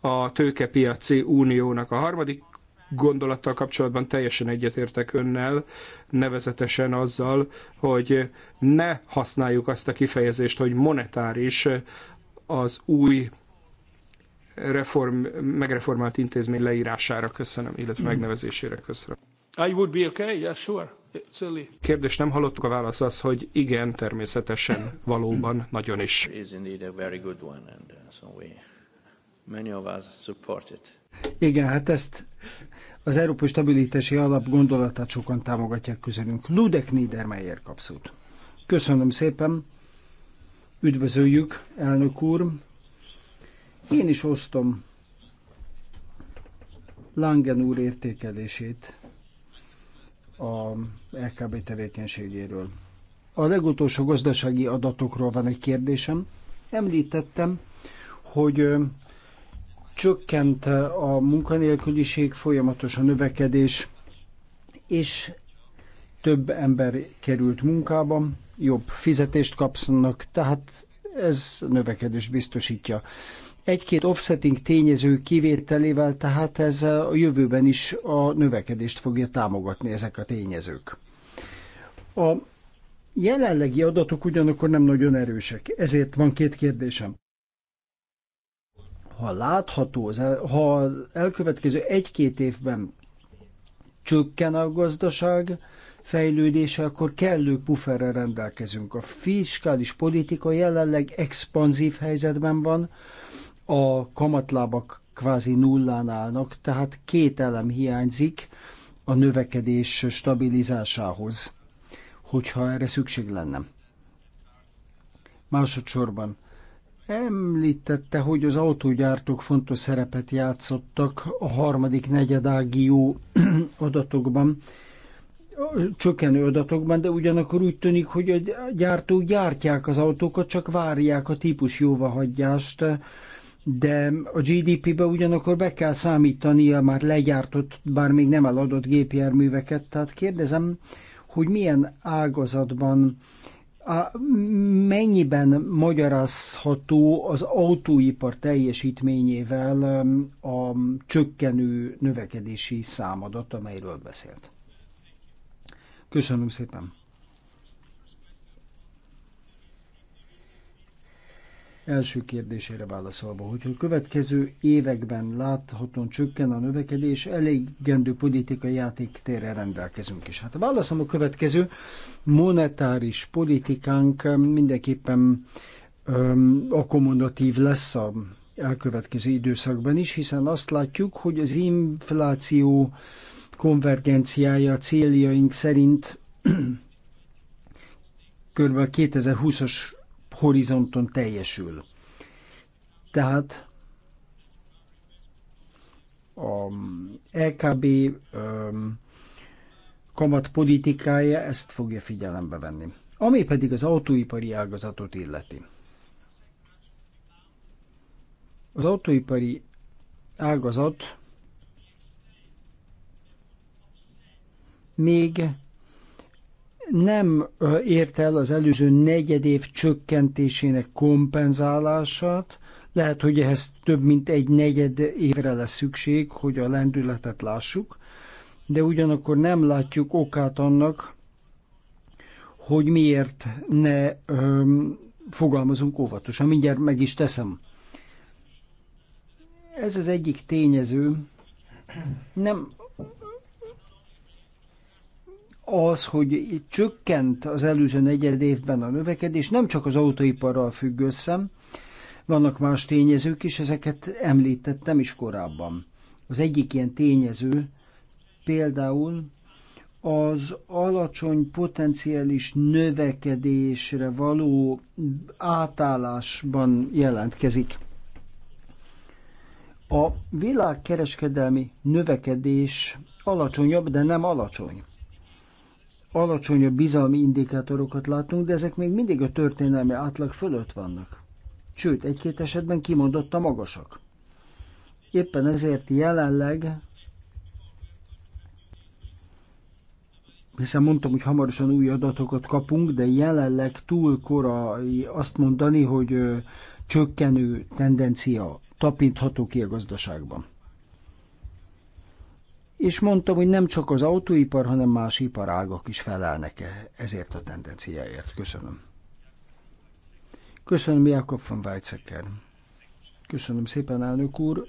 a tőkepiaci uniónak. A harmadik gondolattal kapcsolatban teljesen egyetértek önnel, nevezetesen azzal, hogy ne használjuk azt a kifejezést, hogy monetáris az új reform, megreformált intézmény leírására köszönöm, illetve megnevezésére köszönöm. I would be okay, yeah, sure. Kérdés nem hallottuk, a válasz az, hogy igen, természetesen, valóban, nagyon is. Uh, igen, hát ezt az Európai Stabilitási Alap gondolatát sokan támogatják közülünk. Ludek Niedermeyer kapszót. Köszönöm szépen, üdvözöljük, elnök úr. Én is osztom Langen úr értékelését, a LKB tevékenységéről. A legutolsó gazdasági adatokról van egy kérdésem. Említettem, hogy csökkent a munkanélküliség, folyamatos a növekedés, és több ember került munkába, jobb fizetést kapsznak, tehát ez növekedést biztosítja. Egy-két offsetting tényező kivételével tehát ez a jövőben is a növekedést fogja támogatni ezek a tényezők. A jelenlegi adatok ugyanakkor nem nagyon erősek, ezért van két kérdésem. Ha látható, ha az elkövetkező egy-két évben csökken a gazdaság fejlődése, akkor kellő pufferrel rendelkezünk. A fiskális politika jelenleg expanzív helyzetben van, a kamatlábak kvázi nullán állnak, tehát két elem hiányzik a növekedés stabilizásához, hogyha erre szükség lenne. Másodszorban említette, hogy az autógyártók fontos szerepet játszottak a harmadik negyedági jó adatokban, csökkenő adatokban, de ugyanakkor úgy tűnik, hogy a gyártók gyártják az autókat, csak várják a típus jóvahagyást, de a GDP-be ugyanakkor be kell számítani a már legyártott, bár még nem eladott gépjárműveket. Tehát kérdezem, hogy milyen ágazatban, a, mennyiben magyarázható az autóipar teljesítményével um, a csökkenő növekedési számadat, amelyről beszélt? Köszönöm szépen! első kérdésére válaszolva, hogy a következő években láthatóan csökken a növekedés, elégendő politikai játéktérre rendelkezünk is. Hát a válaszom a következő, monetáris politikánk mindenképpen öm, akkomodatív lesz a elkövetkező időszakban is, hiszen azt látjuk, hogy az infláció konvergenciája céljaink szerint kb. 2020-as horizonton teljesül. Tehát a LKB um, kamatpolitikája ezt fogja figyelembe venni. Ami pedig az autóipari ágazatot illeti. Az autóipari ágazat még nem ért el az előző negyed év csökkentésének kompenzálását, lehet, hogy ehhez több mint egy negyed évre lesz szükség, hogy a lendületet lássuk, de ugyanakkor nem látjuk okát annak, hogy miért ne öm, fogalmazunk óvatosan. Mindjárt meg is teszem. Ez az egyik tényező. Nem az, hogy csökkent az előző negyed évben a növekedés, nem csak az autóiparral függ össze, vannak más tényezők is, ezeket említettem is korábban. Az egyik ilyen tényező például az alacsony potenciális növekedésre való átállásban jelentkezik. A világkereskedelmi növekedés alacsonyabb, de nem alacsony alacsonyabb bizalmi indikátorokat látunk, de ezek még mindig a történelmi átlag fölött vannak. Sőt, egy-két esetben kimondotta magasak. Éppen ezért jelenleg, hiszen mondtam, hogy hamarosan új adatokat kapunk, de jelenleg túl korai azt mondani, hogy ö, csökkenő tendencia tapintható ki a gazdaságban és mondtam, hogy nem csak az autóipar, hanem más iparágak is felelnek -e ezért a tendenciáért. Köszönöm. Köszönöm, Jakob von Weizsäcker. Köszönöm szépen, elnök úr.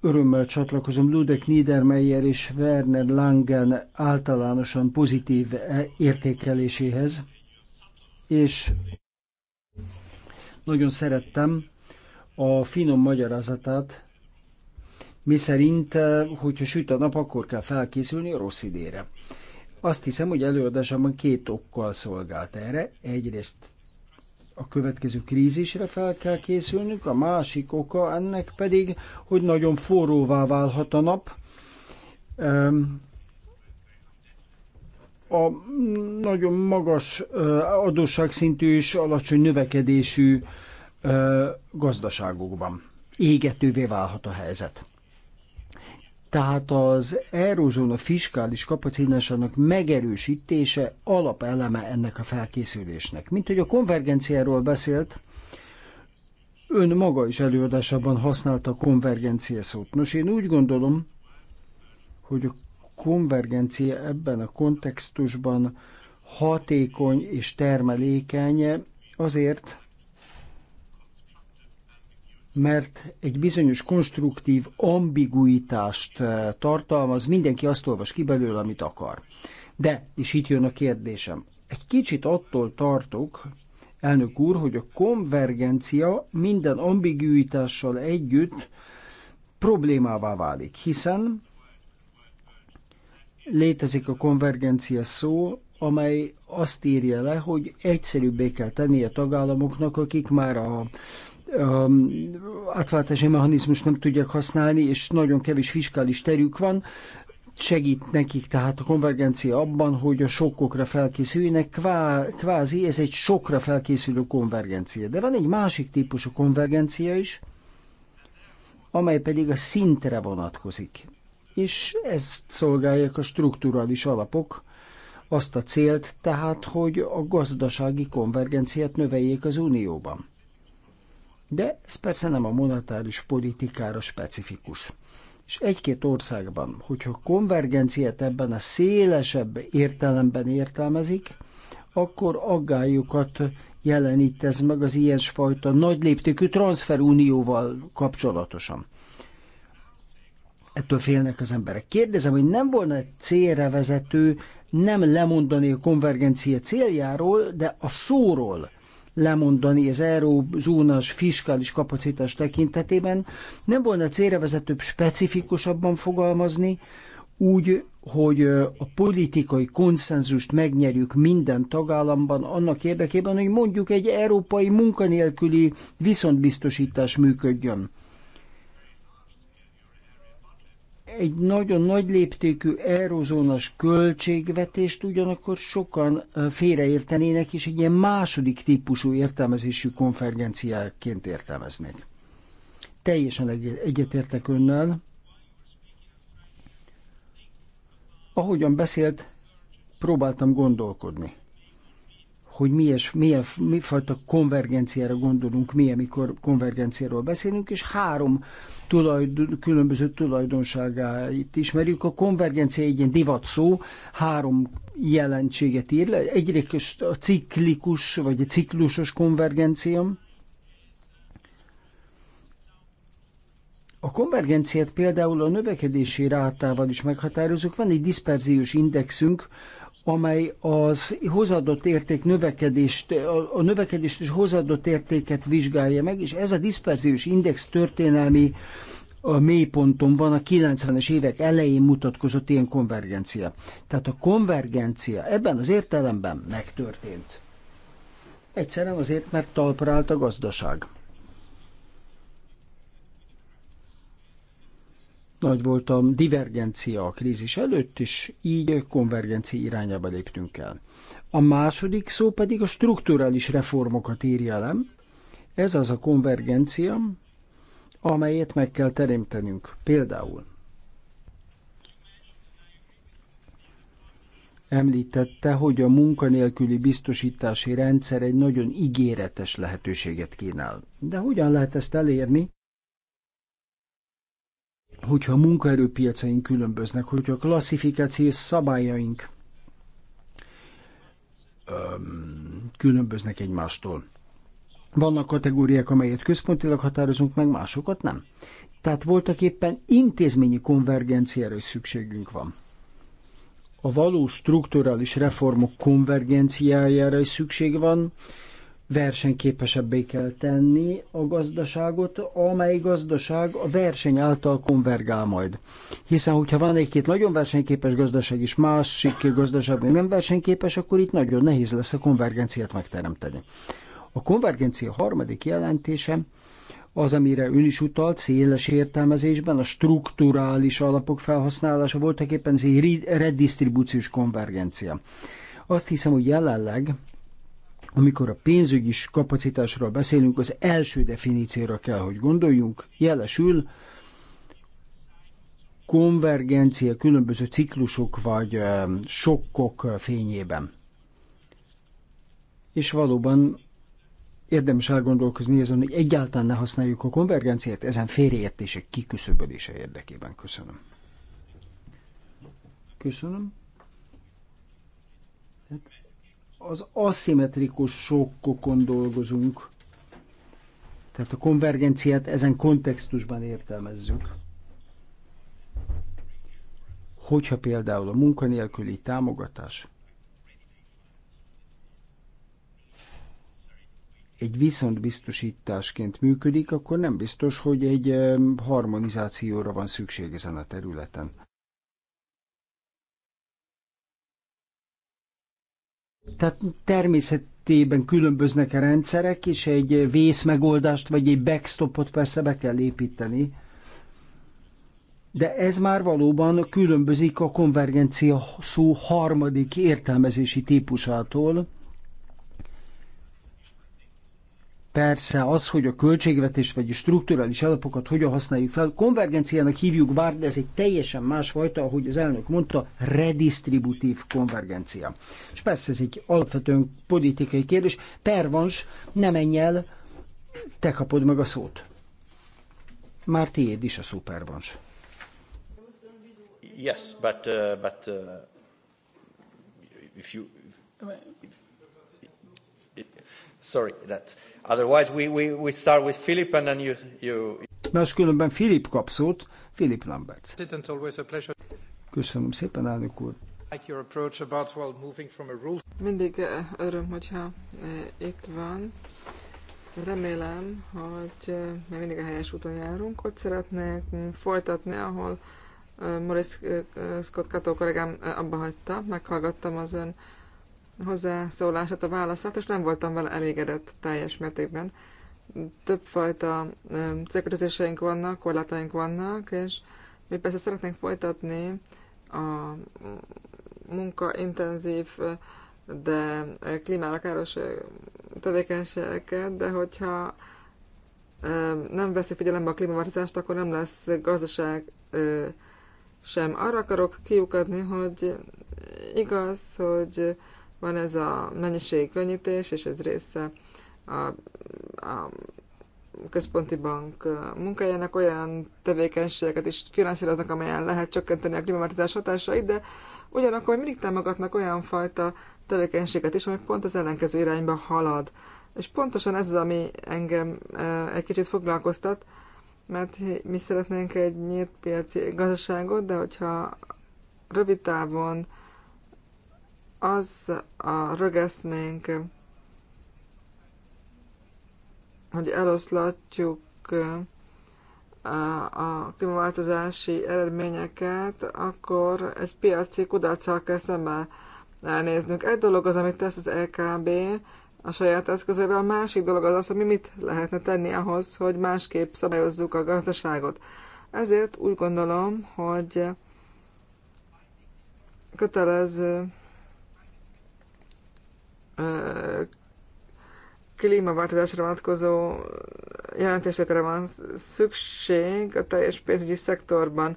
Örömmel csatlakozom Ludek Niedermeyer és Werner Langen általánosan pozitív értékeléséhez, és nagyon szerettem a finom magyarázatát, mi szerint, eh, hogyha süt a nap, akkor kell felkészülni a rossz idére. Azt hiszem, hogy előadásában két okkal szolgált erre. Egyrészt a következő krízisre fel kell készülnünk, a másik oka ennek pedig, hogy nagyon forróvá válhat a nap. A nagyon magas eh, adósságszintű és alacsony növekedésű eh, gazdaságokban égetővé válhat a helyzet. Tehát az aerozóna fiskális kapacitásának megerősítése alapeleme ennek a felkészülésnek. Mint hogy a konvergenciáról beszélt, ön maga is előadásában használta a konvergencia szót. Nos, én úgy gondolom, hogy a konvergencia ebben a kontextusban hatékony és termelékeny azért, mert egy bizonyos konstruktív ambiguitást eh, tartalmaz, mindenki azt olvas ki belőle, amit akar. De, és itt jön a kérdésem, egy kicsit attól tartok, elnök úr, hogy a konvergencia minden ambiguitással együtt problémává válik, hiszen létezik a konvergencia szó, amely azt írja le, hogy egyszerűbbé kell tenni a tagállamoknak, akik már a Um, átváltási mechanizmus nem tudják használni, és nagyon kevés fiskális terük van, segít nekik tehát a konvergencia abban, hogy a sokkokra felkészüljenek, kvá, kvázi ez egy sokra felkészülő konvergencia. De van egy másik típusú konvergencia is, amely pedig a szintre vonatkozik. És ezt szolgálják a strukturális alapok, azt a célt tehát, hogy a gazdasági konvergenciát növeljék az Unióban de ez persze nem a monetáris politikára specifikus. És egy-két országban, hogyha konvergenciát ebben a szélesebb értelemben értelmezik, akkor aggályokat jelenít ez meg az ilyesfajta nagy léptékű transferunióval kapcsolatosan. Ettől félnek az emberek. Kérdezem, hogy nem volna egy célra vezető nem lemondani a konvergencia céljáról, de a szóról lemondani az eurózónás fiskális kapacitás tekintetében. Nem volna célra vezetőbb specifikusabban fogalmazni, úgy, hogy a politikai konszenzust megnyerjük minden tagállamban annak érdekében, hogy mondjuk egy európai munkanélküli viszontbiztosítás működjön. egy nagyon nagy léptékű eurozónas költségvetést ugyanakkor sokan félreértenének, és egy ilyen második típusú értelmezésű konferenciáként értelmeznék. Teljesen egyetértek önnel. Ahogyan beszélt, próbáltam gondolkodni hogy milyes, milyen, mifajta konvergenciára gondolunk, mi, amikor konvergenciáról beszélünk, és három tulajdon, különböző tulajdonságáit ismerjük. A konvergencia egy ilyen divat szó, három jelentséget ír le. Egyrészt a ciklikus, vagy a ciklusos konvergencia, A konvergenciát például a növekedési rátával is meghatározunk. Van egy diszperziós indexünk, amely az hozadott érték növekedést, a növekedést és hozadott értéket vizsgálja meg, és ez a diszperziós index történelmi a mélyponton van, a 90-es évek elején mutatkozott ilyen konvergencia. Tehát a konvergencia ebben az értelemben megtörtént. Egyszerűen azért, mert talpra állt a gazdaság. nagy volt a divergencia a krízis előtt, és így konvergencia irányába léptünk el. A második szó pedig a strukturális reformokat írja le. Ez az a konvergencia, amelyet meg kell teremtenünk. Például említette, hogy a munkanélküli biztosítási rendszer egy nagyon ígéretes lehetőséget kínál. De hogyan lehet ezt elérni? hogyha a munkaerőpiacaink különböznek, hogyha a klasszifikációs szabályaink különböznek egymástól. Vannak kategóriák, amelyet központilag határozunk meg, másokat nem. Tehát voltak éppen intézményi konvergenciára is szükségünk van. A valós strukturális reformok konvergenciájára is szükség van, versenyképesebbé kell tenni a gazdaságot, amely gazdaság a verseny által konvergál majd. Hiszen, hogyha van egy-két nagyon versenyképes gazdaság és másik gazdaság még nem versenyképes, akkor itt nagyon nehéz lesz a konvergenciát megteremteni. A konvergencia harmadik jelentése az, amire ön is utalt, széles értelmezésben a strukturális alapok felhasználása voltak éppen ez egy redistribúciós konvergencia. Azt hiszem, hogy jelenleg amikor a pénzügyi kapacitásról beszélünk, az első definícióra kell, hogy gondoljunk. Jelesül konvergencia különböző ciklusok vagy sokkok fényében. És valóban érdemes elgondolkozni ezen, hogy egyáltalán ne használjuk a konvergenciát, ezen félreértések kiküszöbölése érdekében. Köszönöm. Köszönöm az aszimmetrikus sokkokon dolgozunk, tehát a konvergenciát ezen kontextusban értelmezzük. Hogyha például a munkanélküli támogatás egy viszontbiztosításként működik, akkor nem biztos, hogy egy eh, harmonizációra van szükség ezen a területen. Tehát természetében különböznek a rendszerek, és egy vészmegoldást vagy egy backstopot persze be kell építeni, de ez már valóban különbözik a konvergencia szó harmadik értelmezési típusától, persze az, hogy a költségvetés vagy a strukturális alapokat hogyan használjuk fel, konvergenciának hívjuk bár, de ez egy teljesen másfajta, ahogy az elnök mondta, redistributív konvergencia. És persze ez egy alapvetően politikai kérdés. Pervans, nem menj el, te kapod meg a szót. Már tiéd is a szó, Pervans. Yes, but, uh, but uh, if you... If, if, sorry, that's... Otherwise we, we, we start with Philip and then you... you... Máskülönben Philip kap szót, Philip Lambert. Köszönöm szépen, elnök úr. Mindig eh, öröm, hogyha eh, itt van. Remélem, hogy eh, még mindig a helyes úton járunk. Ott szeretnék folytatni, ahol Maurice Scott Kató kollégám abba hagyta. Meghallgattam az ön hozzászólását, a válaszát, és nem voltam vele elégedett teljes mértékben. Többfajta célkötözéseink vannak, korlátaink vannak, és mi persze szeretnénk folytatni a munkaintenzív, de klímára káros tevékenységeket, de hogyha nem veszi figyelembe a klímaváltozást, akkor nem lesz gazdaság sem. Arra akarok kiukadni, hogy igaz, hogy van ez a mennyiségi könnyítés, és ez része a, a központi bank munkájának olyan tevékenységeket is finanszíroznak, amelyen lehet csökkenteni a klímaváltozás hatásait, de ugyanakkor mindig támogatnak olyan fajta tevékenységet is, ami pont az ellenkező irányba halad. És pontosan ez az, ami engem egy kicsit foglalkoztat, mert mi szeretnénk egy nyílt piaci gazdaságot, de hogyha rövid távon az a rögeszménk, hogy eloszlatjuk eh, a klímaváltozási eredményeket, akkor egy piaci kudarccal kell szembe elnéznünk. Egy dolog az, amit tesz az LKB e a saját eszközével, a másik dolog az az, hogy mi mit lehetne tenni ahhoz, hogy másképp szabályozzuk a gazdaságot. Ezért úgy gondolom, hogy kötelező klímaváltozásra vonatkozó jelentésétre van szükség a teljes pénzügyi szektorban.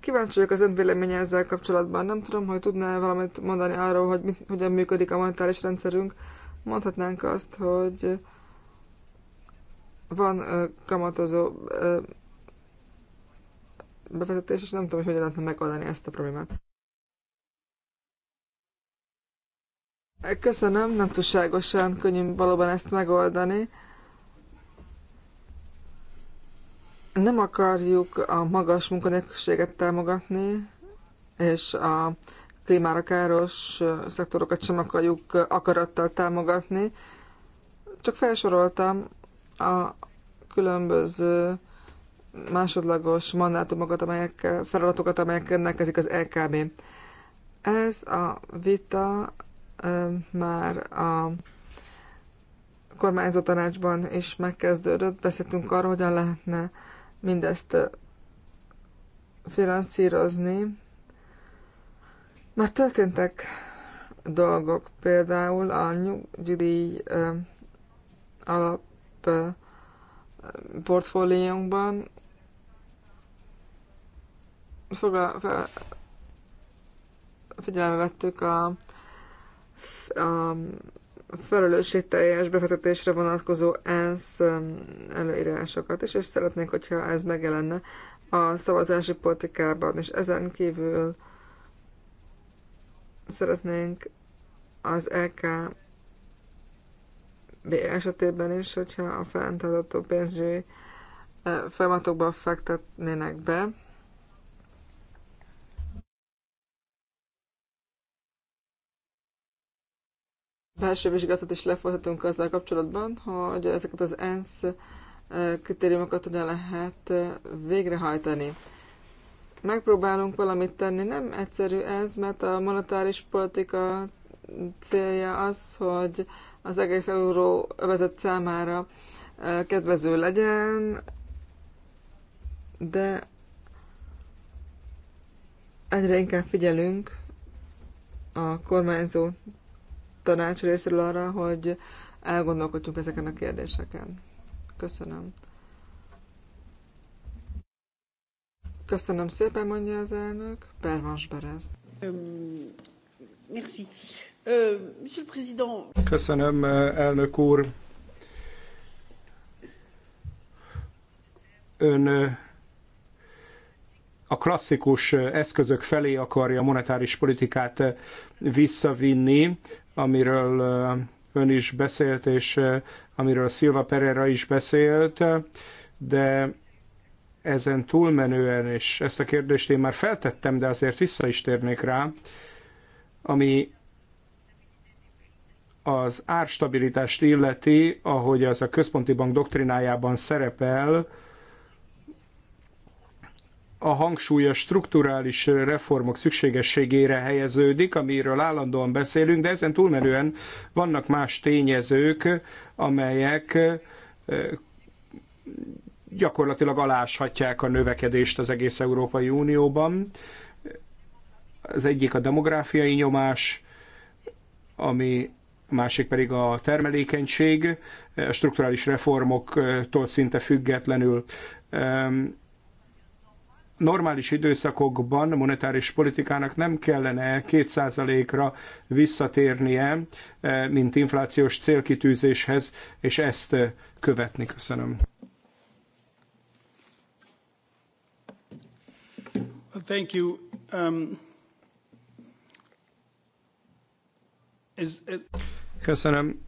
Kíváncsi vagyok az ön véleménye ezzel kapcsolatban. Nem tudom, hogy tudná valamit mondani arról, hogy mit, hogyan működik a monetáris rendszerünk. Mondhatnánk azt, hogy van ö, kamatozó ö, befektetés, és nem tudom, hogy hogyan lehetne megoldani ezt a problémát. Köszönöm, nem túlságosan könnyű valóban ezt megoldani. Nem akarjuk a magas munkanélküliséget támogatni, és a klímára káros szektorokat sem akarjuk akarattal támogatni. Csak felsoroltam a különböző másodlagos mandátumokat, amelyek, feladatokat, amelyek rendelkezik az LKB. Ez a vita már a kormányzó tanácsban is megkezdődött. Beszéltünk arról, hogyan lehetne mindezt finanszírozni. Már történtek dolgok, például a nyugdíj alap portfóliónkban foglal, figyelembe vettük a a felelősségteljes befektetésre vonatkozó ENSZ um, előírásokat is, és szeretnénk, hogyha ez megjelenne a szavazási politikában, és ezen kívül szeretnénk az LK e B esetében is, hogyha a fenntartható pénzügyi eh, folyamatokba fektetnének be, belső vizsgálatot is lefolytatunk azzal kapcsolatban, hogy ezeket az ENSZ eh, kritériumokat hogyan lehet eh, végrehajtani. Megpróbálunk valamit tenni, nem egyszerű ez, mert a monetáris politika célja az, hogy az egész euró övezet számára eh, kedvező legyen, de egyre inkább figyelünk a kormányzó tanács részéről arra, hogy elgondolkodjunk ezeken a kérdéseken. Köszönöm. Köszönöm szépen, mondja az elnök. Pervans Berez. Merci. Monsieur le Président. Köszönöm, elnök úr. Ön a klasszikus eszközök felé akarja monetáris politikát visszavinni amiről ön is beszélt, és amiről Silva Pereira is beszélt, de ezen túlmenően, és ezt a kérdést én már feltettem, de azért vissza is térnék rá, ami az árstabilitást illeti, ahogy az a központi bank doktrinájában szerepel, a hangsúly a strukturális reformok szükségességére helyeződik, amiről állandóan beszélünk, de ezen túlmenően vannak más tényezők, amelyek gyakorlatilag aláshatják a növekedést az egész Európai Unióban. Az egyik a demográfiai nyomás, ami másik pedig a termelékenység, a strukturális reformoktól szinte függetlenül normális időszakokban monetáris politikának nem kellene 2%-ra visszatérnie, eh, mint inflációs célkitűzéshez, és ezt eh, követni. Köszönöm. Thank you. Um, is, is... Köszönöm.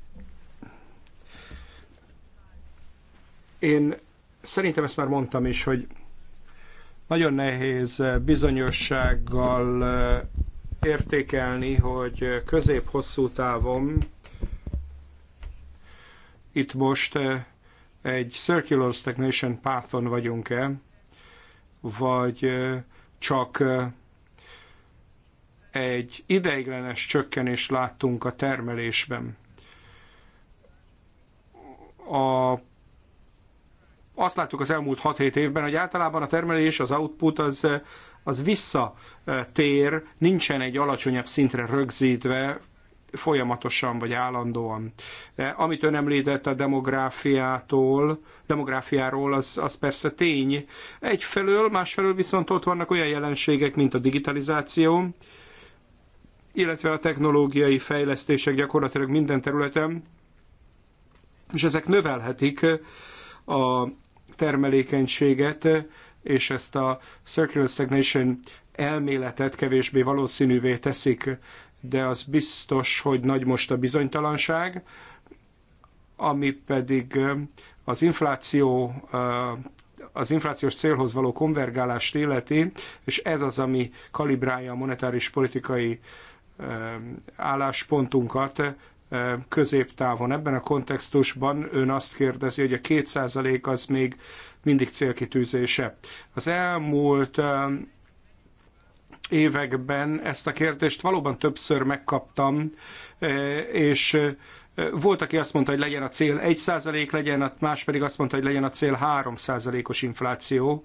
Én szerintem ezt már mondtam is, hogy nagyon nehéz eh, bizonyossággal eh, értékelni, hogy eh, közép-hosszú távon itt most egy circular stagnation pathon vagyunk-e, vagy csak egy ideiglenes csökkenés láttunk a termelésben. A azt láttuk az elmúlt 6-7 évben, hogy általában a termelés, az output az, az visszatér, nincsen egy alacsonyabb szintre rögzítve folyamatosan vagy állandóan. De amit ön említett a demográfiától, demográfiáról, az, az persze tény. Egyfelől, másfelől viszont ott vannak olyan jelenségek, mint a digitalizáció, illetve a technológiai fejlesztések gyakorlatilag minden területen, és ezek növelhetik a termelékenységet, és ezt a circular stagnation elméletet kevésbé valószínűvé teszik, de az biztos, hogy nagy most a bizonytalanság, ami pedig az infláció az inflációs célhoz való konvergálást illeti, és ez az, ami kalibrálja a monetáris politikai álláspontunkat középtávon. Ebben a kontextusban ön azt kérdezi, hogy a 2% az még mindig célkitűzése. Az elmúlt években ezt a kérdést valóban többször megkaptam, és volt, aki azt mondta, hogy legyen a cél 1%, legyen, más pedig azt mondta, hogy legyen a cél 3%-os infláció.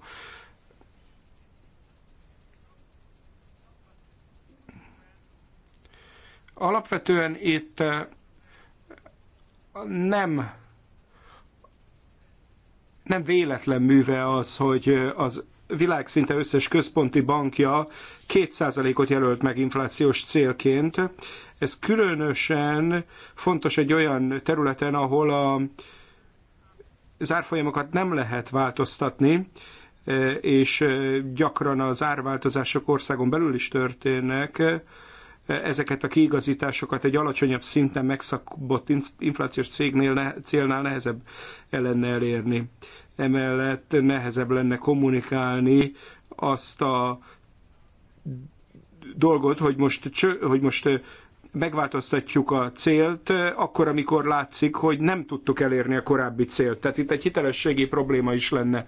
Alapvetően itt eh, nem nem véletlen műve az, hogy eh, az világ szinte összes központi bankja 2%-ot jelölt meg inflációs célként. Ez különösen fontos egy olyan területen, ahol a, zárfolyamokat nem lehet változtatni, eh, és gyakran az árváltozások országon belül is történnek, ezeket a kiigazításokat egy alacsonyabb szinten megszabott inflációs cégnél ne, célnál nehezebb lenne elérni. Emellett nehezebb lenne kommunikálni azt a dolgot, hogy most, cső, hogy most megváltoztatjuk a célt, akkor, amikor látszik, hogy nem tudtuk elérni a korábbi célt. Tehát itt egy hitelességi probléma is lenne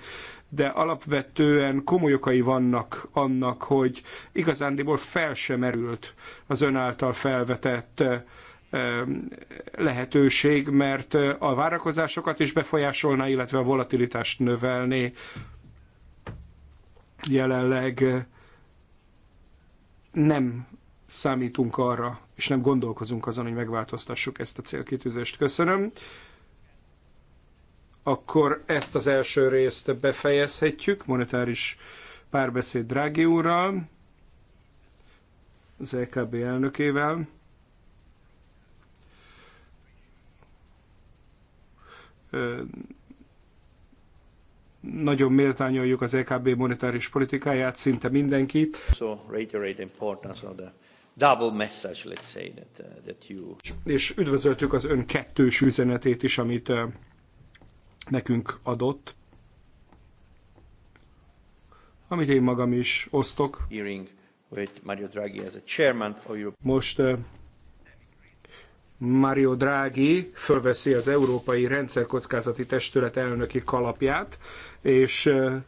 de alapvetően komoly okai vannak annak, hogy igazándiból fel sem merült az ön által felvetett eh, lehetőség, mert eh, a várakozásokat is befolyásolná, illetve a volatilitást növelné. Jelenleg eh, nem számítunk arra, és nem gondolkozunk azon, hogy megváltoztassuk ezt a célkitűzést. Köszönöm akkor ezt az első részt befejezhetjük, monetáris párbeszéd Drági úrral, az LKB e elnökével. Nagyon méltányoljuk az EKB monetáris politikáját, szinte mindenkit. So reiterate importance of the double message, let's say, that, uh, that you... És üdvözöltük az ön kettős üzenetét is, amit uh, nekünk adott, amit én magam is osztok. Most eh, Mario Draghi fölveszi az Európai Rendszerkockázati Testület elnöki kalapját, és eh,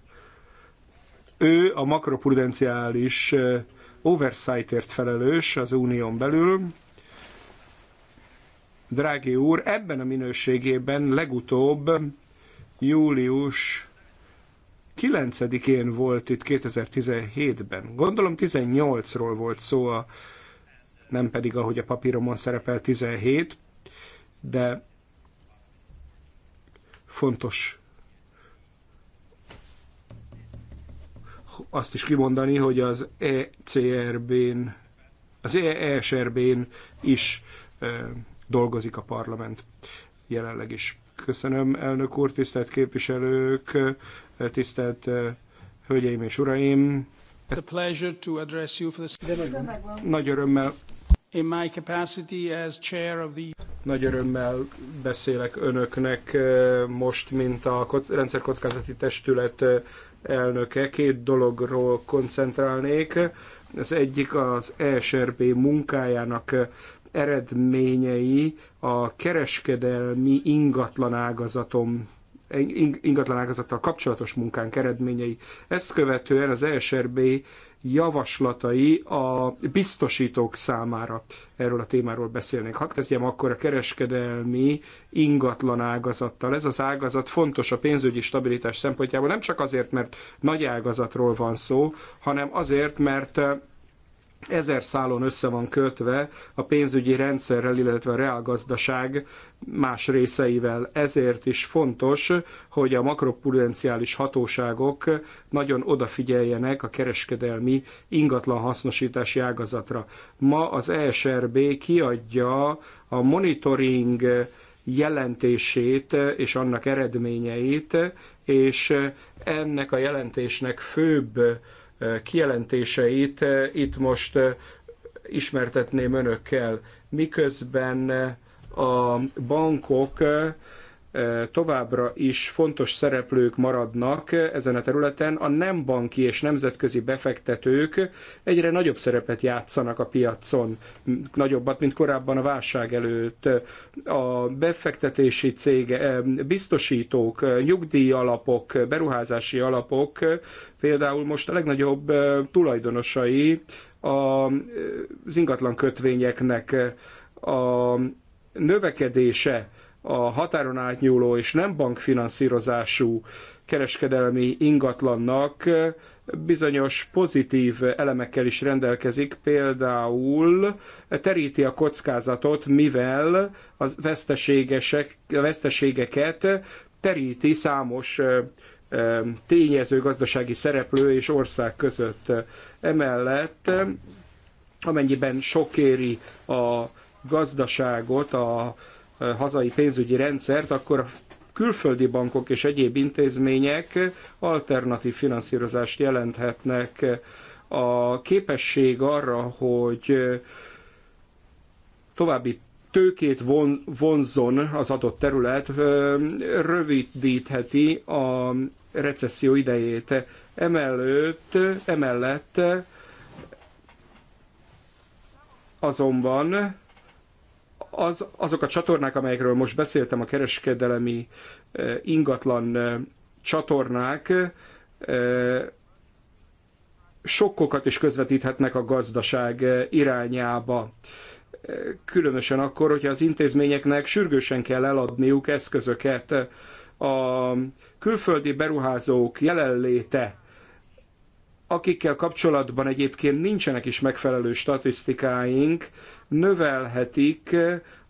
ő a makroprudenciális eh, oversightért felelős az unión belül. Drági úr ebben a minőségében legutóbb július 9-én volt itt 2017-ben. Gondolom 18-ról volt szó, a, nem pedig ahogy a papíromon szerepel 17, de fontos azt is kimondani, hogy az ECRB-n, az ESRB-n e is dolgozik a parlament jelenleg is. Köszönöm, elnök úr, tisztelt képviselők, tisztelt eh, hölgyeim és uraim. It's a pleasure to address you for this. Nagy örömmel. In my capacity as chair of the... Nagy örömmel beszélek önöknek eh, most, mint a rendszerkockázati testület eh, elnöke. Két dologról koncentrálnék. Az egyik az ESRB munkájának eredményei a kereskedelmi ingatlan ingatlanágazattal kapcsolatos munkánk eredményei. Ezt követően az ESRB javaslatai a biztosítók számára erről a témáról beszélnék. Hadd kezdjem akkor a kereskedelmi ingatlan ágazattal. Ez az ágazat fontos a pénzügyi stabilitás szempontjából, nem csak azért, mert nagy ágazatról van szó, hanem azért, mert ezer szálon össze van kötve a pénzügyi rendszerrel, illetve a reálgazdaság más részeivel. Ezért is fontos, hogy a makroprudenciális hatóságok nagyon odafigyeljenek a kereskedelmi ingatlan hasznosítási ágazatra. Ma az ESRB kiadja a monitoring jelentését és annak eredményeit, és ennek a jelentésnek főbb kijelentéseit eh, itt most eh, ismertetném önökkel, miközben eh, a bankok továbbra is fontos szereplők maradnak ezen a területen, a nem banki és nemzetközi befektetők egyre nagyobb szerepet játszanak a piacon, nagyobbat, mint korábban a válság előtt. A befektetési cég, biztosítók, nyugdíjalapok, beruházási alapok például most a legnagyobb tulajdonosai az ingatlan kötvényeknek a növekedése a határon átnyúló és nem bankfinanszírozású kereskedelmi ingatlannak bizonyos pozitív elemekkel is rendelkezik, például teríti a kockázatot, mivel a, veszteségesek, a veszteségeket teríti számos tényező gazdasági szereplő és ország között. Emellett, amennyiben sokéri a gazdaságot a hazai pénzügyi rendszert, akkor a külföldi bankok és egyéb intézmények alternatív finanszírozást jelenthetnek. A képesség arra, hogy további tőkét von, vonzon az adott terület, rövidítheti a recesszió idejét. Emellőtt, emellett azonban az, azok a csatornák, amelyekről most beszéltem, a kereskedelemi eh, ingatlan eh, csatornák eh, sokkokat is közvetíthetnek a gazdaság irányába. Különösen akkor, hogyha az intézményeknek sürgősen kell eladniuk eszközöket. A külföldi beruházók jelenléte, akikkel kapcsolatban egyébként nincsenek is megfelelő statisztikáink, növelhetik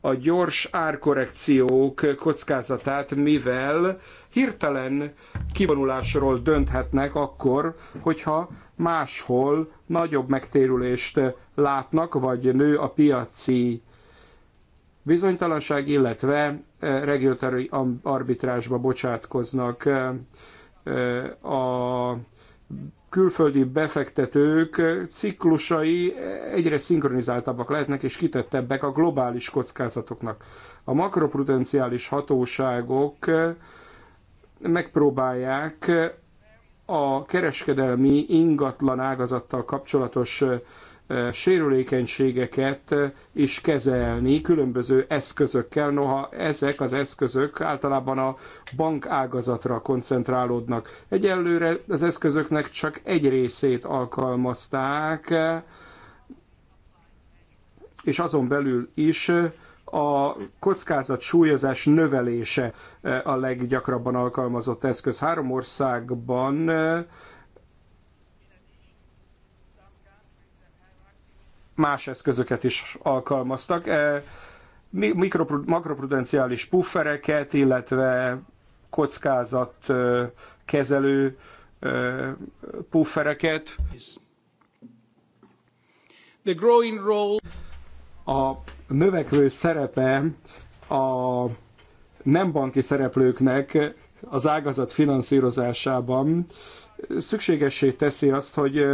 a gyors árkorrekciók kockázatát, mivel hirtelen kivonulásról dönthetnek akkor, hogyha máshol nagyobb megtérülést látnak, vagy nő a piaci bizonytalanság, illetve eh, regulatory arbitrásba bocsátkoznak eh, a külföldi befektetők ciklusai egyre szinkronizáltabbak lehetnek és kitettebbek a globális kockázatoknak. A makroprudenciális hatóságok megpróbálják a kereskedelmi ingatlan ágazattal kapcsolatos sérülékenységeket is kezelni különböző eszközökkel, noha ezek az eszközök általában a bank ágazatra koncentrálódnak. Egyelőre az eszközöknek csak egy részét alkalmazták, és azon belül is a kockázat súlyozás növelése a leggyakrabban alkalmazott eszköz. Három országban más eszközöket is alkalmaztak, e, mikro, makroprudenciális puffereket, illetve kockázat kezelő puffereket. The growing role. A növekvő szerepe a nem banki szereplőknek az ágazat finanszírozásában szükségessé teszi azt, hogy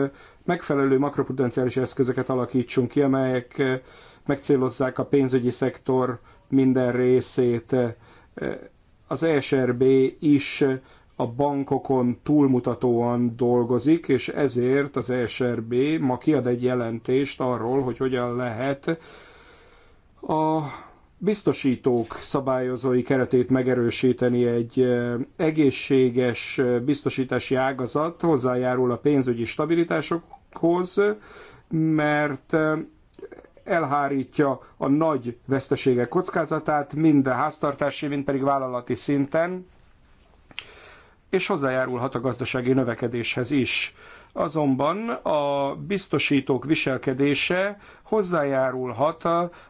megfelelő makroprudenciális eszközöket alakítsunk ki, amelyek eh, megcélozzák a pénzügyi szektor minden részét. Eh, az ESRB is eh, a bankokon túlmutatóan dolgozik, és ezért az ESRB ma kiad egy jelentést arról, hogy hogyan lehet a biztosítók szabályozói keretét megerősíteni egy egészséges biztosítási ágazat hozzájárul a pénzügyi stabilitásokhoz, mert elhárítja a nagy veszteségek kockázatát, mind a háztartási, mind pedig vállalati szinten, és hozzájárulhat a gazdasági növekedéshez is azonban a biztosítók viselkedése hozzájárulhat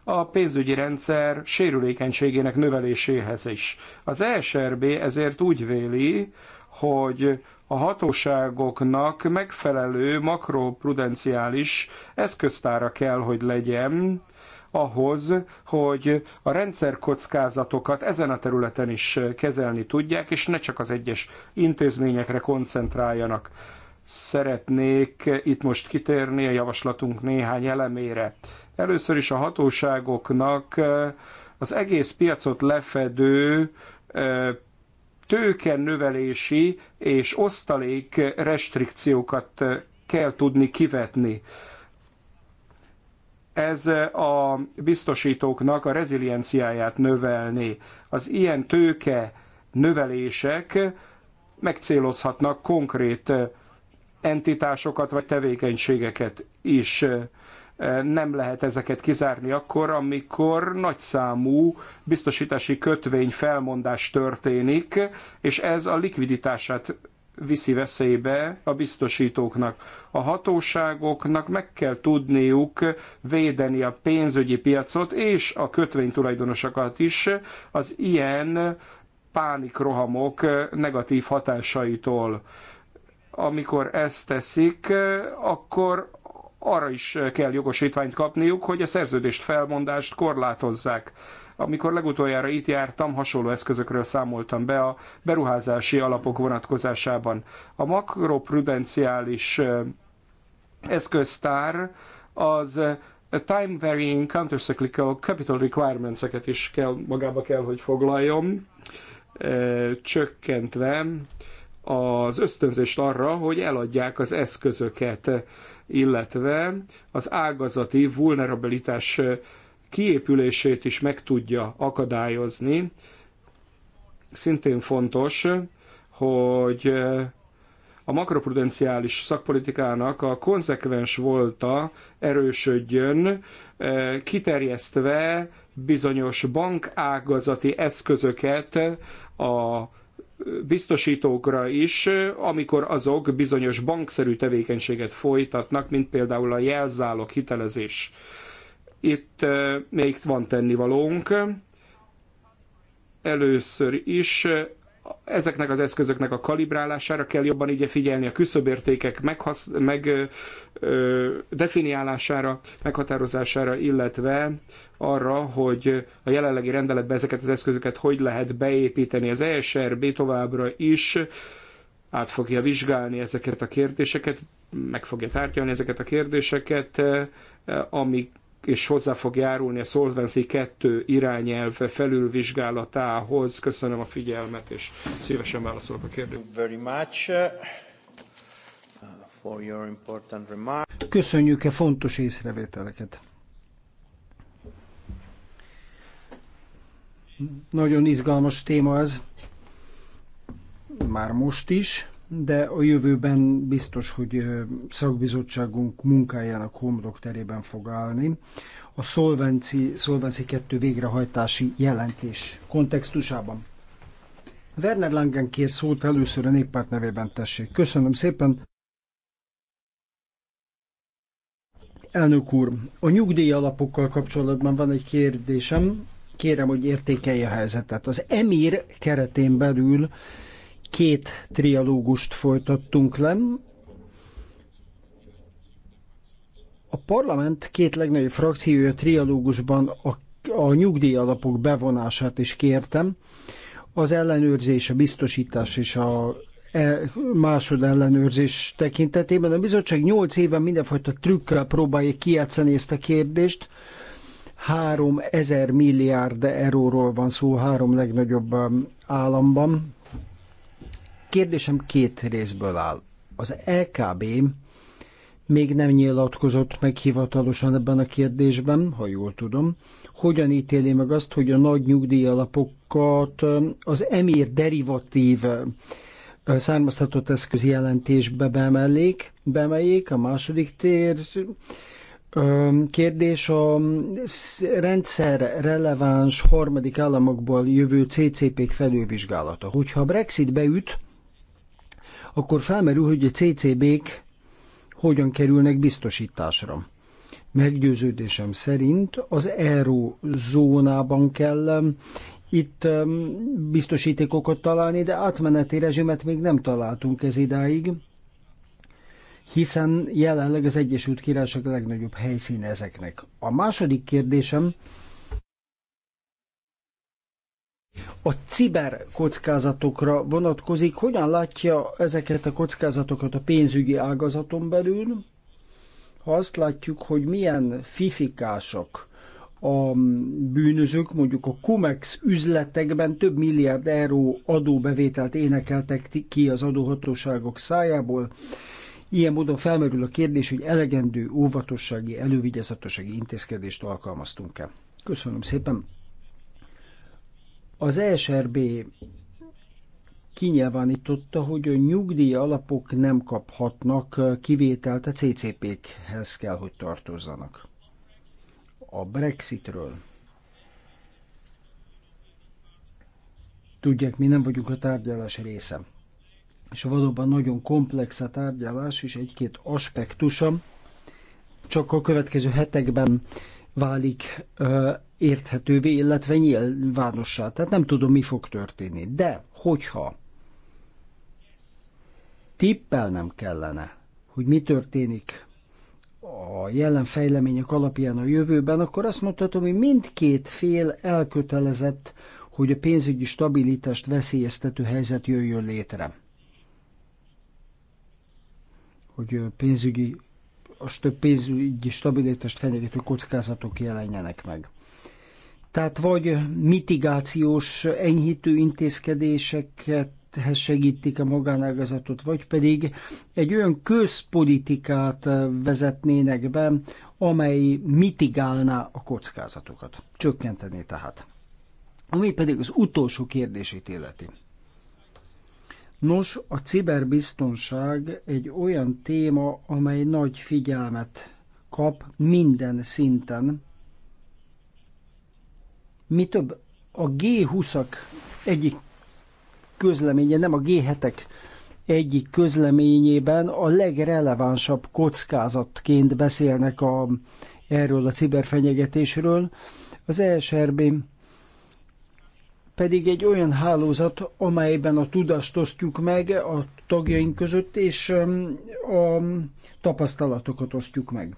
a pénzügyi rendszer sérülékenységének növeléséhez is. Az ESRB ezért úgy véli, hogy a hatóságoknak megfelelő makroprudenciális eszköztára kell, hogy legyen ahhoz, hogy a rendszerkockázatokat ezen a területen is kezelni tudják, és ne csak az egyes intézményekre koncentráljanak. Szeretnék itt most kitérni a javaslatunk néhány elemére. Először is a hatóságoknak eh, az egész piacot lefedő eh, tőken növelési és osztalék restrikciókat eh, kell tudni kivetni. Ez a biztosítóknak a rezilienciáját növelni. Az ilyen tőke növelések megcélozhatnak konkrét entitásokat vagy tevékenységeket is nem lehet ezeket kizárni akkor, amikor nagyszámú biztosítási kötvény felmondás történik, és ez a likviditását viszi veszélybe a biztosítóknak. A hatóságoknak meg kell tudniuk védeni a pénzügyi piacot és a kötvénytulajdonosokat is az ilyen pánikrohamok negatív hatásaitól amikor ezt teszik, akkor arra is kell jogosítványt kapniuk, hogy a szerződést felmondást korlátozzák. Amikor legutoljára itt jártam, hasonló eszközökről számoltam be a beruházási alapok vonatkozásában. A makroprudenciális eszköztár az time varying countercyclical capital requirements-eket is kell, magába kell, hogy foglaljon, csökkentve az ösztönzést arra, hogy eladják az eszközöket, illetve az ágazati vulnerabilitás kiépülését is meg tudja akadályozni. Szintén fontos, hogy a makroprudenciális szakpolitikának a konzekvens volta erősödjön, kiterjesztve bizonyos bankágazati eszközöket a biztosítókra is, amikor azok bizonyos bankszerű tevékenységet folytatnak, mint például a jelzálok hitelezés. Itt eh, még van tennivalónk. Először is eh, ezeknek az eszközöknek a kalibrálására kell jobban ugye figyelni, a küszöbértékek meghasz, meg, ö, definiálására, meghatározására, illetve arra, hogy a jelenlegi rendeletbe ezeket az eszközöket hogy lehet beépíteni. Az ESRB továbbra is át fogja vizsgálni ezeket a kérdéseket, meg fogja tárgyalni ezeket a kérdéseket, amik és hozzá fog járulni a Solvency 2 irányelv felülvizsgálatához. Köszönöm a figyelmet, és szívesen válaszolok a kérdésre. Uh, Köszönjük-e fontos észrevételeket? Nagyon izgalmas téma ez, már most is de a jövőben biztos, hogy szakbizottságunk munkájának homlok terében fog állni. A Solvency, Solvency 2 végrehajtási jelentés kontextusában. Werner Langen kér szót először a néppárt nevében tessék. Köszönöm szépen. Elnök úr, a nyugdíj alapokkal kapcsolatban van egy kérdésem. Kérem, hogy értékelje a helyzetet. Az EMIR keretén belül Két trialógust folytattunk le. A parlament két legnagyobb frakciója trialógusban a, a nyugdíjalapok bevonását is kértem. Az ellenőrzés, a biztosítás és a e, másod ellenőrzés tekintetében. A bizottság 8 éven mindenfajta trükkel próbálja kijátszani ezt a kérdést. 3000 milliárd euróról van szó három legnagyobb um, államban kérdésem két részből áll. Az LKB még nem nyilatkozott meg hivatalosan ebben a kérdésben, ha jól tudom. Hogyan ítéli meg azt, hogy a nagy nyugdíjalapokat um, az emír derivatív um, származtatott eszköz jelentésbe bemellék, bemeljék, a második tér um, Kérdés a rendszer releváns harmadik államokból jövő CCP-k felülvizsgálata. Hogyha a Brexit beüt, akkor felmerül, hogy a CCB-k hogyan kerülnek biztosításra. Meggyőződésem szerint az zónában kell um, itt um, biztosítékokat találni, de átmeneti rezsimet még nem találtunk ez idáig, hiszen jelenleg az Egyesült Királyság a legnagyobb helyszíne ezeknek. A második kérdésem a ciber kockázatokra vonatkozik. Hogyan látja ezeket a kockázatokat a pénzügyi ágazaton belül? Ha azt látjuk, hogy milyen fifikások a bűnözők, mondjuk a Cumex üzletekben több milliárd euró adóbevételt énekeltek ki az adóhatóságok szájából, Ilyen módon felmerül a kérdés, hogy elegendő óvatossági, elővigyázatossági intézkedést alkalmaztunk-e. Köszönöm szépen! Az ESRB kinyilvánította, hogy a nyugdíj alapok nem kaphatnak kivételt, a CCP-khez kell, hogy tartozzanak. A Brexitről. Tudják, mi nem vagyunk a tárgyalás része. És valóban nagyon komplex a tárgyalás, és egy-két aspektusa csak a következő hetekben válik érthetővé, illetve nyilvánossá. Tehát nem tudom, mi fog történni. De, hogyha tippel nem kellene, hogy mi történik a jelen fejlemények alapján a jövőben, akkor azt mondhatom, hogy mindkét fél elkötelezett, hogy a pénzügyi stabilitást veszélyeztető helyzet jöjjön létre. Hogy a pénzügyi, a pénzügyi stabilitást fenyegető kockázatok jelenjenek meg. Tehát vagy mitigációs enyhítő intézkedéseket hez segítik a magánágazatot, vagy pedig egy olyan közpolitikát vezetnének be, amely mitigálná a kockázatokat, csökkentené tehát. Ami pedig az utolsó kérdését illeti. Nos, a ciberbiztonság egy olyan téma, amely nagy figyelmet kap minden szinten, mi több, a G20-ak egyik közleménye, nem a G7-ek egyik közleményében a legrelevánsabb kockázatként beszélnek a, erről a ciberfenyegetésről. Az ESRB pedig egy olyan hálózat, amelyben a tudást osztjuk meg a tagjaink között, és um, a tapasztalatokat osztjuk meg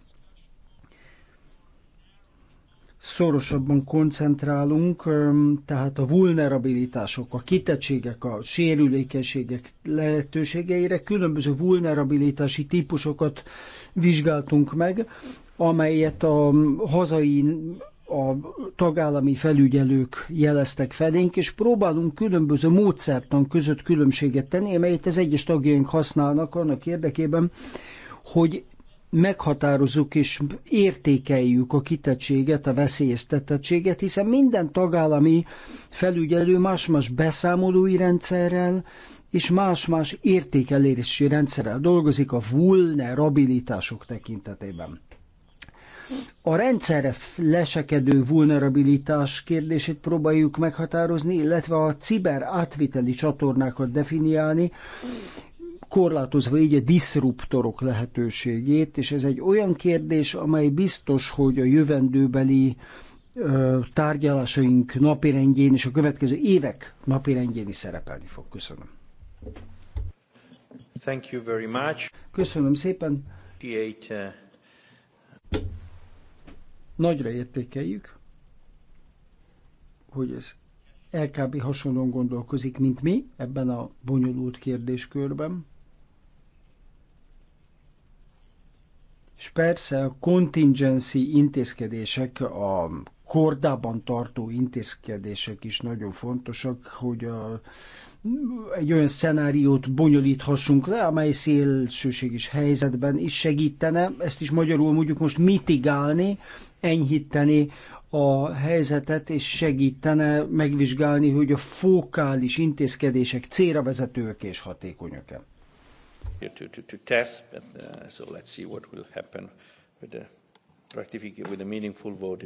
szorosabban koncentrálunk, tehát a vulnerabilitások, a kitettségek, a sérülékenységek lehetőségeire különböző vulnerabilitási típusokat vizsgáltunk meg, amelyet a hazai a tagállami felügyelők jeleztek felénk, és próbálunk különböző módszertan között különbséget tenni, amelyet az egyes tagjaink használnak annak érdekében, hogy meghatározzuk és értékeljük a kitettséget, a veszélyeztetettséget, hiszen minden tagállami felügyelő más-más beszámolói rendszerrel és más-más értékelési rendszerrel dolgozik a vulnerabilitások tekintetében. A rendszerre lesekedő vulnerabilitás kérdését próbáljuk meghatározni, illetve a ciber átviteli csatornákat definiálni, korlátozva így a diszruptorok lehetőségét, és ez egy olyan kérdés, amely biztos, hogy a jövendőbeli tárgyalásaink napirendjén és a következő évek napirendjén is szerepelni fog. Köszönöm. Thank you very much. Köszönöm szépen. Uh, Nagyra értékeljük, hogy ez LKB hasonlóan gondolkozik, mint mi ebben a bonyolult kérdéskörben. És persze a contingency intézkedések, a kordában tartó intézkedések is nagyon fontosak, hogy a, egy olyan szenáriót bonyolíthassunk le, amely szélsőséges helyzetben is segítene, ezt is magyarul mondjuk most mitigálni, enyhíteni a helyzetet, és segítene megvizsgálni, hogy a fokális intézkedések célra vezetőek és hatékonyak-e here to, to, to test. But, uh, so let's see what will happen with the, with the meaningful vote.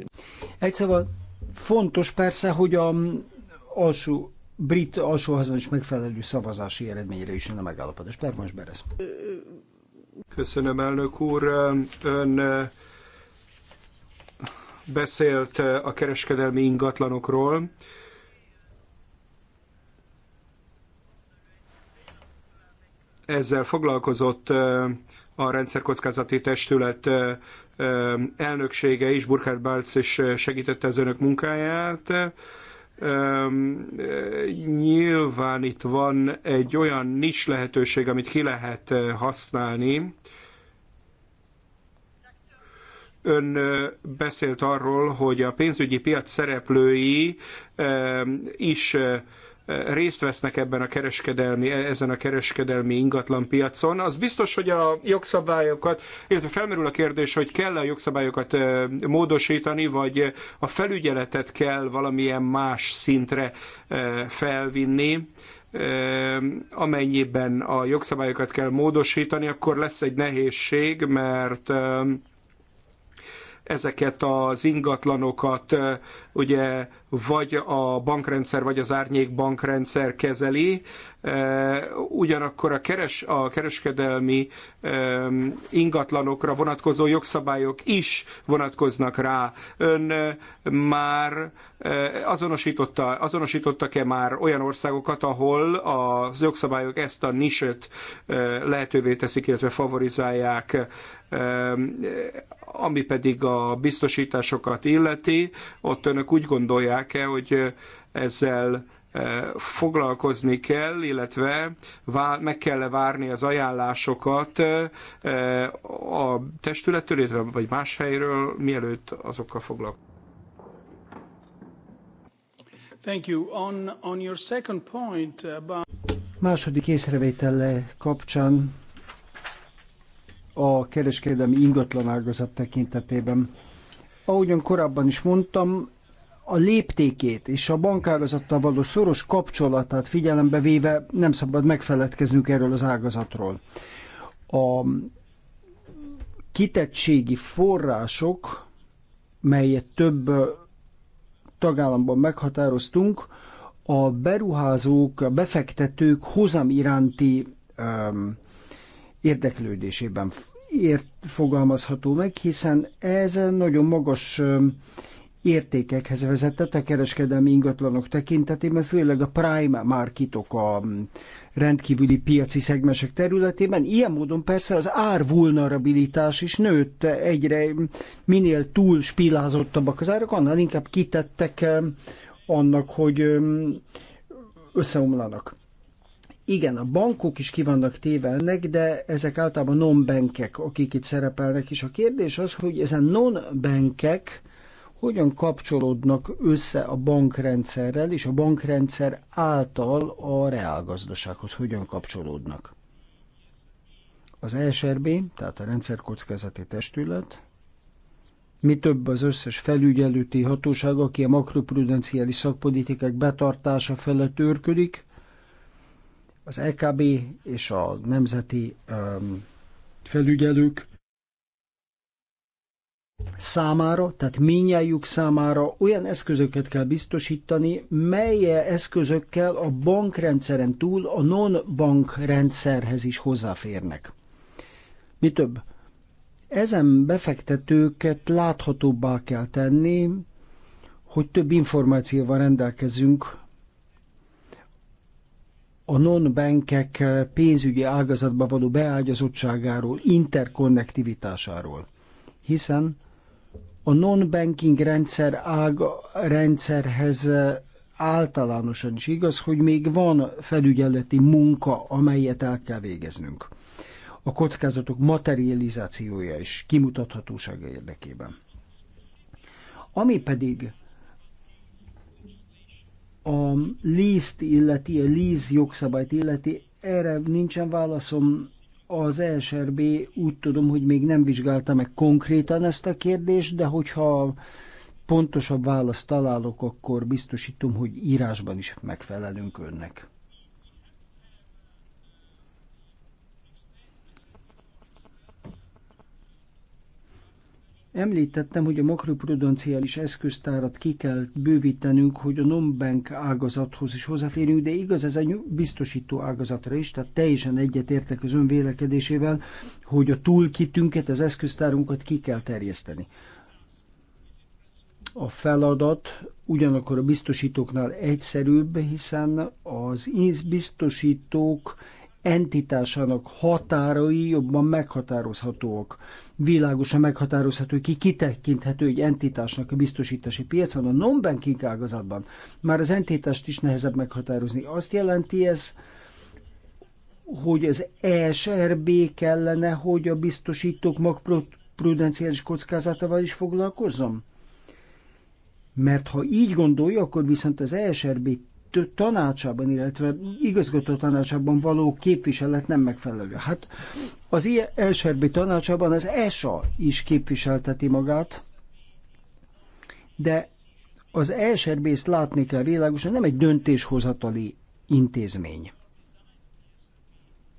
Egy szóval fontos persze, hogy a mm, alsó brit alsóházban is megfelelő szavazási eredményre is jön a megállapodás. Pervons Berez. Köszönöm, elnök úr. Ön beszélt a kereskedelmi ingatlanokról ezzel foglalkozott a rendszerkockázati testület elnöksége is, Burkhard Balc is segítette az önök munkáját. Nyilván itt van egy olyan nincs lehetőség, amit ki lehet használni. Ön beszélt arról, hogy a pénzügyi piac szereplői is részt vesznek ebben a kereskedelmi, e, ezen a kereskedelmi ingatlan piacon. Az biztos, hogy a jogszabályokat, illetve felmerül a kérdés, hogy kell -e a jogszabályokat e, módosítani, vagy a felügyeletet kell valamilyen más szintre e, felvinni amennyiben a jogszabályokat kell módosítani, akkor lesz egy nehézség, mert ezeket az ingatlanokat ugye vagy a bankrendszer, vagy az árnyék bankrendszer kezeli. Ugyanakkor a, keres, a kereskedelmi ingatlanokra vonatkozó jogszabályok is vonatkoznak rá. Ön már azonosította, azonosítottak-e már olyan országokat, ahol a jogszabályok ezt a niset lehetővé teszik, illetve favorizálják? Ami pedig a biztosításokat illeti, ott önök úgy gondolják-e, hogy ezzel foglalkozni kell, illetve meg kell várni az ajánlásokat a testülettől, illetve vagy más helyről, mielőtt azokkal foglalkozni. Thank you. On, on your second point about... Második észrevétele kapcsán a kereskedelmi ingatlan ágazat tekintetében. Ahogyan korábban is mondtam, a léptékét és a bankágazattal való szoros kapcsolatát figyelembe véve nem szabad megfeledkeznünk erről az ágazatról. A kitettségi források, melyet több tagállamban meghatároztunk, a beruházók, a befektetők hozam iránti um, érdeklődésében ért fogalmazható meg, hiszen ez nagyon magas értékekhez vezetett a kereskedelmi ingatlanok tekintetében, főleg a prime marketok a rendkívüli piaci szegmensek területében. Ilyen módon persze az árvulnerabilitás is nőtt egyre, minél túl spillázottabbak az árak, annál inkább kitettek annak, hogy összeomlanak. Igen, a bankok is kivannak tévelnek, de ezek általában non-bankek, akik itt szerepelnek, és a kérdés az, hogy ezen non-bankek hogyan kapcsolódnak össze a bankrendszerrel, és a bankrendszer által a reálgazdasághoz hogyan kapcsolódnak. Az ESRB, tehát a rendszerkockázati testület, mi több az összes felügyelőti hatóság, aki a makroprudenciális szakpolitikák betartása felett őrködik, az EKB és a nemzeti um, felügyelők számára, tehát minnyájuk számára olyan eszközöket kell biztosítani, mely eszközökkel a bankrendszeren túl a non-bank rendszerhez is hozzáférnek. Mi több, ezen befektetőket láthatóbbá kell tenni, hogy több információval rendelkezünk a non-bankek eh, pénzügyi ágazatba való beágyazottságáról, interkonnektivitásáról. Hiszen a non-banking rendszer ága, rendszerhez eh, általánosan is igaz, hogy még van felügyeleti munka, amelyet el kell végeznünk. A kockázatok materializációja és kimutathatósága érdekében. Ami pedig a lízt illeti, a líz jogszabályt illeti, erre nincsen válaszom. Az ESRB úgy tudom, hogy még nem vizsgálta meg konkrétan ezt a kérdést, de hogyha pontosabb választ találok, akkor biztosítom, hogy írásban is megfelelünk önnek. Említettem, hogy a makroprudenciális eszköztárat ki kell bővítenünk, hogy a non-bank ágazathoz is hozzáférjünk, de igaz ez egy biztosító ágazatra is, tehát teljesen egyetértek az ön vélekedésével, hogy a túlkitünket, az eszköztárunkat ki kell terjeszteni. A feladat ugyanakkor a biztosítóknál egyszerűbb, hiszen az biztosítók entitásának határai jobban meghatározhatóak. Világosan meghatározható, ki kitekinthető egy entitásnak a biztosítási piacon, a non-banking ágazatban már az entitást is nehezebb meghatározni. Azt jelenti ez, hogy az ESRB kellene, hogy a biztosítók magprudenciális kockázatával is foglalkozzon? Mert ha így gondolja, akkor viszont az ESRB tanácsában, illetve igazgató tanácsában való képviselet nem megfelelő. Hát az elsőbbi tanácsában az ESA is képviselteti magát, de az elsőbbészt látni kell világosan, nem egy döntéshozatali intézmény.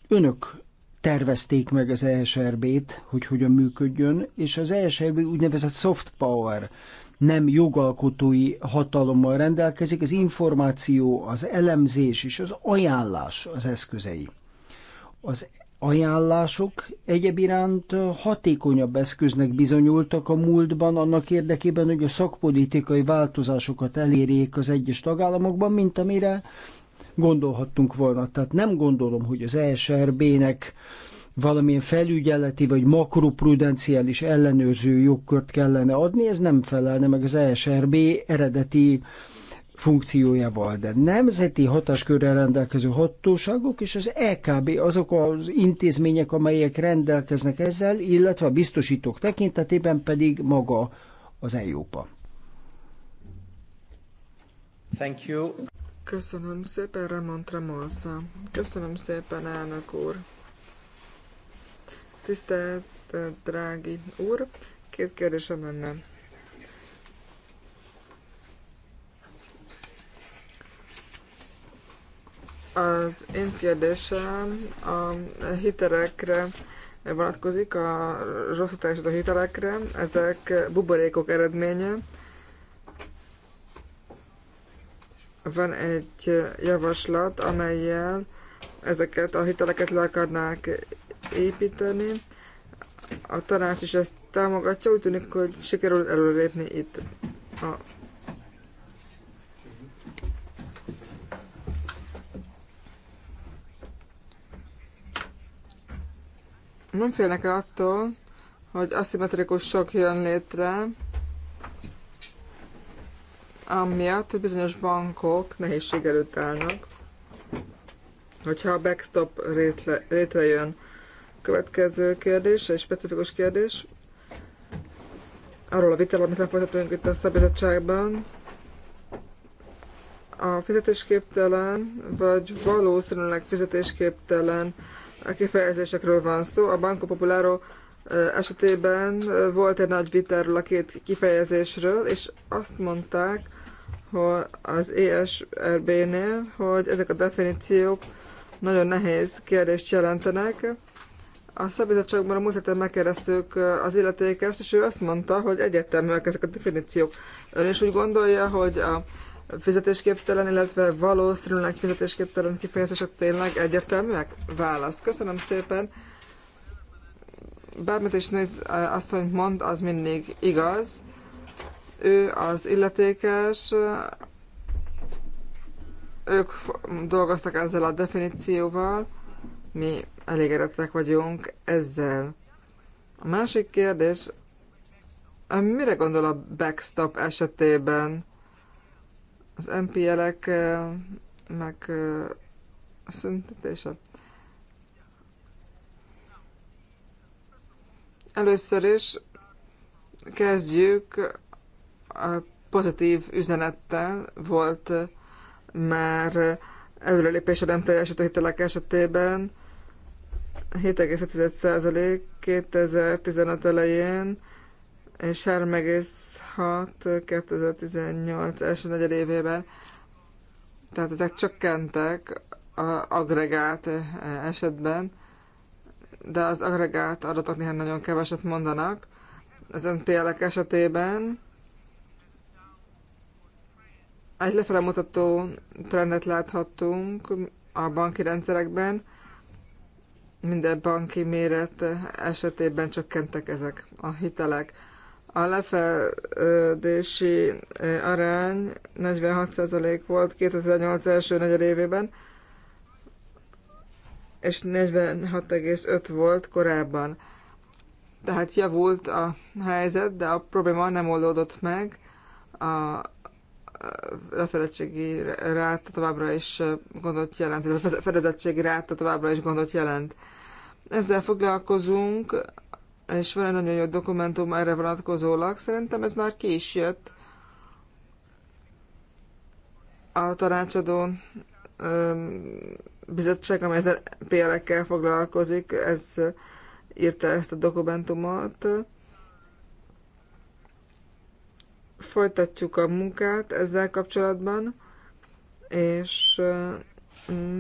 Önök tervezték meg az ESRB-t, hogy hogyan működjön, és az ESRB úgynevezett soft power nem jogalkotói hatalommal rendelkezik, az információ, az elemzés és az ajánlás az eszközei. Az ajánlások egyebiránt hatékonyabb eszköznek bizonyultak a múltban annak érdekében, hogy a szakpolitikai változásokat elérjék az egyes tagállamokban, mint amire gondolhattunk volna. Tehát nem gondolom, hogy az ESRB-nek valamilyen felügyeleti vagy makroprudenciális ellenőrző jogkört kellene adni, ez nem felelne meg az ESRB eredeti funkciójával, de nemzeti hatáskörrel rendelkező hatóságok és az EKB azok az intézmények, amelyek rendelkeznek ezzel, illetve a biztosítók tekintetében pedig maga az EIOPA. Thank you. Köszönöm szépen, Ramon Tremolsa. Köszönöm szépen, elnök úr. Tisztelt eh, Drági úr, két kérdésem lenne. Az én kérdésem a hitelekre vonatkozik, a rossz a hitelekre. Ezek buborékok eredménye. Van egy javaslat, amelyel ezeket a hiteleket le akarnák építeni. A tanács is ezt támogatja, úgy tűnik, hogy sikerül előrépni itt a Nem félnek -e attól, hogy aszimmetrikus sok jön létre, amiatt, hogy bizonyos bankok nehézség előtt állnak, hogyha a backstop létre, létrejön Következő kérdés, egy specifikus kérdés. Arról a vitáról, amit lefolytatunk itt a szabizottságban. A fizetésképtelen, vagy valószínűleg fizetésképtelen a kifejezésekről van szó. A Banco Popularo esetében volt egy nagy vitáról a két kifejezésről, és azt mondták, hogy az ESRB-nél, hogy ezek a definíciók nagyon nehéz kérdést jelentenek, a szabizottságban a múlt héten megkérdeztük az illetékest, és ő azt mondta, hogy egyértelműek ezek a definíciók. Ön is úgy gondolja, hogy a fizetésképtelen, illetve valószínűleg fizetésképtelen kifejezések tényleg egyértelműek? Válasz. Köszönöm szépen. Bármit is néz, azt, hogy mond, az mindig igaz. Ő az illetékes, ők dolgoztak ezzel a definícióval, mi elégedettek vagyunk ezzel. A másik kérdés, mire gondol a backstop esetében? Az MPL-ek meg szüntetése. Először is kezdjük a pozitív üzenettel. Volt már előrelépésre a nem teljesítő hitelek esetében, 7,1% 2015 elején, és 3,6 2018 első évében. Tehát ezek csökkentek a agregált eh, esetben, de az agregált adatok néhány nagyon keveset mondanak. Az NPL-ek esetében egy lefelé mutató trendet láthattunk a banki rendszerekben, minden banki méret esetében csökkentek ezek a hitelek. A lefedési arány 46% volt 2008 első negyedévében, és 46,5 volt korábban. Tehát javult a helyzet, de a probléma nem oldódott meg. A lefedettségi ráta továbbra is gondot jelent, a fedezettségi ráta továbbra is gondot jelent. Ezzel foglalkozunk, és van egy nagyon jó dokumentum erre vonatkozólag. Szerintem ez már ki is jött a tanácsadó bizottság, amely ezzel PL-ekkel foglalkozik, ez írta ezt a dokumentumot folytatjuk a munkát ezzel kapcsolatban, és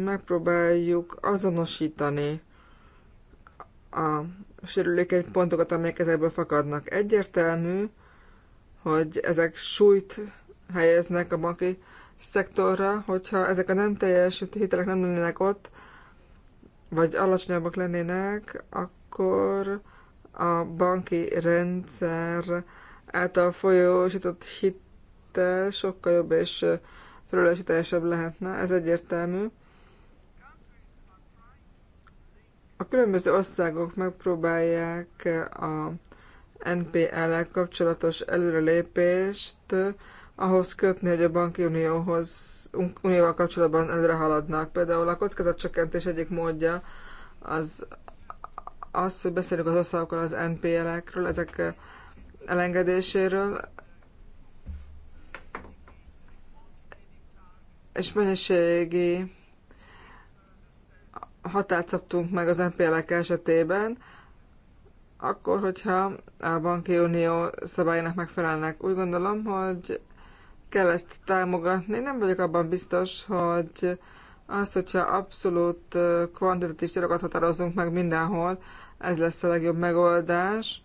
megpróbáljuk azonosítani a sérülékeny pontokat, amelyek ezekből fakadnak. Egyértelmű, hogy ezek súlyt helyeznek a banki szektorra, hogyha ezek a nem teljes hitelek nem lennének ott, vagy alacsonyabbak lennének, akkor a banki rendszer által folyósított hittel sokkal jobb és felelősségteljesebb lehetne, ez egyértelmű. A különböző országok megpróbálják a NPL-el kapcsolatos előrelépést ahhoz kötni, hogy a banki unióhoz, unióval kapcsolatban előre haladnak. Például a kockázatcsökkentés egyik módja az az, hogy beszélünk az országokkal az NPL-ekről, ezek elengedéséről, és mennyiségi határt szabtunk meg az NPL-ek esetében, akkor, hogyha a banki unió szabályának megfelelnek. Úgy gondolom, hogy kell ezt támogatni. Nem vagyok abban biztos, hogy az, hogyha abszolút kvantitatív célokat határozunk meg mindenhol, ez lesz a legjobb megoldás.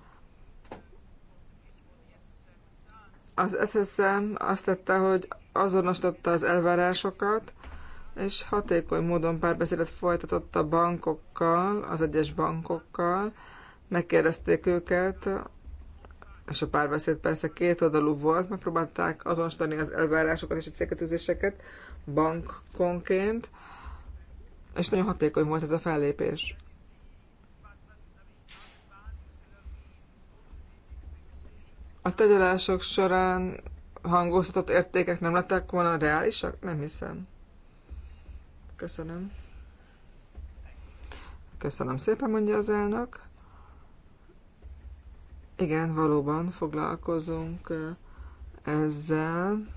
Az SSM azt tette, hogy azonosította az elvárásokat, és hatékony módon párbeszédet folytatott a bankokkal, az egyes bankokkal, megkérdezték őket, és a párbeszéd persze két oldalú volt, megpróbálták azonosítani az elvárásokat és a cégkötőzéseket bankonként, és nagyon hatékony volt ez a fellépés. A tegyelások során hangoztatott értékek nem lettek volna reálisak? Nem hiszem. Köszönöm. Köszönöm szépen, mondja az elnök. Igen, valóban foglalkozunk eh, ezzel.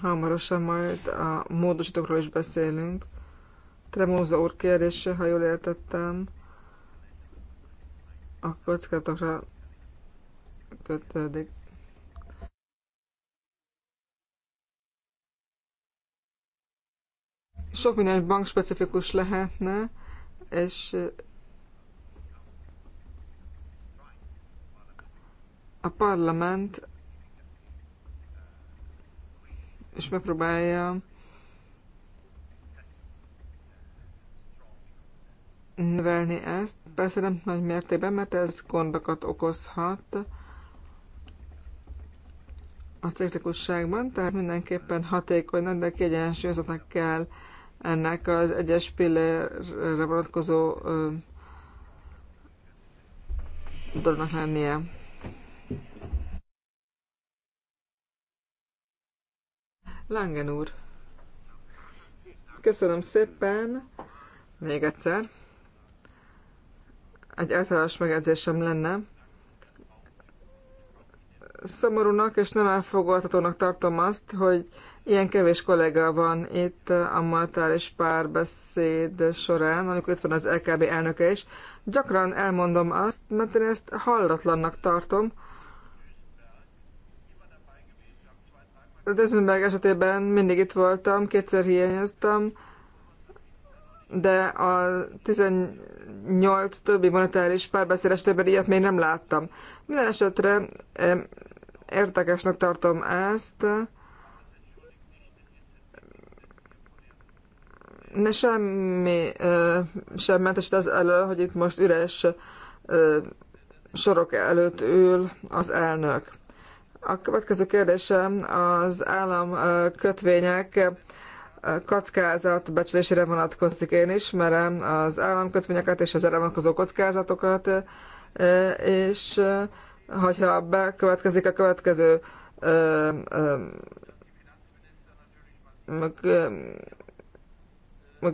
Hamarosan majd a módosítókról is beszélünk. Tremóza úr kérdése, ha jól értettem, a kockázatokra kötődik. Sok minden bankspecifikus lehetne, és eh, a parlament és megpróbálja növelni ezt. Persze nem nagy mértékben, mert ez gondokat okozhat a ciklikusságban, tehát mindenképpen hatékonynak, de kiegyensúlyozatnak kell ennek az egyes pillérre vonatkozó dolognak lennie. Langen úr, köszönöm szépen még egyszer egy általános megjegyzésem lenne. Szomorúnak és nem elfogadhatónak tartom azt, hogy ilyen kevés kollega van itt a monetáris párbeszéd során, amikor itt van az LKB elnöke is. Gyakran elmondom azt, mert én ezt hallatlannak tartom. Dözenberg esetében mindig itt voltam, kétszer hiányoztam, de a 18 többi monetáris párbeszéd estében ilyet még nem láttam. Minden esetre érdekesnek tartom ezt. Ne semmi sem mentesít az elől, hogy itt most üres sorok előtt ül az elnök. A következő kérdésem az állam kötvények kockázat becslésére vonatkozik. Én ismerem az államkötvényeket és az erre vonatkozó kockázatokat, és hogyha bekövetkezik a következő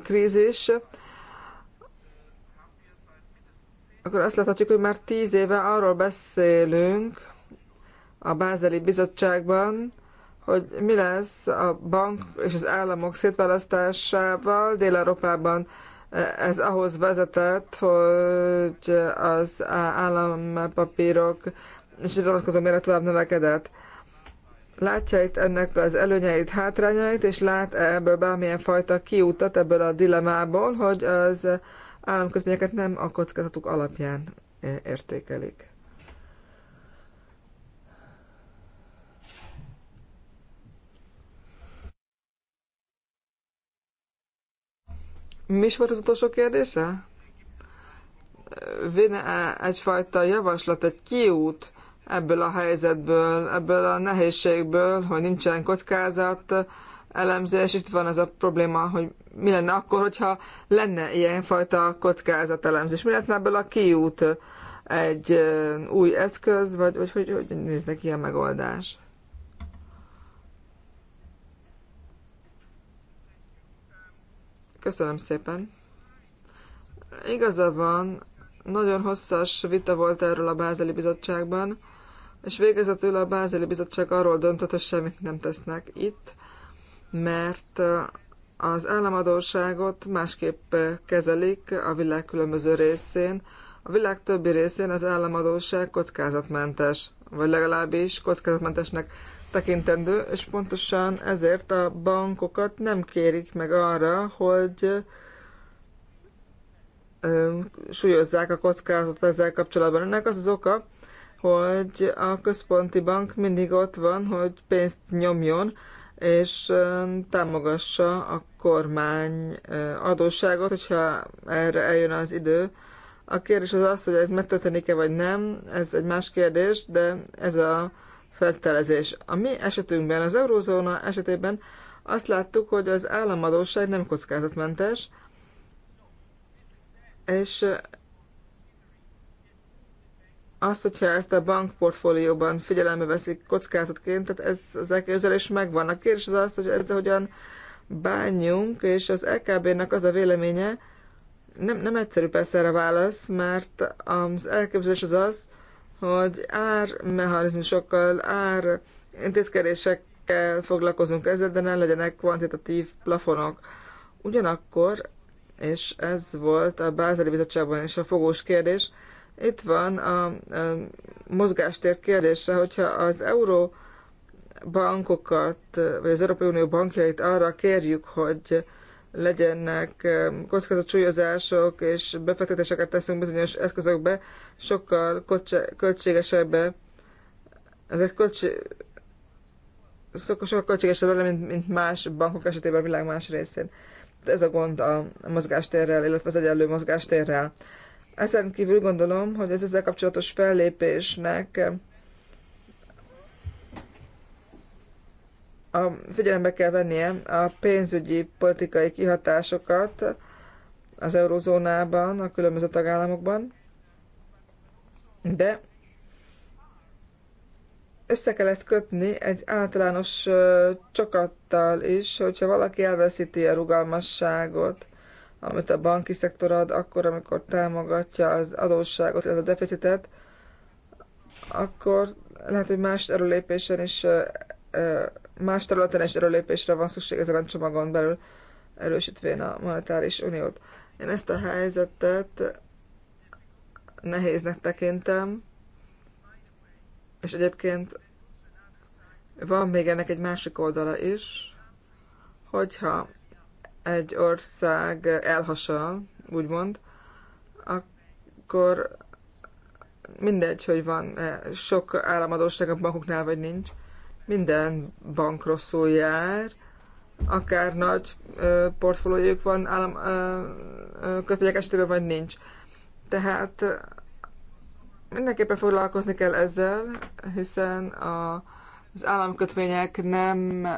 krízis, akkor azt láthatjuk, hogy már tíz éve arról beszélünk a Bázeli Bizottságban, hogy mi lesz a bank és az államok szétválasztásával. Dél-Európában eh, ez ahhoz vezetett, hogy az állampapírok és az adatkozó méret tovább növekedett. Látja itt ennek az előnyeit, hátrányait, és lát -e ebből bármilyen fajta kiútat ebből a dilemából, hogy az államközményeket nem a kockázatuk alapján eh, értékelik. Mi is volt az utolsó kérdése? Véne egyfajta javaslat, egy kiút ebből a helyzetből, ebből a nehézségből, hogy nincsen kockázat, elemzés, itt van az a probléma, hogy mi lenne akkor, hogyha lenne ilyenfajta elemzés. Mi lenne ebből a kiút egy új eszköz, vagy, vagy hogy, hogy néznek ilyen megoldás? Köszönöm szépen. Igaza van, nagyon hosszas vita volt erről a Bázeli Bizottságban, és végezetül a Bázeli Bizottság arról döntött, hogy semmit nem tesznek itt, mert az államadóságot másképp kezelik a világ különböző részén. A világ többi részén az államadóság kockázatmentes, vagy legalábbis kockázatmentesnek tekintendő, és pontosan ezért a bankokat nem kérik meg arra, hogy súlyozzák a kockázat ezzel kapcsolatban. Ennek az az oka, hogy a központi bank mindig ott van, hogy pénzt nyomjon, és támogassa a kormány adósságot, hogyha erre eljön az idő. A kérdés az az, hogy ez megtörténik-e vagy nem, ez egy más kérdés, de ez a feltelezés. A mi esetünkben, az eurózóna esetében azt láttuk, hogy az államadóság nem kockázatmentes, és azt, hogyha ezt a bankportfólióban figyelembe veszik kockázatként, tehát ez az elképzelés megvan. A kérdés az az, hogy ezzel hogyan bánjunk, és az LKB-nek az a véleménye, nem, nem egyszerű persze erre válasz, mert az elképzelés az az, hogy ármechanizmusokkal, ár intézkedésekkel foglalkozunk ezzel, de ne legyenek kvantitatív plafonok. Ugyanakkor, és ez volt a Bázeli Bizottságban is a fogós kérdés, itt van a, a mozgástér kérdése, hogyha az euró bankokat, vagy az Európai Unió bankjait arra kérjük, hogy legyenek kockázatsúlyozások és befektetéseket teszünk bizonyos eszközökbe, sokkal költségesebb ez egy költség, sokkal költségesebb mint, mint más bankok esetében a világ más részén. De ez a gond a mozgástérrel, illetve az egyenlő mozgástérrel. Ezen kívül gondolom, hogy az ezzel kapcsolatos fellépésnek a, figyelembe kell vennie a pénzügyi politikai kihatásokat az eurozónában, a különböző tagállamokban, de össze kell ezt kötni egy általános csokattal is, hogyha valaki elveszíti a rugalmasságot, amit a banki szektor ad, akkor, amikor támogatja az adósságot, illetve a deficitet, akkor lehet, hogy más erőlépésen is más területen is erőlépésre van szükség ezen a csomagon belül, erősítvén a monetáris uniót. Én ezt a helyzetet nehéznek tekintem, és egyébként van még ennek egy másik oldala is, hogyha egy ország elhasal, úgymond, akkor mindegy, hogy van sok államadóság a bankoknál, vagy nincs minden bank rosszul jár, akár nagy portfóliójuk van állam kötvények esetében, vagy nincs. Tehát mindenképpen foglalkozni kell ezzel, hiszen a, az államkötvények nem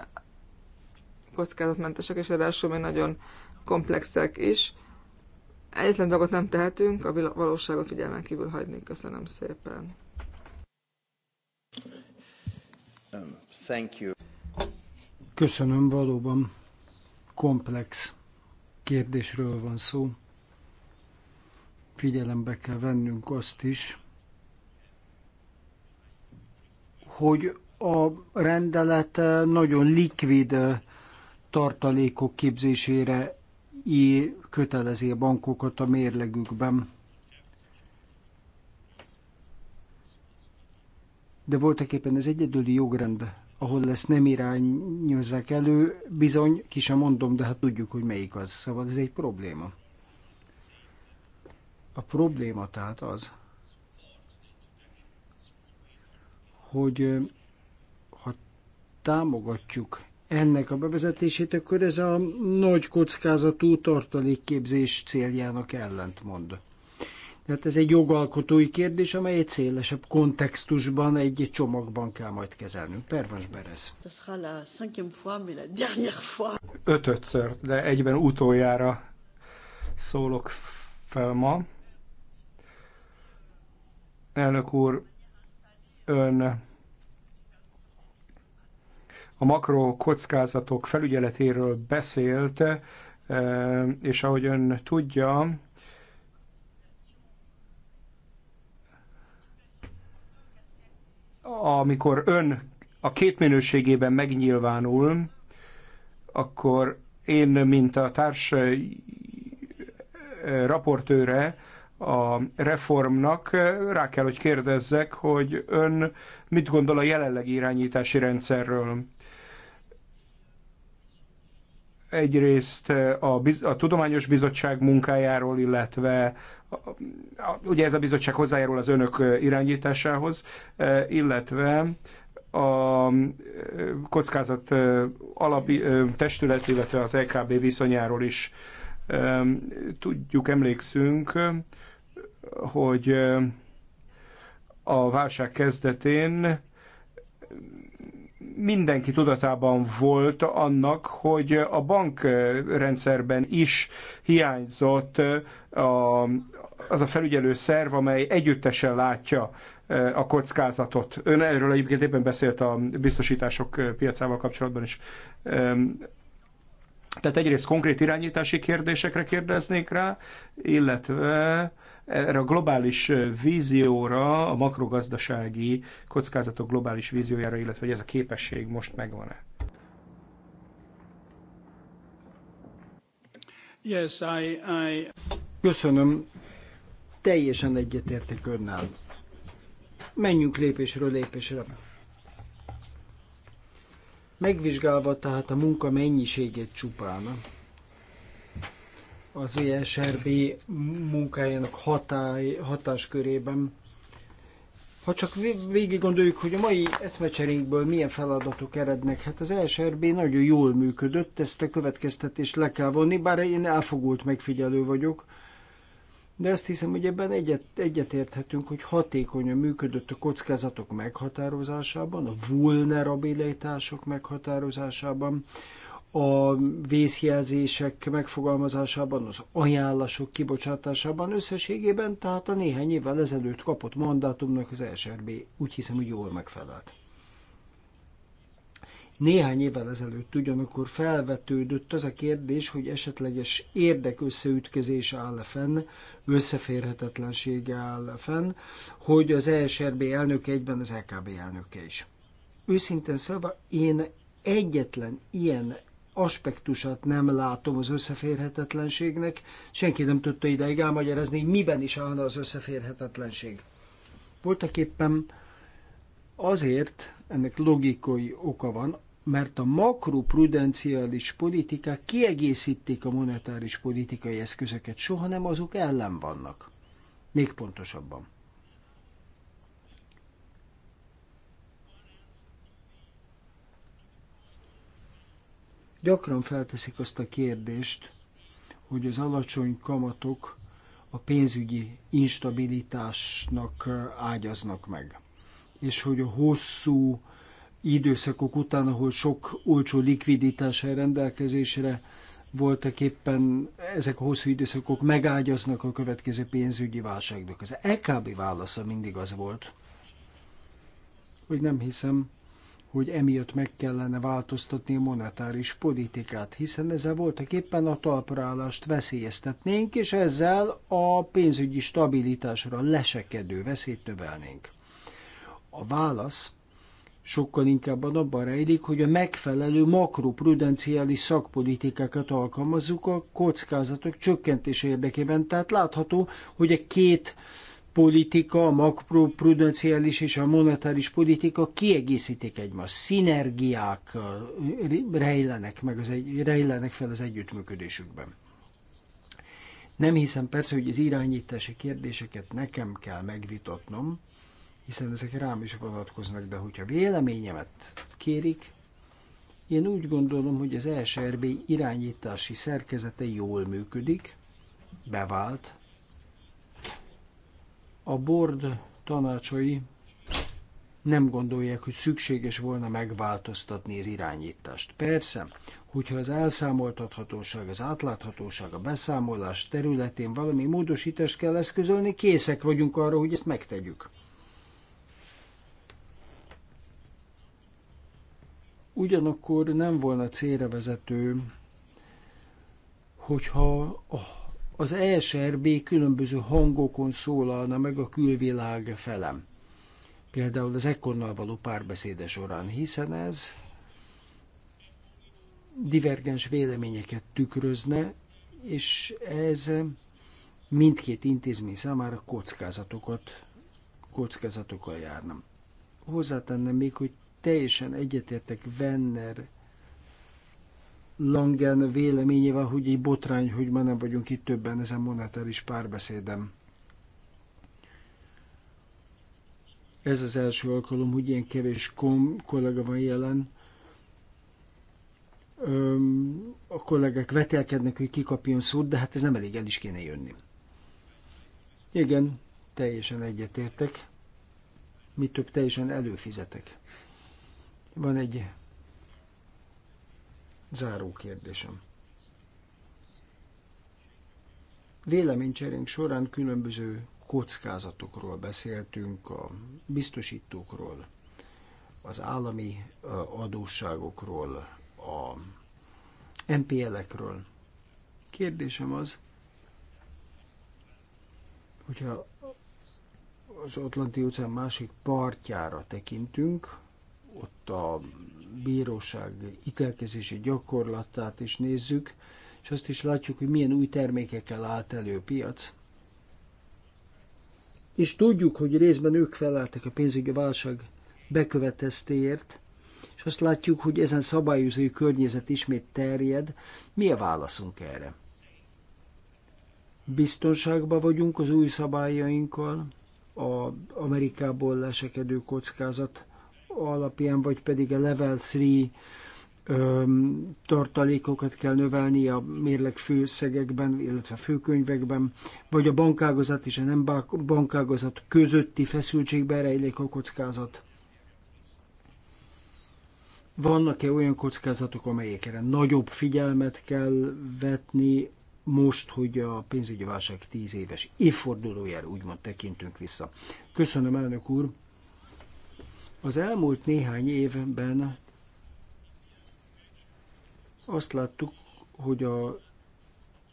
kockázatmentesek, és ráadásul még nagyon komplexek is. Egyetlen dolgot nem tehetünk, a valóságot figyelmen kívül hagyni. Köszönöm szépen. Thank you. Köszönöm, valóban komplex kérdésről van szó. Figyelembe kell vennünk azt is, hogy a rendelet nagyon likvid tartalékok képzésére kötelezi a bankokat a mérlegükben. de voltak éppen az egyedüli jogrend, ahol lesz nem irányozzák elő, bizony, ki sem mondom, de hát tudjuk, hogy melyik az. Szóval ez egy probléma. A probléma tehát az, hogy ha támogatjuk ennek a bevezetését, akkor ez a nagy kockázatú tartalékképzés céljának ellentmond. Tehát ez egy jogalkotói kérdés, amely egy szélesebb kontextusban, egy, egy csomagban kell majd kezelnünk. Pervans Berez. Ötötször, de egyben utoljára szólok fel ma. Elnök úr, ön a makro kockázatok felügyeletéről beszélt, eh, és ahogy ön tudja, amikor ön a két minőségében megnyilvánul, akkor én, mint a társ raportőre a reformnak, rá kell, hogy kérdezzek, hogy ön mit gondol a jelenlegi irányítási rendszerről? egyrészt a, biz, a Tudományos Bizottság munkájáról, illetve ugye ez a bizottság hozzájárul az önök irányításához, illetve a kockázat alapi testület, illetve az LKB e viszonyáról is tudjuk, emlékszünk, hogy a válság kezdetén mindenki tudatában volt annak, hogy a bankrendszerben is hiányzott a, az a felügyelő szerv, amely együttesen látja e, a kockázatot. Ön erről egyébként éppen beszélt a biztosítások e, piacával kapcsolatban is. E, tehát egyrészt konkrét irányítási kérdésekre kérdeznék rá, illetve erre a globális vízióra, a makrogazdasági kockázatok globális víziójára, illetve hogy ez a képesség most megvan-e? Yes, I, I... Köszönöm, teljesen egyetértek önnál. Menjünk lépésről lépésre. Megvizsgálva tehát a munka mennyiségét csupán, az ESRB munkájának hatály, hatáskörében, ha csak végig gondoljuk, hogy a mai eszmecserénkből milyen feladatok erednek, hát az ESRB nagyon jól működött, ezt a következtetést le kell vonni, bár én elfogult megfigyelő vagyok, de azt hiszem, hogy ebben egyet, egyetérthetünk, hogy hatékonyan működött a kockázatok meghatározásában, a vulnerabilitások meghatározásában, a vészjelzések megfogalmazásában, az ajánlások kibocsátásában, összességében, tehát a néhány évvel ezelőtt kapott mandátumnak az SRB úgy hiszem, hogy jól megfelelt. Néhány évvel ezelőtt ugyanakkor felvetődött az a kérdés, hogy esetleges érdekösszeütközés áll fenn, összeférhetetlensége áll fenn, hogy az ESRB elnöke egyben az LKB e elnöke is. Őszintén szólva, én egyetlen ilyen aspektusát nem látom az összeférhetetlenségnek. Senki nem tudta ideig elmagyarázni, hogy miben is állna az összeférhetetlenség. Voltak éppen azért ennek logikai oka van, mert a makroprudenciális politikák kiegészítik a monetáris politikai eszközöket, soha nem azok ellen vannak. Még pontosabban. Gyakran felteszik azt a kérdést, hogy az alacsony kamatok a pénzügyi instabilitásnak ágyaznak meg, és hogy a hosszú időszakok után, ahol sok olcsó likviditással rendelkezésre voltak éppen ezek a hosszú időszakok megágyaznak a következő pénzügyi válságnak. Az EKB válasza mindig az volt, hogy nem hiszem, hogy emiatt meg kellene változtatni a monetáris politikát, hiszen ezzel voltak éppen a talprálást veszélyeztetnénk, és ezzel a pénzügyi stabilitásra lesekedő veszélyt növelnénk. A válasz sokkal inkább abban rejlik, hogy a megfelelő makroprudenciális szakpolitikákat alkalmazzuk a kockázatok csökkentés érdekében. Tehát látható, hogy a két politika, a makroprudenciális és a monetáris politika kiegészítik egymást. Szinergiák rejlenek, meg az egy, rejlenek fel az együttműködésükben. Nem hiszem persze, hogy az irányítási kérdéseket nekem kell megvitatnom, hiszen ezek rám is vonatkoznak, de hogyha véleményemet kérik, én úgy gondolom, hogy az e SRB irányítási szerkezete jól működik, bevált. A board tanácsai nem gondolják, hogy szükséges volna megváltoztatni az irányítást. Persze, hogyha az elszámoltathatóság, az átláthatóság, a beszámolás területén valami módosítást kell eszközölni, készek vagyunk arra, hogy ezt megtegyük. Ugyanakkor nem volna célra vezető, hogyha az ESRB különböző hangokon szólalna meg a külvilág felem. Például az ekkornal való párbeszéde során, hiszen ez divergens véleményeket tükrözne, és ez mindkét intézmény számára kockázatokat, kockázatokkal járna. Hozzátennem még, hogy teljesen egyetértek Venner Langen véleményével, hogy egy botrány, hogy ma nem vagyunk itt többen ezen monetáris párbeszédem. Ez az első alkalom, hogy ilyen kevés kom, kollega van jelen. Öm, a kollégák vetelkednek, hogy kikapjon szót, de hát ez nem elég, el is kéne jönni. Igen, teljesen egyetértek. Mi több teljesen előfizetek. Van egy záró kérdésem. Véleménycserénk során különböző kockázatokról beszéltünk, a biztosítókról, az állami adósságokról, a MPL-ekről. Kérdésem az, hogyha az Atlanti óceán másik partjára tekintünk, ott a bíróság ítelkezési gyakorlatát is nézzük, és azt is látjuk, hogy milyen új termékekkel állt elő a piac. És tudjuk, hogy részben ők feleltek a pénzügyi válság bekövetesztéért, és azt látjuk, hogy ezen szabályozói környezet ismét terjed. Mi a válaszunk erre? Biztonságban vagyunk az új szabályainkkal, a Amerikából lesekedő kockázat alapján, vagy pedig a level 3 tartalékokat kell növelni a mérleg főszegekben, illetve főkönyvekben, vagy a bankágazat és a nem bankágazat közötti feszültségben rejlik a kockázat. Vannak-e olyan kockázatok, amelyekre nagyobb figyelmet kell vetni most, hogy a pénzügyi válság tíz éves évfordulójára úgymond tekintünk vissza? Köszönöm, elnök úr! Az elmúlt néhány évben azt láttuk, hogy a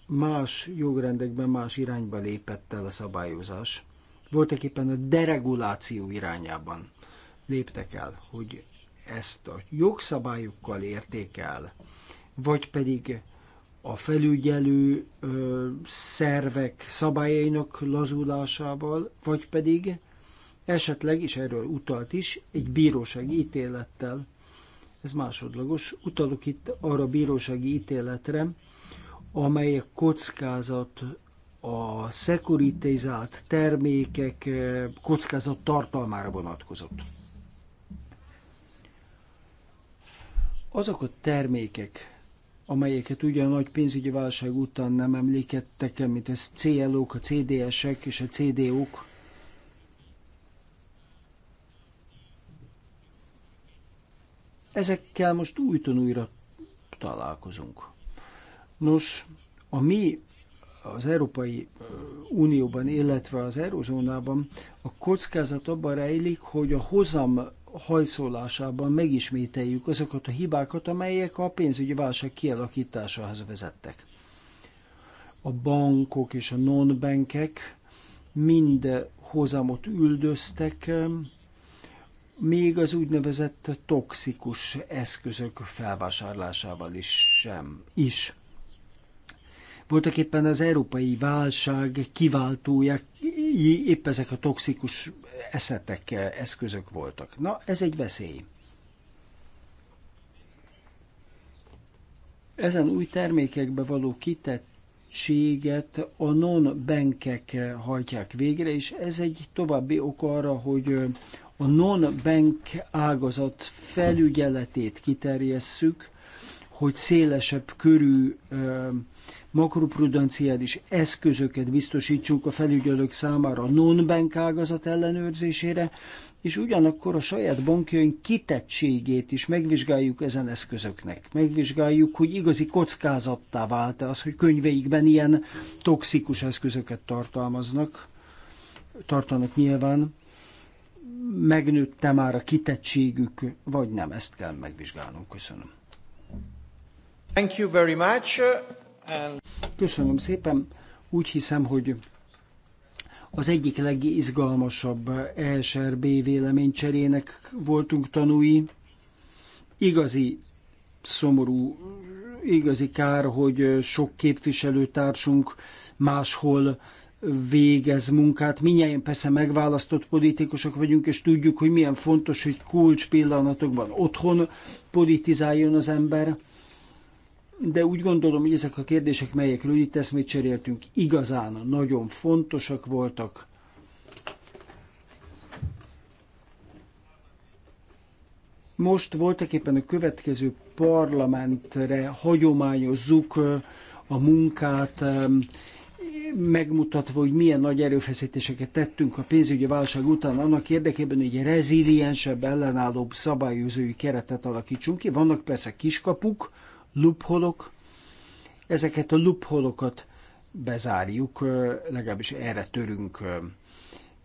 más jogrendekben más irányba lépett el a szabályozás. Voltak éppen a dereguláció irányában léptek el, hogy ezt a jogszabályokkal el, vagy pedig a felügyelő ö, szervek szabályainak lazulásával, vagy pedig esetleg, és erről utalt is, egy bírósági ítélettel, ez másodlagos, utalok itt arra bírósági ítéletre, amely kockázat a szekuritizált termékek eh, kockázat tartalmára vonatkozott. Azok a termékek, amelyeket ugyan a nagy pénzügyi válság után nem emlékeztek, mint a CLO-k, a CDS-ek és a CDO-k, Ezekkel most újton újra találkozunk. Nos, a mi az Európai Unióban, illetve az Eurózónában a kockázat abban rejlik, hogy a hozam hajszolásában megismételjük azokat a hibákat, amelyek a pénzügyi válság kialakításához vezettek. A bankok és a non-bankek mind hozamot üldöztek, még az úgynevezett toxikus eszközök felvásárlásával is sem. Is. Voltak éppen az európai válság kiváltója, épp ezek a toxikus eszetek, eszközök voltak. Na, ez egy veszély. Ezen új termékekbe való kitettséget a non-bankek hajtják végre, és ez egy további ok arra, hogy a non-bank ágazat felügyeletét kiterjesszük, hogy szélesebb körű makroprudenciális eszközöket biztosítsunk a felügyelők számára a non-bank ágazat ellenőrzésére, és ugyanakkor a saját bankjaink kitettségét is megvizsgáljuk ezen eszközöknek. Megvizsgáljuk, hogy igazi kockázattá vált-e az, hogy könyveikben ilyen toxikus eszközöket tartalmaznak, tartanak nyilván, megnőtte már a kitettségük, vagy nem, ezt kell megvizsgálnunk. Köszönöm. Thank you very much. And... Köszönöm szépen. Úgy hiszem, hogy az egyik legizgalmasabb ESRB véleménycserének voltunk tanúi. Igazi szomorú, igazi kár, hogy sok képviselőtársunk máshol végez munkát. Minnyáján persze megválasztott politikusok vagyunk, és tudjuk, hogy milyen fontos, hogy kulcs pillanatokban otthon politizáljon az ember. De úgy gondolom, hogy ezek a kérdések, melyekről itt eszmét cseréltünk, igazán nagyon fontosak voltak. Most voltak éppen a következő parlamentre hagyományozzuk a munkát, megmutatva, hogy milyen nagy erőfeszítéseket tettünk a pénzügyi válság után annak érdekében, hogy egy reziliensebb, ellenállóbb szabályozói keretet alakítsunk ki. Vannak persze kiskapuk, lupholok, ezeket a lupholokat bezárjuk, legalábbis erre törünk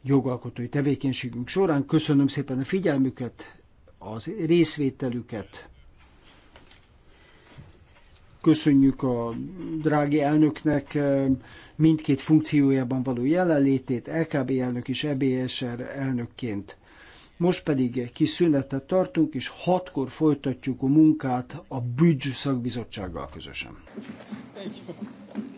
jogalkotói tevékenységünk során. Köszönöm szépen a figyelmüket, az részvételüket, Köszönjük a drági elnöknek eh, mindkét funkciójában való jelenlétét, LKB elnök és EBSR elnökként. Most pedig kis szünetet tartunk, és hatkor folytatjuk a munkát a Büdzs szakbizottsággal közösen. Thank you.